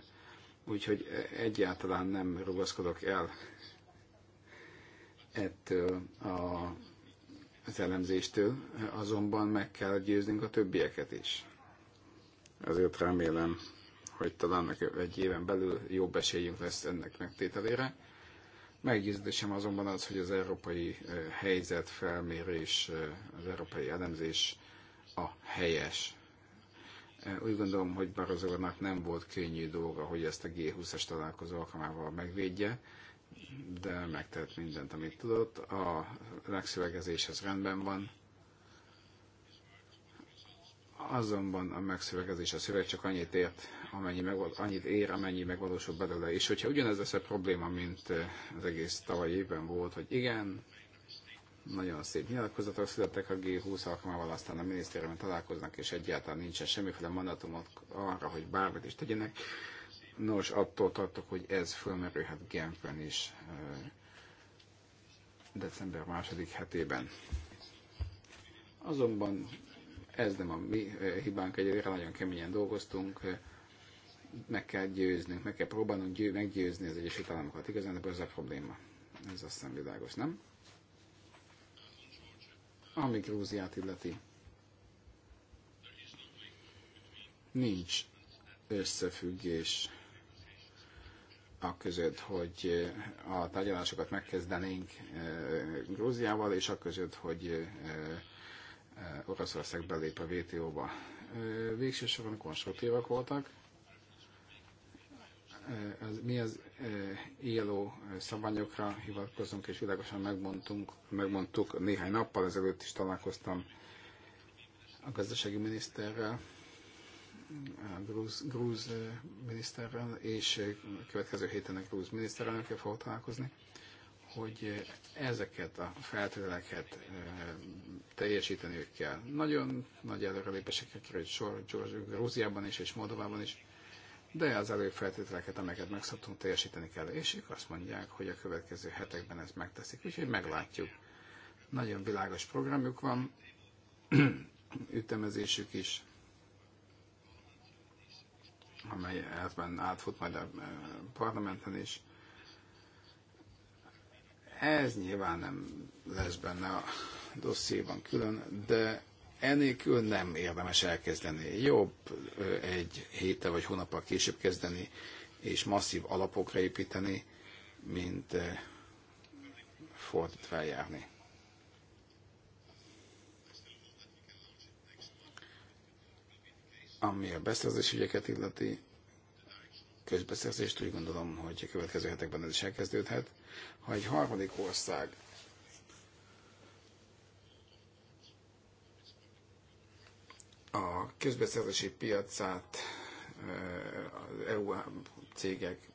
Úgyhogy egyáltalán nem rugaszkodok el ettől a, az elemzéstől, azonban meg kell győznünk a többieket is. Ezért remélem, hogy talán egy éven belül jobb esélyünk lesz ennek megtételére. Meggyőződésem azonban az, hogy az európai eh, helyzet felmérés, eh, az európai elemzés a helyes. Eh, úgy gondolom, hogy Barozónak nem volt könnyű dolga, hogy ezt a g 20 es találkozó alkalmával megvédje, de megtett mindent, amit tudott. A megszövegezés az rendben van. Azonban a megszövegezés a szöveg csak annyit ért, amennyi meg, annyit ér, amennyi megvalósul belőle. És hogyha ugyanez lesz a probléma, mint eh, az egész tavaly évben volt, hogy igen, nagyon szép nyilatkozatok születtek a G20 alkalmával, aztán a minisztériumon találkoznak, és egyáltalán nincsen semmiféle mandatumot arra, hogy bármit is tegyenek. Nos, attól tartok, hogy ez fölmerülhet Genfben is eh, december második hetében. Azonban ez nem a mi eh, hibánk, egyébként nagyon keményen dolgoztunk, meg kell győznünk, meg kell próbálnunk győ, meggyőzni az Egyesült Államokat. Igazán ez a probléma. Ez aztán világos, nem? Ami Grúziát illeti. Nincs összefüggés a között, hogy a tárgyalásokat megkezdenénk eh, Grúziával, és a között, hogy eh, eh, Oroszország belép a WTO-ba. Végső soron konstruktívak voltak, Eh, az, mi az eh, ILO eh, szabványokra hivatkozunk, és világosan megmondtunk, megmondtuk, néhány nappal ezelőtt is találkoztam a gazdasági miniszterrel, a grúz, grúz miniszterrel, és a következő héten a grúz miniszterelnökkel fogok találkozni, hogy ezeket a feltételeket teljesíteniük kell. Nagyon nagy előrelépésekre került sor Grúziában is és Moldovában is de az előfeltételeket, amelyeket megszoktunk, teljesíteni kell, és ők azt mondják, hogy a következő hetekben ezt megteszik, úgyhogy meglátjuk. Nagyon világos programjuk van, ütemezésük is, amely elvben átfut majd a e, parlamenten is. Ez nyilván nem lesz benne a dossziéban külön, de enélkül nem érdemes elkezdeni. Jobb egy héttel vagy hónappal később kezdeni, és masszív alapokra építeni, mint fordítva járni. Ami a beszerzés ügyeket illeti, közbeszerzést úgy gondolom, hogy a következő hetekben ez is elkezdődhet. Ha egy harmadik ország a közbeszerzési piacát eh, az EU cégek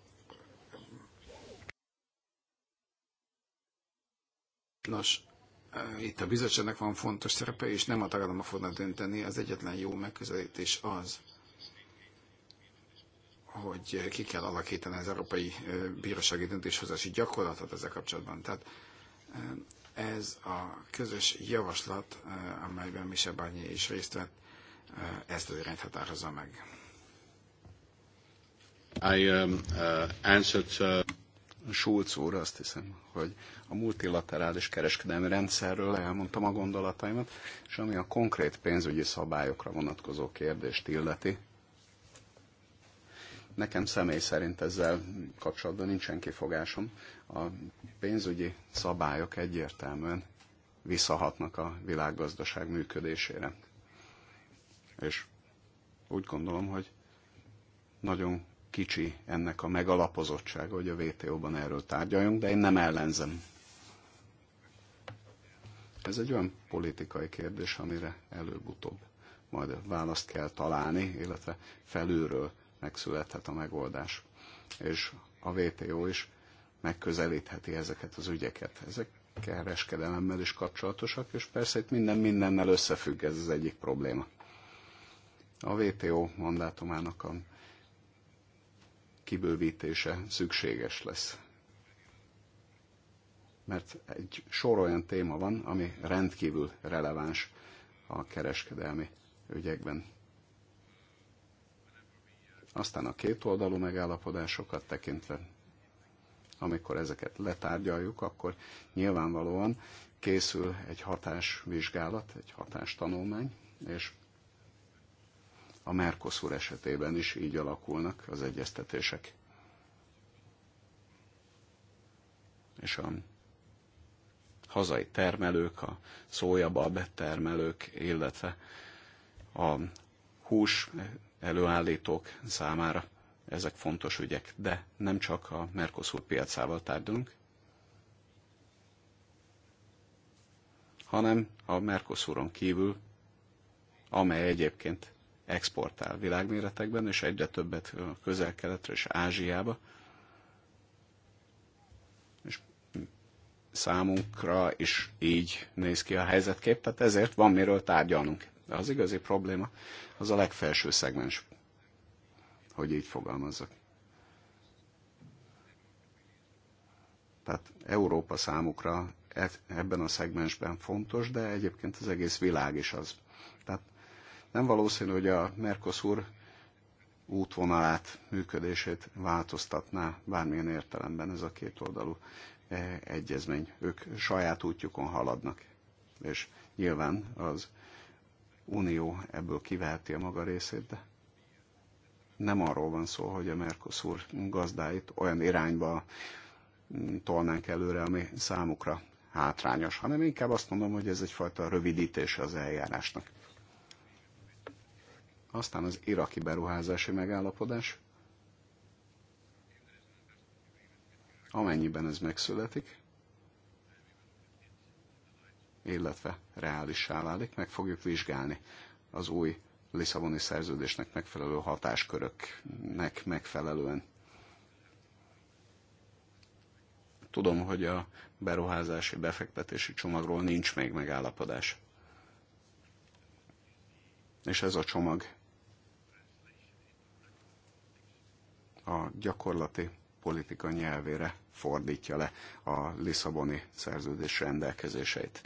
Nos, eh, itt a bizottságnak van fontos szerepe, és nem a tagállamok fognak dönteni. Az egyetlen jó megközelítés az, hogy ki kell alakítani az európai eh, bírósági döntéshozási gyakorlatot ezzel kapcsolatban. Tehát ez a közös javaslat, amelyben Mise Bányi is részt vett, ezt az irányt határozza meg. I um, uh, answered uh... Schulz úr azt hiszem, hogy a multilaterális kereskedelmi rendszerről elmondtam a gondolataimat, és ami a konkrét pénzügyi szabályokra vonatkozó kérdést illeti, nekem személy szerint ezzel kapcsolatban nincsen kifogásom. A pénzügyi szabályok egyértelműen visszahatnak a világgazdaság működésére és úgy gondolom, hogy nagyon kicsi ennek a megalapozottsága, hogy a WTO-ban erről tárgyaljunk, de én nem ellenzem. Ez egy olyan politikai kérdés, amire előbb-utóbb majd választ kell találni, illetve felülről megszülethet a megoldás. És a WTO is megközelítheti ezeket az ügyeket. Ezek kereskedelemmel is kapcsolatosak, és persze itt minden mindennel összefügg, ez az egyik probléma. A WTO mandátumának a kibővítése szükséges lesz. Mert egy sor olyan téma van, ami rendkívül releváns a kereskedelmi ügyekben. Aztán a kétoldalú megállapodásokat tekintve, amikor ezeket letárgyaljuk, akkor nyilvánvalóan készül egy hatásvizsgálat, egy hatástanulmány, és a Mercosur esetében is így alakulnak az egyeztetések. És a hazai termelők, a szójabab termelők, illetve a hús előállítók számára ezek fontos ügyek, de nem csak a Mercosur piacával tárgyalunk, hanem a Mercosuron kívül, amely egyébként exportál világméretekben, és egyre többet közel-keletre és Ázsiába. És számunkra is így néz ki a helyzetkép, tehát ezért van miről tárgyalnunk. De az igazi probléma az a legfelső szegmens, hogy így fogalmazzak. Tehát Európa számukra e- ebben a szegmensben fontos, de egyébként az egész világ is az. Tehát nem valószínű, hogy a Mercosur útvonalát, működését változtatná bármilyen értelemben ez a kétoldalú e, egyezmény. Ők saját útjukon haladnak, és nyilván az Unió ebből kiveheti a maga részét, de nem arról van szó, hogy a Mercosur gazdáit olyan irányba tolnánk előre, ami számukra hátrányos, hanem inkább azt mondom, hogy ez egyfajta rövidítése az eljárásnak. Aztán az iraki beruházási megállapodás, amennyiben ez megszületik, illetve reálissá válik, meg fogjuk vizsgálni az új Lisszaboni szerződésnek megfelelő hatásköröknek megfelelően. Tudom, hogy a beruházási, befektetési csomagról nincs még megállapodás. És ez a csomag a gyakorlati politika nyelvére fordítja le a Lisszaboni szerződés rendelkezéseit.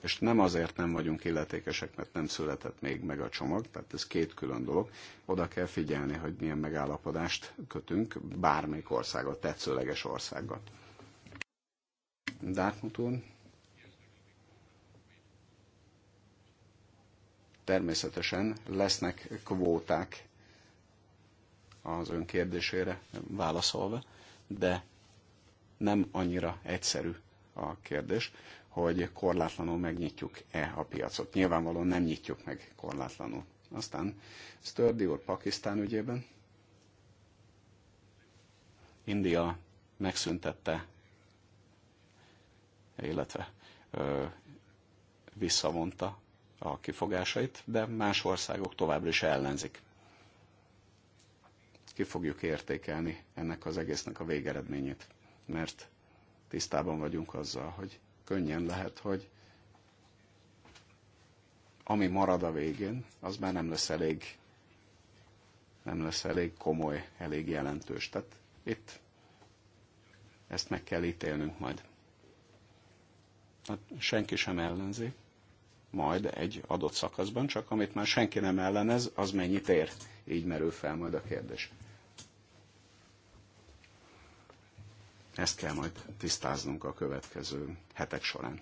És nem azért nem vagyunk illetékesek, mert nem született még meg a csomag, tehát ez két külön dolog. Oda kell figyelni, hogy milyen megállapodást kötünk bármelyik országot, tetszőleges országgal. Dartmouth természetesen lesznek kvóták az ön kérdésére válaszolva, de nem annyira egyszerű a kérdés, hogy korlátlanul megnyitjuk-e a piacot. Nyilvánvalóan nem nyitjuk meg korlátlanul. Aztán Sturdy úr Pakisztán ügyében. India megszüntette, illetve ö, visszavonta a kifogásait, de más országok továbbra is ellenzik. Ki fogjuk értékelni ennek az egésznek a végeredményét, mert tisztában vagyunk azzal, hogy könnyen lehet, hogy ami marad a végén, az már nem lesz elég, nem lesz elég komoly, elég jelentős. Tehát itt ezt meg kell ítélnünk majd. Hát senki sem ellenzi, majd egy adott szakaszban, csak amit már senki nem ellenez, az mennyit ér? Így merül fel majd a kérdés. Ezt kell majd tisztáznunk a következő hetek során.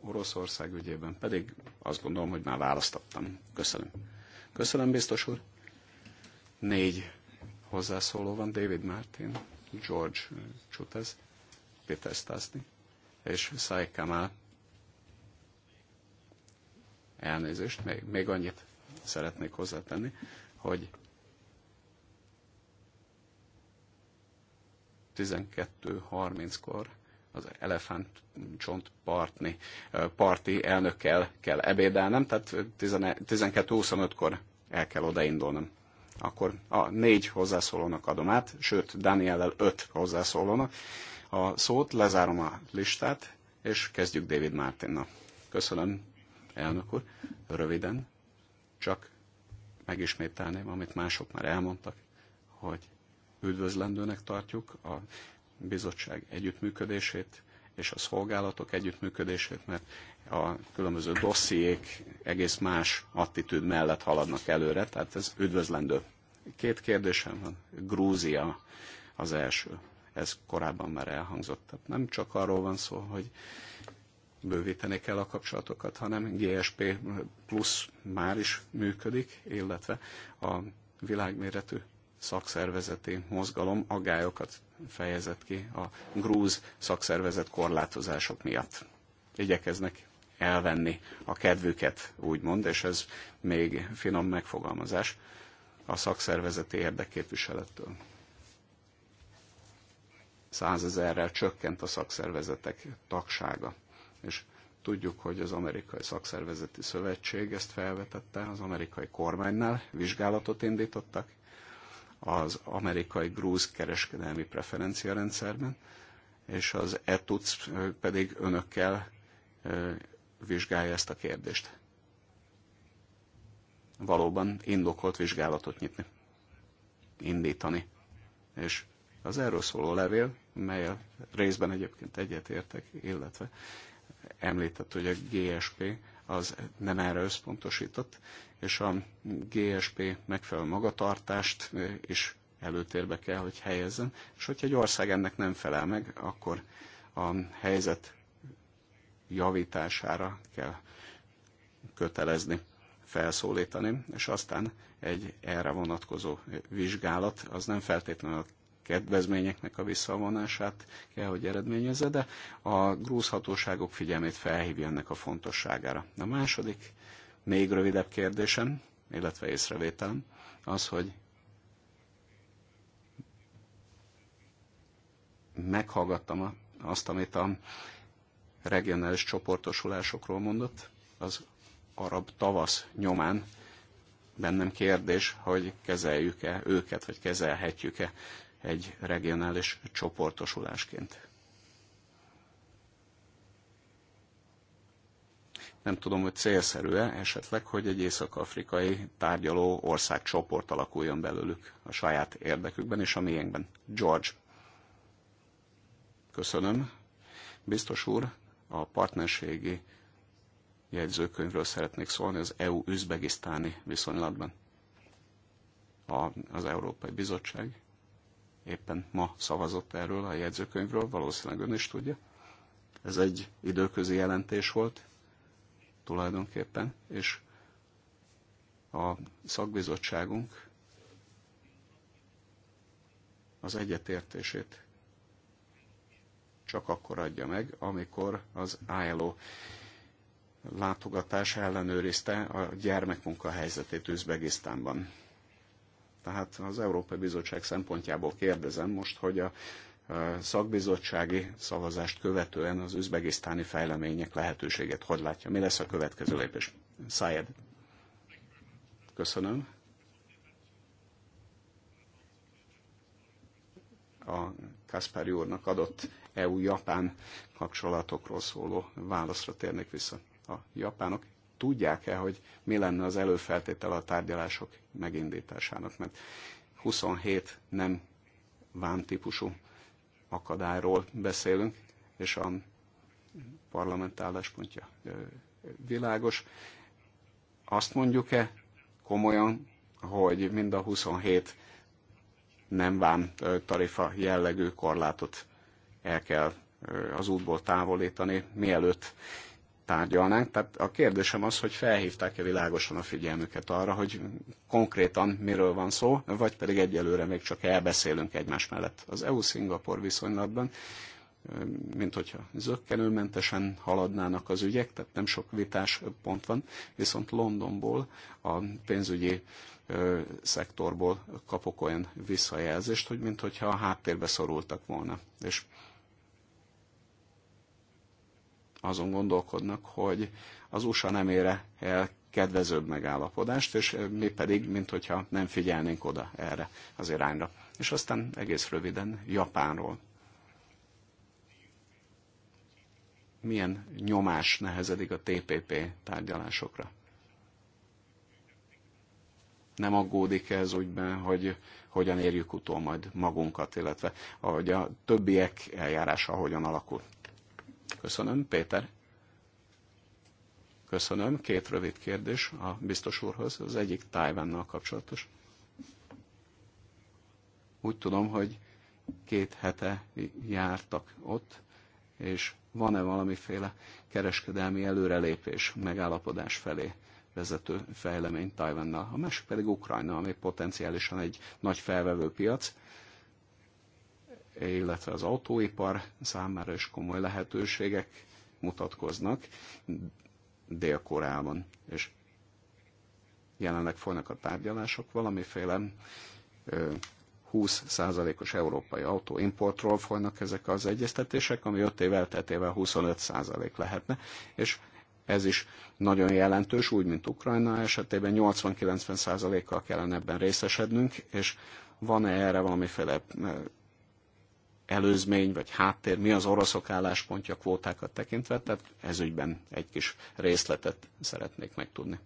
Oroszország ügyében pedig azt gondolom, hogy már választottam. Köszönöm. Köszönöm, biztos úr. Négy hozzászóló van, David Martin, George Csutez, Peter Stasny, és Saik Kamal. Elnézést, még, még annyit szeretnék hozzátenni, hogy 12.30-kor az elefant Csont partni, parti elnökkel kell ebédelnem, tehát 12.25-kor el kell odaindulnom. Akkor a négy hozzászólónak adom át, sőt, Daniellel öt hozzászólónak, a szót, lezárom a listát, és kezdjük David Mártinnal. Köszönöm, elnök úr. Röviden, csak megismételném, amit mások már elmondtak, hogy üdvözlendőnek tartjuk a bizottság együttműködését és a szolgálatok együttműködését, mert a különböző dossziék egész más attitűd mellett haladnak előre, tehát ez üdvözlendő. Két kérdésem van. Grúzia az első ez korábban már elhangzott. Tehát nem csak arról van szó, hogy bővíteni kell a kapcsolatokat, hanem GSP plusz már is működik, illetve a világméretű szakszervezeti mozgalom agályokat fejezett ki a grúz szakszervezet korlátozások miatt. Igyekeznek elvenni a kedvüket, úgymond, és ez még finom megfogalmazás a szakszervezeti érdekképviselettől százezerrel csökkent a szakszervezetek tagsága. És tudjuk, hogy az Amerikai Szakszervezeti Szövetség ezt felvetette, az amerikai kormánynál vizsgálatot indítottak az amerikai grúz kereskedelmi preferencia rendszerben, és az ETUC pedig önökkel vizsgálja ezt a kérdést. Valóban indokolt vizsgálatot nyitni, indítani, és az erről szóló levél, mely a részben egyébként egyetértek, illetve említett, hogy a GSP az nem erre összpontosított, és a GSP megfelelő magatartást is előtérbe kell, hogy helyezzen, és hogyha egy ország ennek nem felel meg, akkor a helyzet javítására kell kötelezni, felszólítani, és aztán egy erre vonatkozó vizsgálat, az nem feltétlenül a kedvezményeknek a visszavonását kell, hogy eredményezze, de a grúz hatóságok figyelmét felhívja ennek a fontosságára. A második, még rövidebb kérdésem, illetve észrevételem, az, hogy meghallgattam azt, amit a regionális csoportosulásokról mondott, az arab tavasz nyomán bennem kérdés, hogy kezeljük-e őket, vagy kezelhetjük-e egy regionális csoportosulásként. nem tudom, hogy célszerű-e esetleg, hogy egy észak-afrikai tárgyaló országcsoport alakuljon belőlük a saját érdekükben és a miénkben. George. Köszönöm. Biztos úr, a partnerségi jegyzőkönyvről szeretnék szólni az EU-üzbegisztáni viszonylatban. A, az Európai Bizottság éppen ma szavazott erről a jegyzőkönyvről, valószínűleg ön is tudja. Ez egy időközi jelentés volt tulajdonképpen, és a szakbizottságunk az egyetértését csak akkor adja meg, amikor az ILO látogatás ellenőrizte a gyermekmunka helyzetét Üzbegisztánban. Tehát az Európai Bizottság szempontjából kérdezem most, hogy a szakbizottsági szavazást követően az üzbegisztáni fejlemények lehetőséget hogy látja? Mi lesz a következő lépés? Szájed. Köszönöm. A Kaspari úrnak adott EU-Japán kapcsolatokról szóló válaszra térnék vissza. A japánok tudják-e, hogy mi lenne az előfeltétel a tárgyalások megindításának, mert 27 nem típusú akadályról beszélünk, és a parlament álláspontja világos. Azt mondjuk-e komolyan, hogy mind a 27 nem vám tarifa jellegű korlátot el kell az útból távolítani, mielőtt tárgyalnánk. Tehát a kérdésem az, hogy felhívták-e világosan a figyelmüket arra, hogy konkrétan miről van szó, vagy pedig egyelőre még csak elbeszélünk egymás mellett. Az eu szingapor viszonylatban mint hogyha zöggenőmentesen haladnának az ügyek, tehát nem sok vitás pont van, viszont Londonból, a pénzügyi ö, szektorból kapok olyan visszajelzést, hogy mint hogyha a háttérbe szorultak volna. És azon gondolkodnak, hogy az USA nem ére el kedvezőbb megállapodást, és mi pedig, mint hogyha nem figyelnénk oda erre az irányra. És aztán egész röviden Japánról. Milyen nyomás nehezedik a TPP tárgyalásokra? Nem aggódik ez úgyben, hogy hogyan érjük utol majd magunkat, illetve ahogy a többiek eljárása hogyan alakul. Köszönöm, Péter. Köszönöm. Két rövid kérdés a biztos úrhoz. Az egyik Tájvánnal kapcsolatos. Úgy tudom, hogy két hete jártak ott, és van-e valamiféle kereskedelmi előrelépés, megállapodás felé vezető fejlemény Tajvannal. A másik pedig Ukrajna, ami potenciálisan egy nagy felvevő piac, illetve az autóipar számára is komoly lehetőségek mutatkoznak Dél-Koreában. És jelenleg folynak a tárgyalások, valamiféle 20%-os európai autóimportról folynak ezek az egyeztetések, ami 5 év elteltével 25% lehetne, és ez is nagyon jelentős, úgy, mint Ukrajna esetében 80-90%-kal kellene ebben részesednünk, és van-e erre valamiféle előzmény vagy háttér, mi az oroszok álláspontja kvótákat tekintve, tehát ez ügyben egy kis részletet szeretnék megtudni.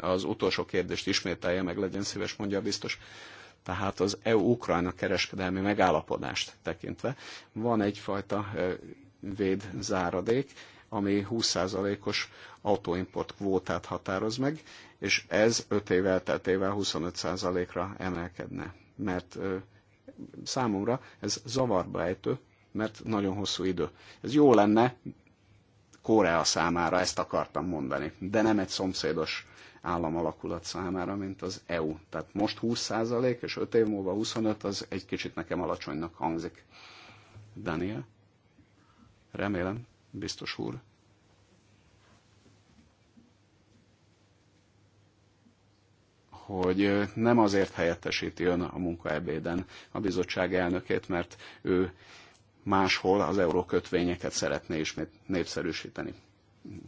Az utolsó kérdést ismételje meg, legyen szíves, mondja biztos tehát az EU-Ukrajna kereskedelmi megállapodást tekintve van egyfajta védzáradék, ami 20%-os autóimport kvótát határoz meg, és ez 5 év elteltével 25%-ra emelkedne mert számomra ez zavarba ejtő, mert nagyon hosszú idő. Ez jó lenne Korea számára, ezt akartam mondani, de nem egy szomszédos állam alakulat számára, mint az EU. Tehát most 20% és 5 év múlva 25, az egy kicsit nekem alacsonynak hangzik. Daniel? Remélem, biztos úr hogy nem azért helyettesíti ön a munkaebéden a bizottság elnökét, mert ő máshol az eurókötvényeket szeretné ismét népszerűsíteni.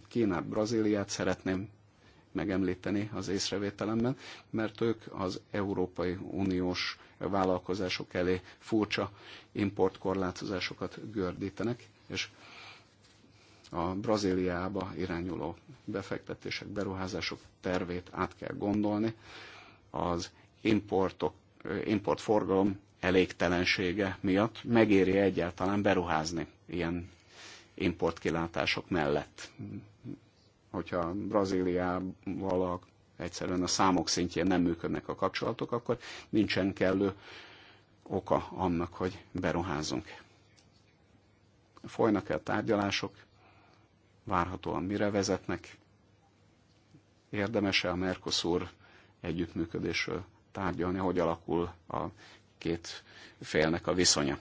Kínát, Brazíliát szeretném megemlíteni az észrevételemben, mert ők az Európai Uniós vállalkozások elé furcsa importkorlátozásokat gördítenek, és a Brazíliába irányuló befektetések, beruházások tervét át kell gondolni. Az importok, importforgalom elégtelensége miatt megéri egyáltalán beruházni ilyen importkilátások mellett. Hogyha Brazíliával a, egyszerűen a számok szintjén nem működnek a kapcsolatok, akkor nincsen kellő oka annak, hogy beruházunk. Folynak el tárgyalások, várhatóan mire vezetnek. Érdemes-e a Mercosur együttműködésről tárgyalni, hogy alakul a két félnek a viszonya?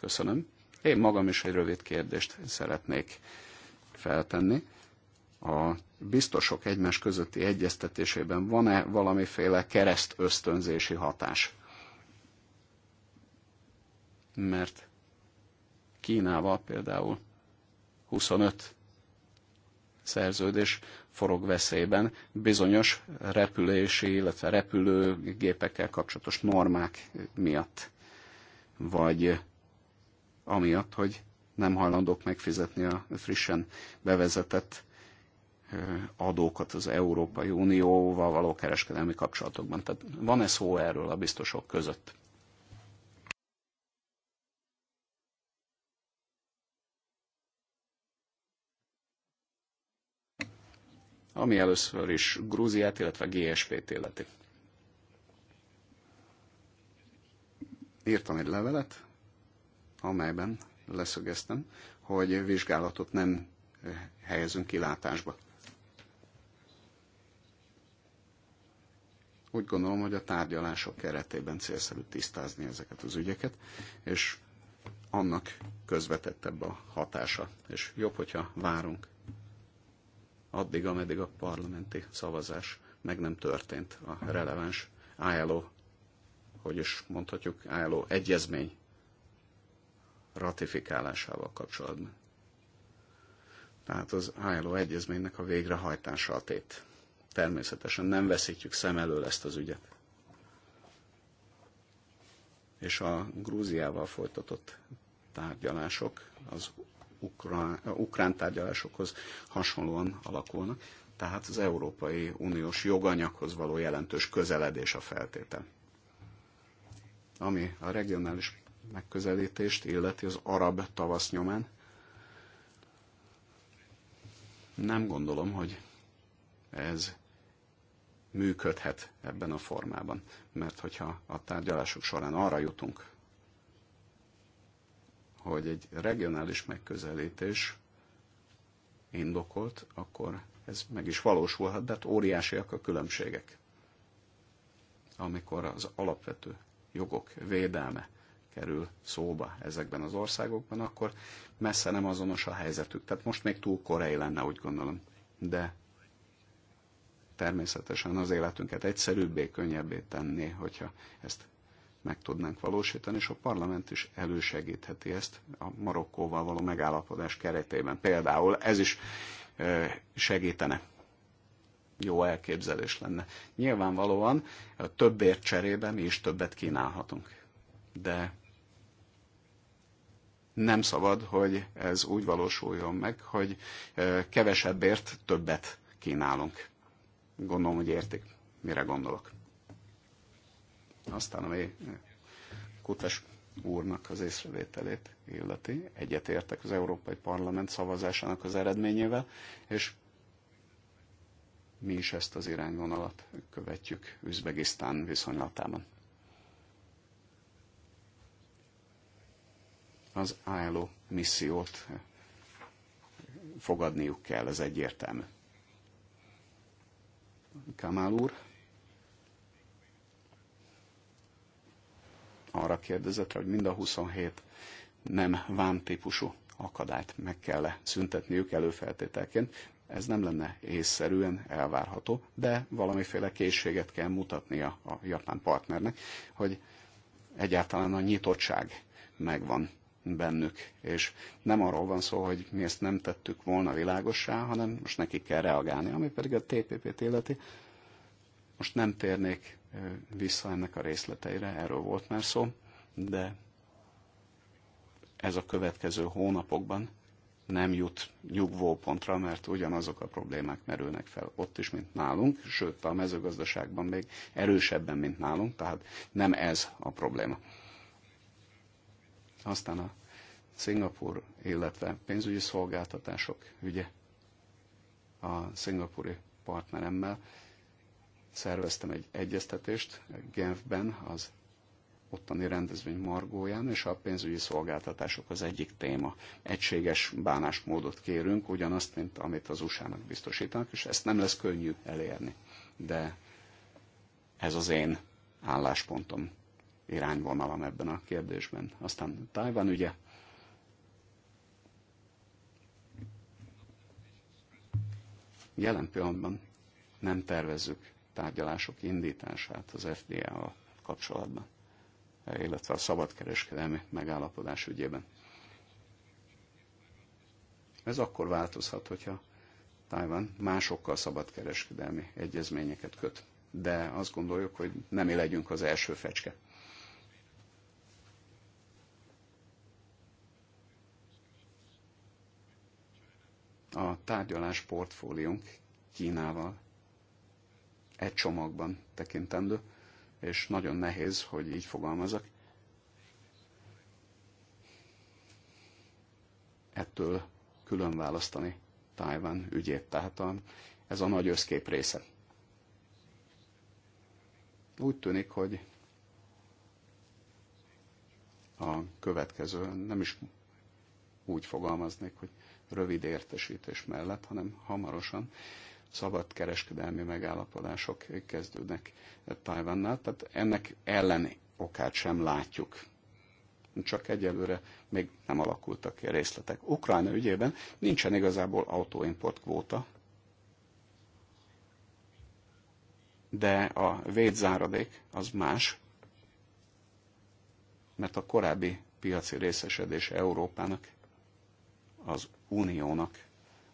Köszönöm. Én magam is egy rövid kérdést szeretnék feltenni. A biztosok egymás közötti egyeztetésében van-e valamiféle kereszt ösztönzési hatás? Mert Kínával például 25 szerződés forog veszélyben bizonyos repülési, illetve repülőgépekkel kapcsolatos normák miatt, vagy amiatt, hogy nem hajlandók megfizetni a frissen bevezetett adókat az Európai Unióval való kereskedelmi kapcsolatokban. Tehát van-e szó erről a biztosok között? ami először is Grúziát, illetve GSP-t illeti. Írtam egy levelet, amelyben leszögeztem, hogy vizsgálatot nem eh, helyezünk kilátásba. Úgy gondolom, hogy a tárgyalások keretében célszerű tisztázni ezeket az ügyeket, és annak közvetettebb a hatása, és jobb, hogyha várunk addig, ameddig a parlamenti szavazás meg nem történt a releváns ILO, hogy is mondhatjuk, ILO egyezmény ratifikálásával kapcsolatban. Tehát az ILO egyezménynek a végrehajtása a tét. Természetesen nem veszítjük szem elől ezt az ügyet. És a Grúziával folytatott tárgyalások az ukrán, ukrán tárgyalásokhoz hasonlóan alakulnak. Tehát az Európai Uniós joganyaghoz való jelentős közeledés a feltétel. Ami a regionális megközelítést illeti az arab tavasz nyomán, nem gondolom, hogy ez működhet ebben a formában. Mert hogyha a tárgyalások során arra jutunk, hogy egy regionális megközelítés indokolt, akkor ez meg is valósulhat, de hát óriásiak a különbségek, amikor az alapvető jogok védelme kerül szóba ezekben az országokban, akkor messze nem azonos a helyzetük. Tehát most még túl korai lenne, úgy gondolom. De természetesen az életünket egyszerűbbé, könnyebbé tenni, hogyha ezt meg tudnánk valósítani, és a parlament is elősegítheti ezt a Marokkóval való megállapodás keretében. Például ez is segítene. Jó elképzelés lenne. Nyilvánvalóan többért cserébe mi is többet kínálhatunk. De nem szabad, hogy ez úgy valósuljon meg, hogy kevesebbért többet kínálunk. Gondolom, hogy értik, mire gondolok. Aztán ami Kutas úrnak az észrevételét illeti, egyetértek az Európai Parlament szavazásának az eredményével, és mi is ezt az irányvonalat követjük Üzbegisztán viszonylatában. Az ILO missziót fogadniuk kell, ez egyértelmű. Kamál úr, arra kérdezetre, hogy mind a 27 nem vámtípusú akadályt meg kell -e szüntetniük előfeltételként. Ez nem lenne észszerűen elvárható, de valamiféle készséget kell mutatnia a japán partnernek, hogy egyáltalán a nyitottság megvan bennük. És nem arról van szó, hogy mi ezt nem tettük volna világossá, hanem most nekik kell reagálni, ami pedig a TPP-t illeti. Most nem térnék vissza ennek a részleteire, erről volt már szó, de ez a következő hónapokban nem jut nyugvópontra, mert ugyanazok a problémák merülnek fel ott is, mint nálunk, sőt a mezőgazdaságban még erősebben, mint nálunk, tehát nem ez a probléma. Aztán a Szingapur, illetve pénzügyi szolgáltatások ügye a szingapúri partneremmel szerveztem egy egyeztetést Genfben, az ottani rendezvény margóján, és a pénzügyi szolgáltatások az egyik téma. Egységes bánásmódot kérünk, ugyanazt, mint amit az USA-nak biztosítanak, és ezt nem lesz könnyű elérni. De ez az én álláspontom, irányvonalam ebben a kérdésben. Aztán Tájvan ügye. Jelen pillanatban nem tervezzük tárgyalások indítását az FDA-val kapcsolatban, illetve a szabadkereskedelmi megállapodás ügyében. Ez akkor változhat, hogyha Taiwan másokkal szabadkereskedelmi egyezményeket köt. De azt gondoljuk, hogy nem mi legyünk az első fecske. A tárgyalás portfóliónk Kínával egy csomagban tekintendő, és nagyon nehéz, hogy így fogalmazok. Ettől külön választani Tájván ügyét, tehát a, ez a nagy összkép része. Úgy tűnik, hogy a következő, nem is úgy fogalmaznék, hogy rövid értesítés mellett, hanem hamarosan szabadkereskedelmi megállapodások kezdődnek Tajvannál, tehát ennek elleni okát sem látjuk. Csak egyelőre még nem alakultak ki a részletek. Ukrajna ügyében nincsen igazából autóimport kvóta, de a védzáradék az más, mert a korábbi piaci részesedés Európának, az Uniónak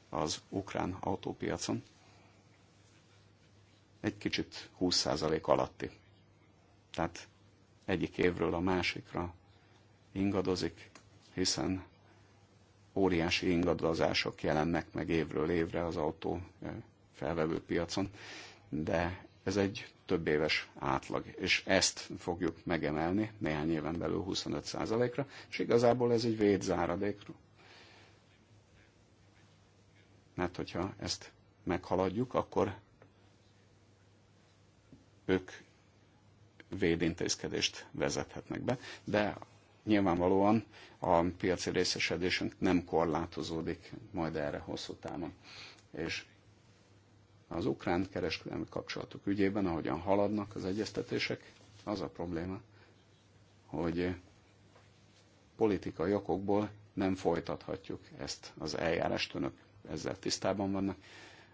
az ukrán autópiacon egy kicsit 20% alatti. Tehát egyik évről a másikra ingadozik, hiszen óriási ingadozások jelennek meg évről évre az autó felvevő piacon, de ez egy több éves átlag, és ezt fogjuk megemelni néhány éven belül 25%-ra, és igazából ez egy védzáradék. Mert hogyha ezt meghaladjuk, akkor ők védintézkedést vezethetnek be, de nyilvánvalóan a piaci részesedésünk nem korlátozódik majd erre hosszú távon. És az ukrán kereskedelmi kapcsolatok ügyében, ahogyan haladnak az egyeztetések, az a probléma, hogy politikai okokból nem folytathatjuk ezt az eljárást, önök ezzel tisztában vannak.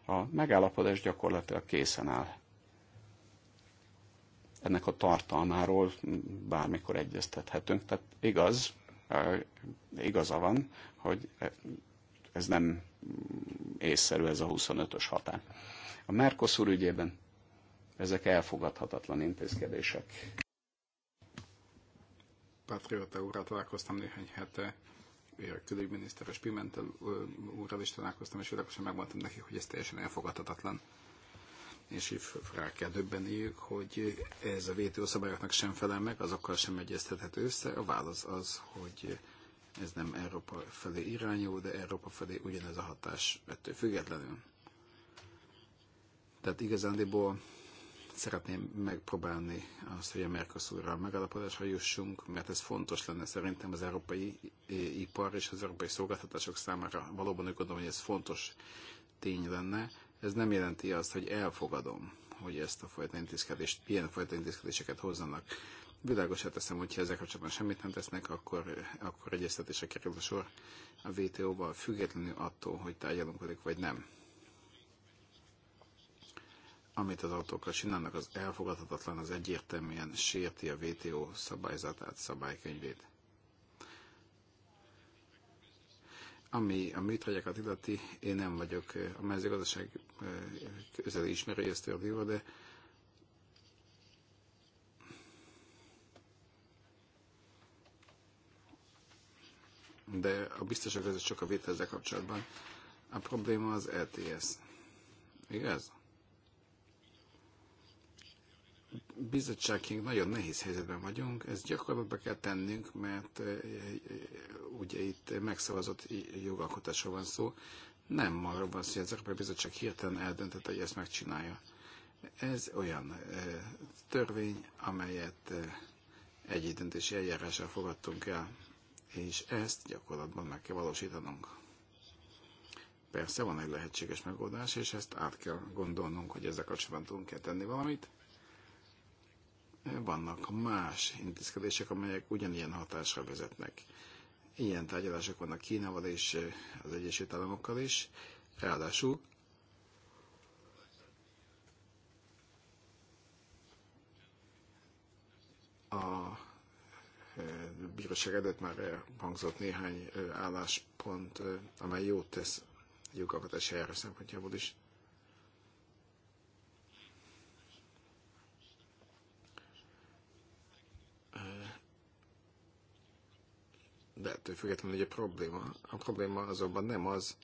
A megállapodás gyakorlatilag készen áll ennek a tartalmáról bármikor egyeztethetünk. Tehát igaz, igaza van, hogy ez nem észszerű ez a 25-ös határ. A Mercosur ügyében ezek elfogadhatatlan intézkedések. Patriota úrral találkoztam néhány hete, a külügyminiszteres Pimentel úrral is találkoztam, és világosan megmondtam neki, hogy ez teljesen elfogadhatatlan és így rá kell döbbeniük, hogy ez a WTO szabályoknak sem felel meg, azokkal sem egyeztethető össze. A válasz az, hogy ez nem Európa felé irányul, de Európa felé ugyanez a hatás ettől függetlenül. Tehát igazándiból szeretném megpróbálni azt, hogy a Mercosurral megalapodásra jussunk, mert ez fontos lenne szerintem az európai eh, ipar és az európai szolgáltatások számára. Valóban úgy gondolom, hogy ez fontos tény lenne, ez nem jelenti azt, hogy elfogadom, hogy ezt a fajta intézkedést, ilyen fajta intézkedéseket hozzanak. Világosát teszem, hogyha ezek kapcsolatban semmit nem tesznek, akkor, akkor egyeztetésre kerül a sor a WTO-val, függetlenül attól, hogy tárgyalunk velük vagy nem. Amit az autókkal csinálnak, az elfogadhatatlan, az egyértelműen sérti a WTO szabályzatát, szabálykönyvét Ami a műtrágyakat illeti, én nem vagyok eh, a mezőgazdaság eh, közeli ismerője, ezt de de a biztosak között csak a vétel ezzel kapcsolatban. A probléma az LTS. E Igaz? bizottságként nagyon nehéz helyzetben vagyunk, ezt gyakorlatba kell tennünk, mert eh, eh, ugye itt megszavazott jogalkotásról van szó, nem arról van szó, hogy az Európai Bizottság hirtelen eldöntött, hogy ezt megcsinálja. Ez olyan eh, törvény, amelyet egy döntési eljárással fogadtunk el, és ezt gyakorlatban meg kell valósítanunk. Persze van egy lehetséges megoldás, és ezt át kell gondolnunk, hogy ezzel kapcsolatban tudunk-e tenni valamit vannak más intézkedések, amelyek ugyanilyen hatásra vezetnek. Ilyen tárgyalások vannak Kínával és eh, az Egyesült Államokkal is. Ráadásul a eh, bíróság előtt már hangzott néhány eh, álláspont, amely jót tesz jogalkotási eljárás szempontjából is. de ettől függetlenül egy probléma. A probléma azonban nem az,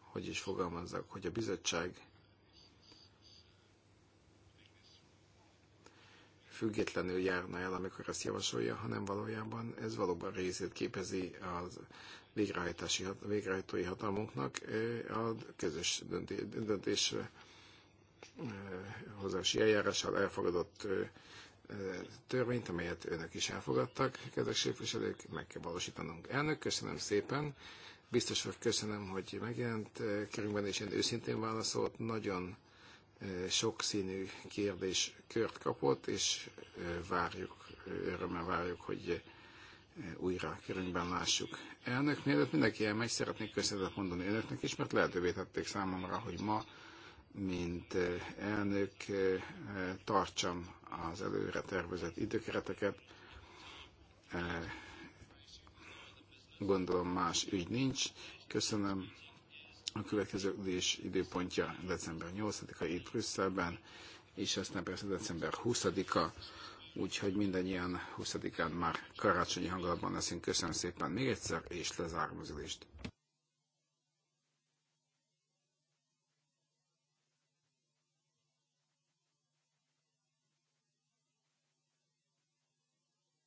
hogy is fogalmazzak, hogy a bizottság függetlenül járna el, amikor ezt javasolja, hanem valójában ez valóban részét képezi az végrehajtási, végrehajtói hatalmunknak a közös döntés hozási eljárással elfogadott törvényt, amelyet önök is elfogadtak, kedves képviselők, meg kell valósítanunk. Elnök, köszönöm szépen. Biztos, hogy köszönöm, hogy megjelent eh, körünkben, és én őszintén válaszolt. Nagyon eh, sokszínű kérdés kört kapott, és eh, várjuk, örömmel várjuk, hogy újra körünkben lássuk. Elnök, mielőtt mindenki elmegy, szeretnék köszönetet mondani önöknek is, mert lehetővé tették számomra, hogy ma, mint elnök, tartsam az előre tervezett időkereteket. E, gondolom más ügy nincs. Köszönöm. A következő ülés időpontja december 8-a itt Brüsszelben, és aztán persze december 20-a, úgyhogy mindannyian 20-án már karácsonyi hangulatban leszünk. Köszönöm szépen még egyszer, és lezárom az ülést.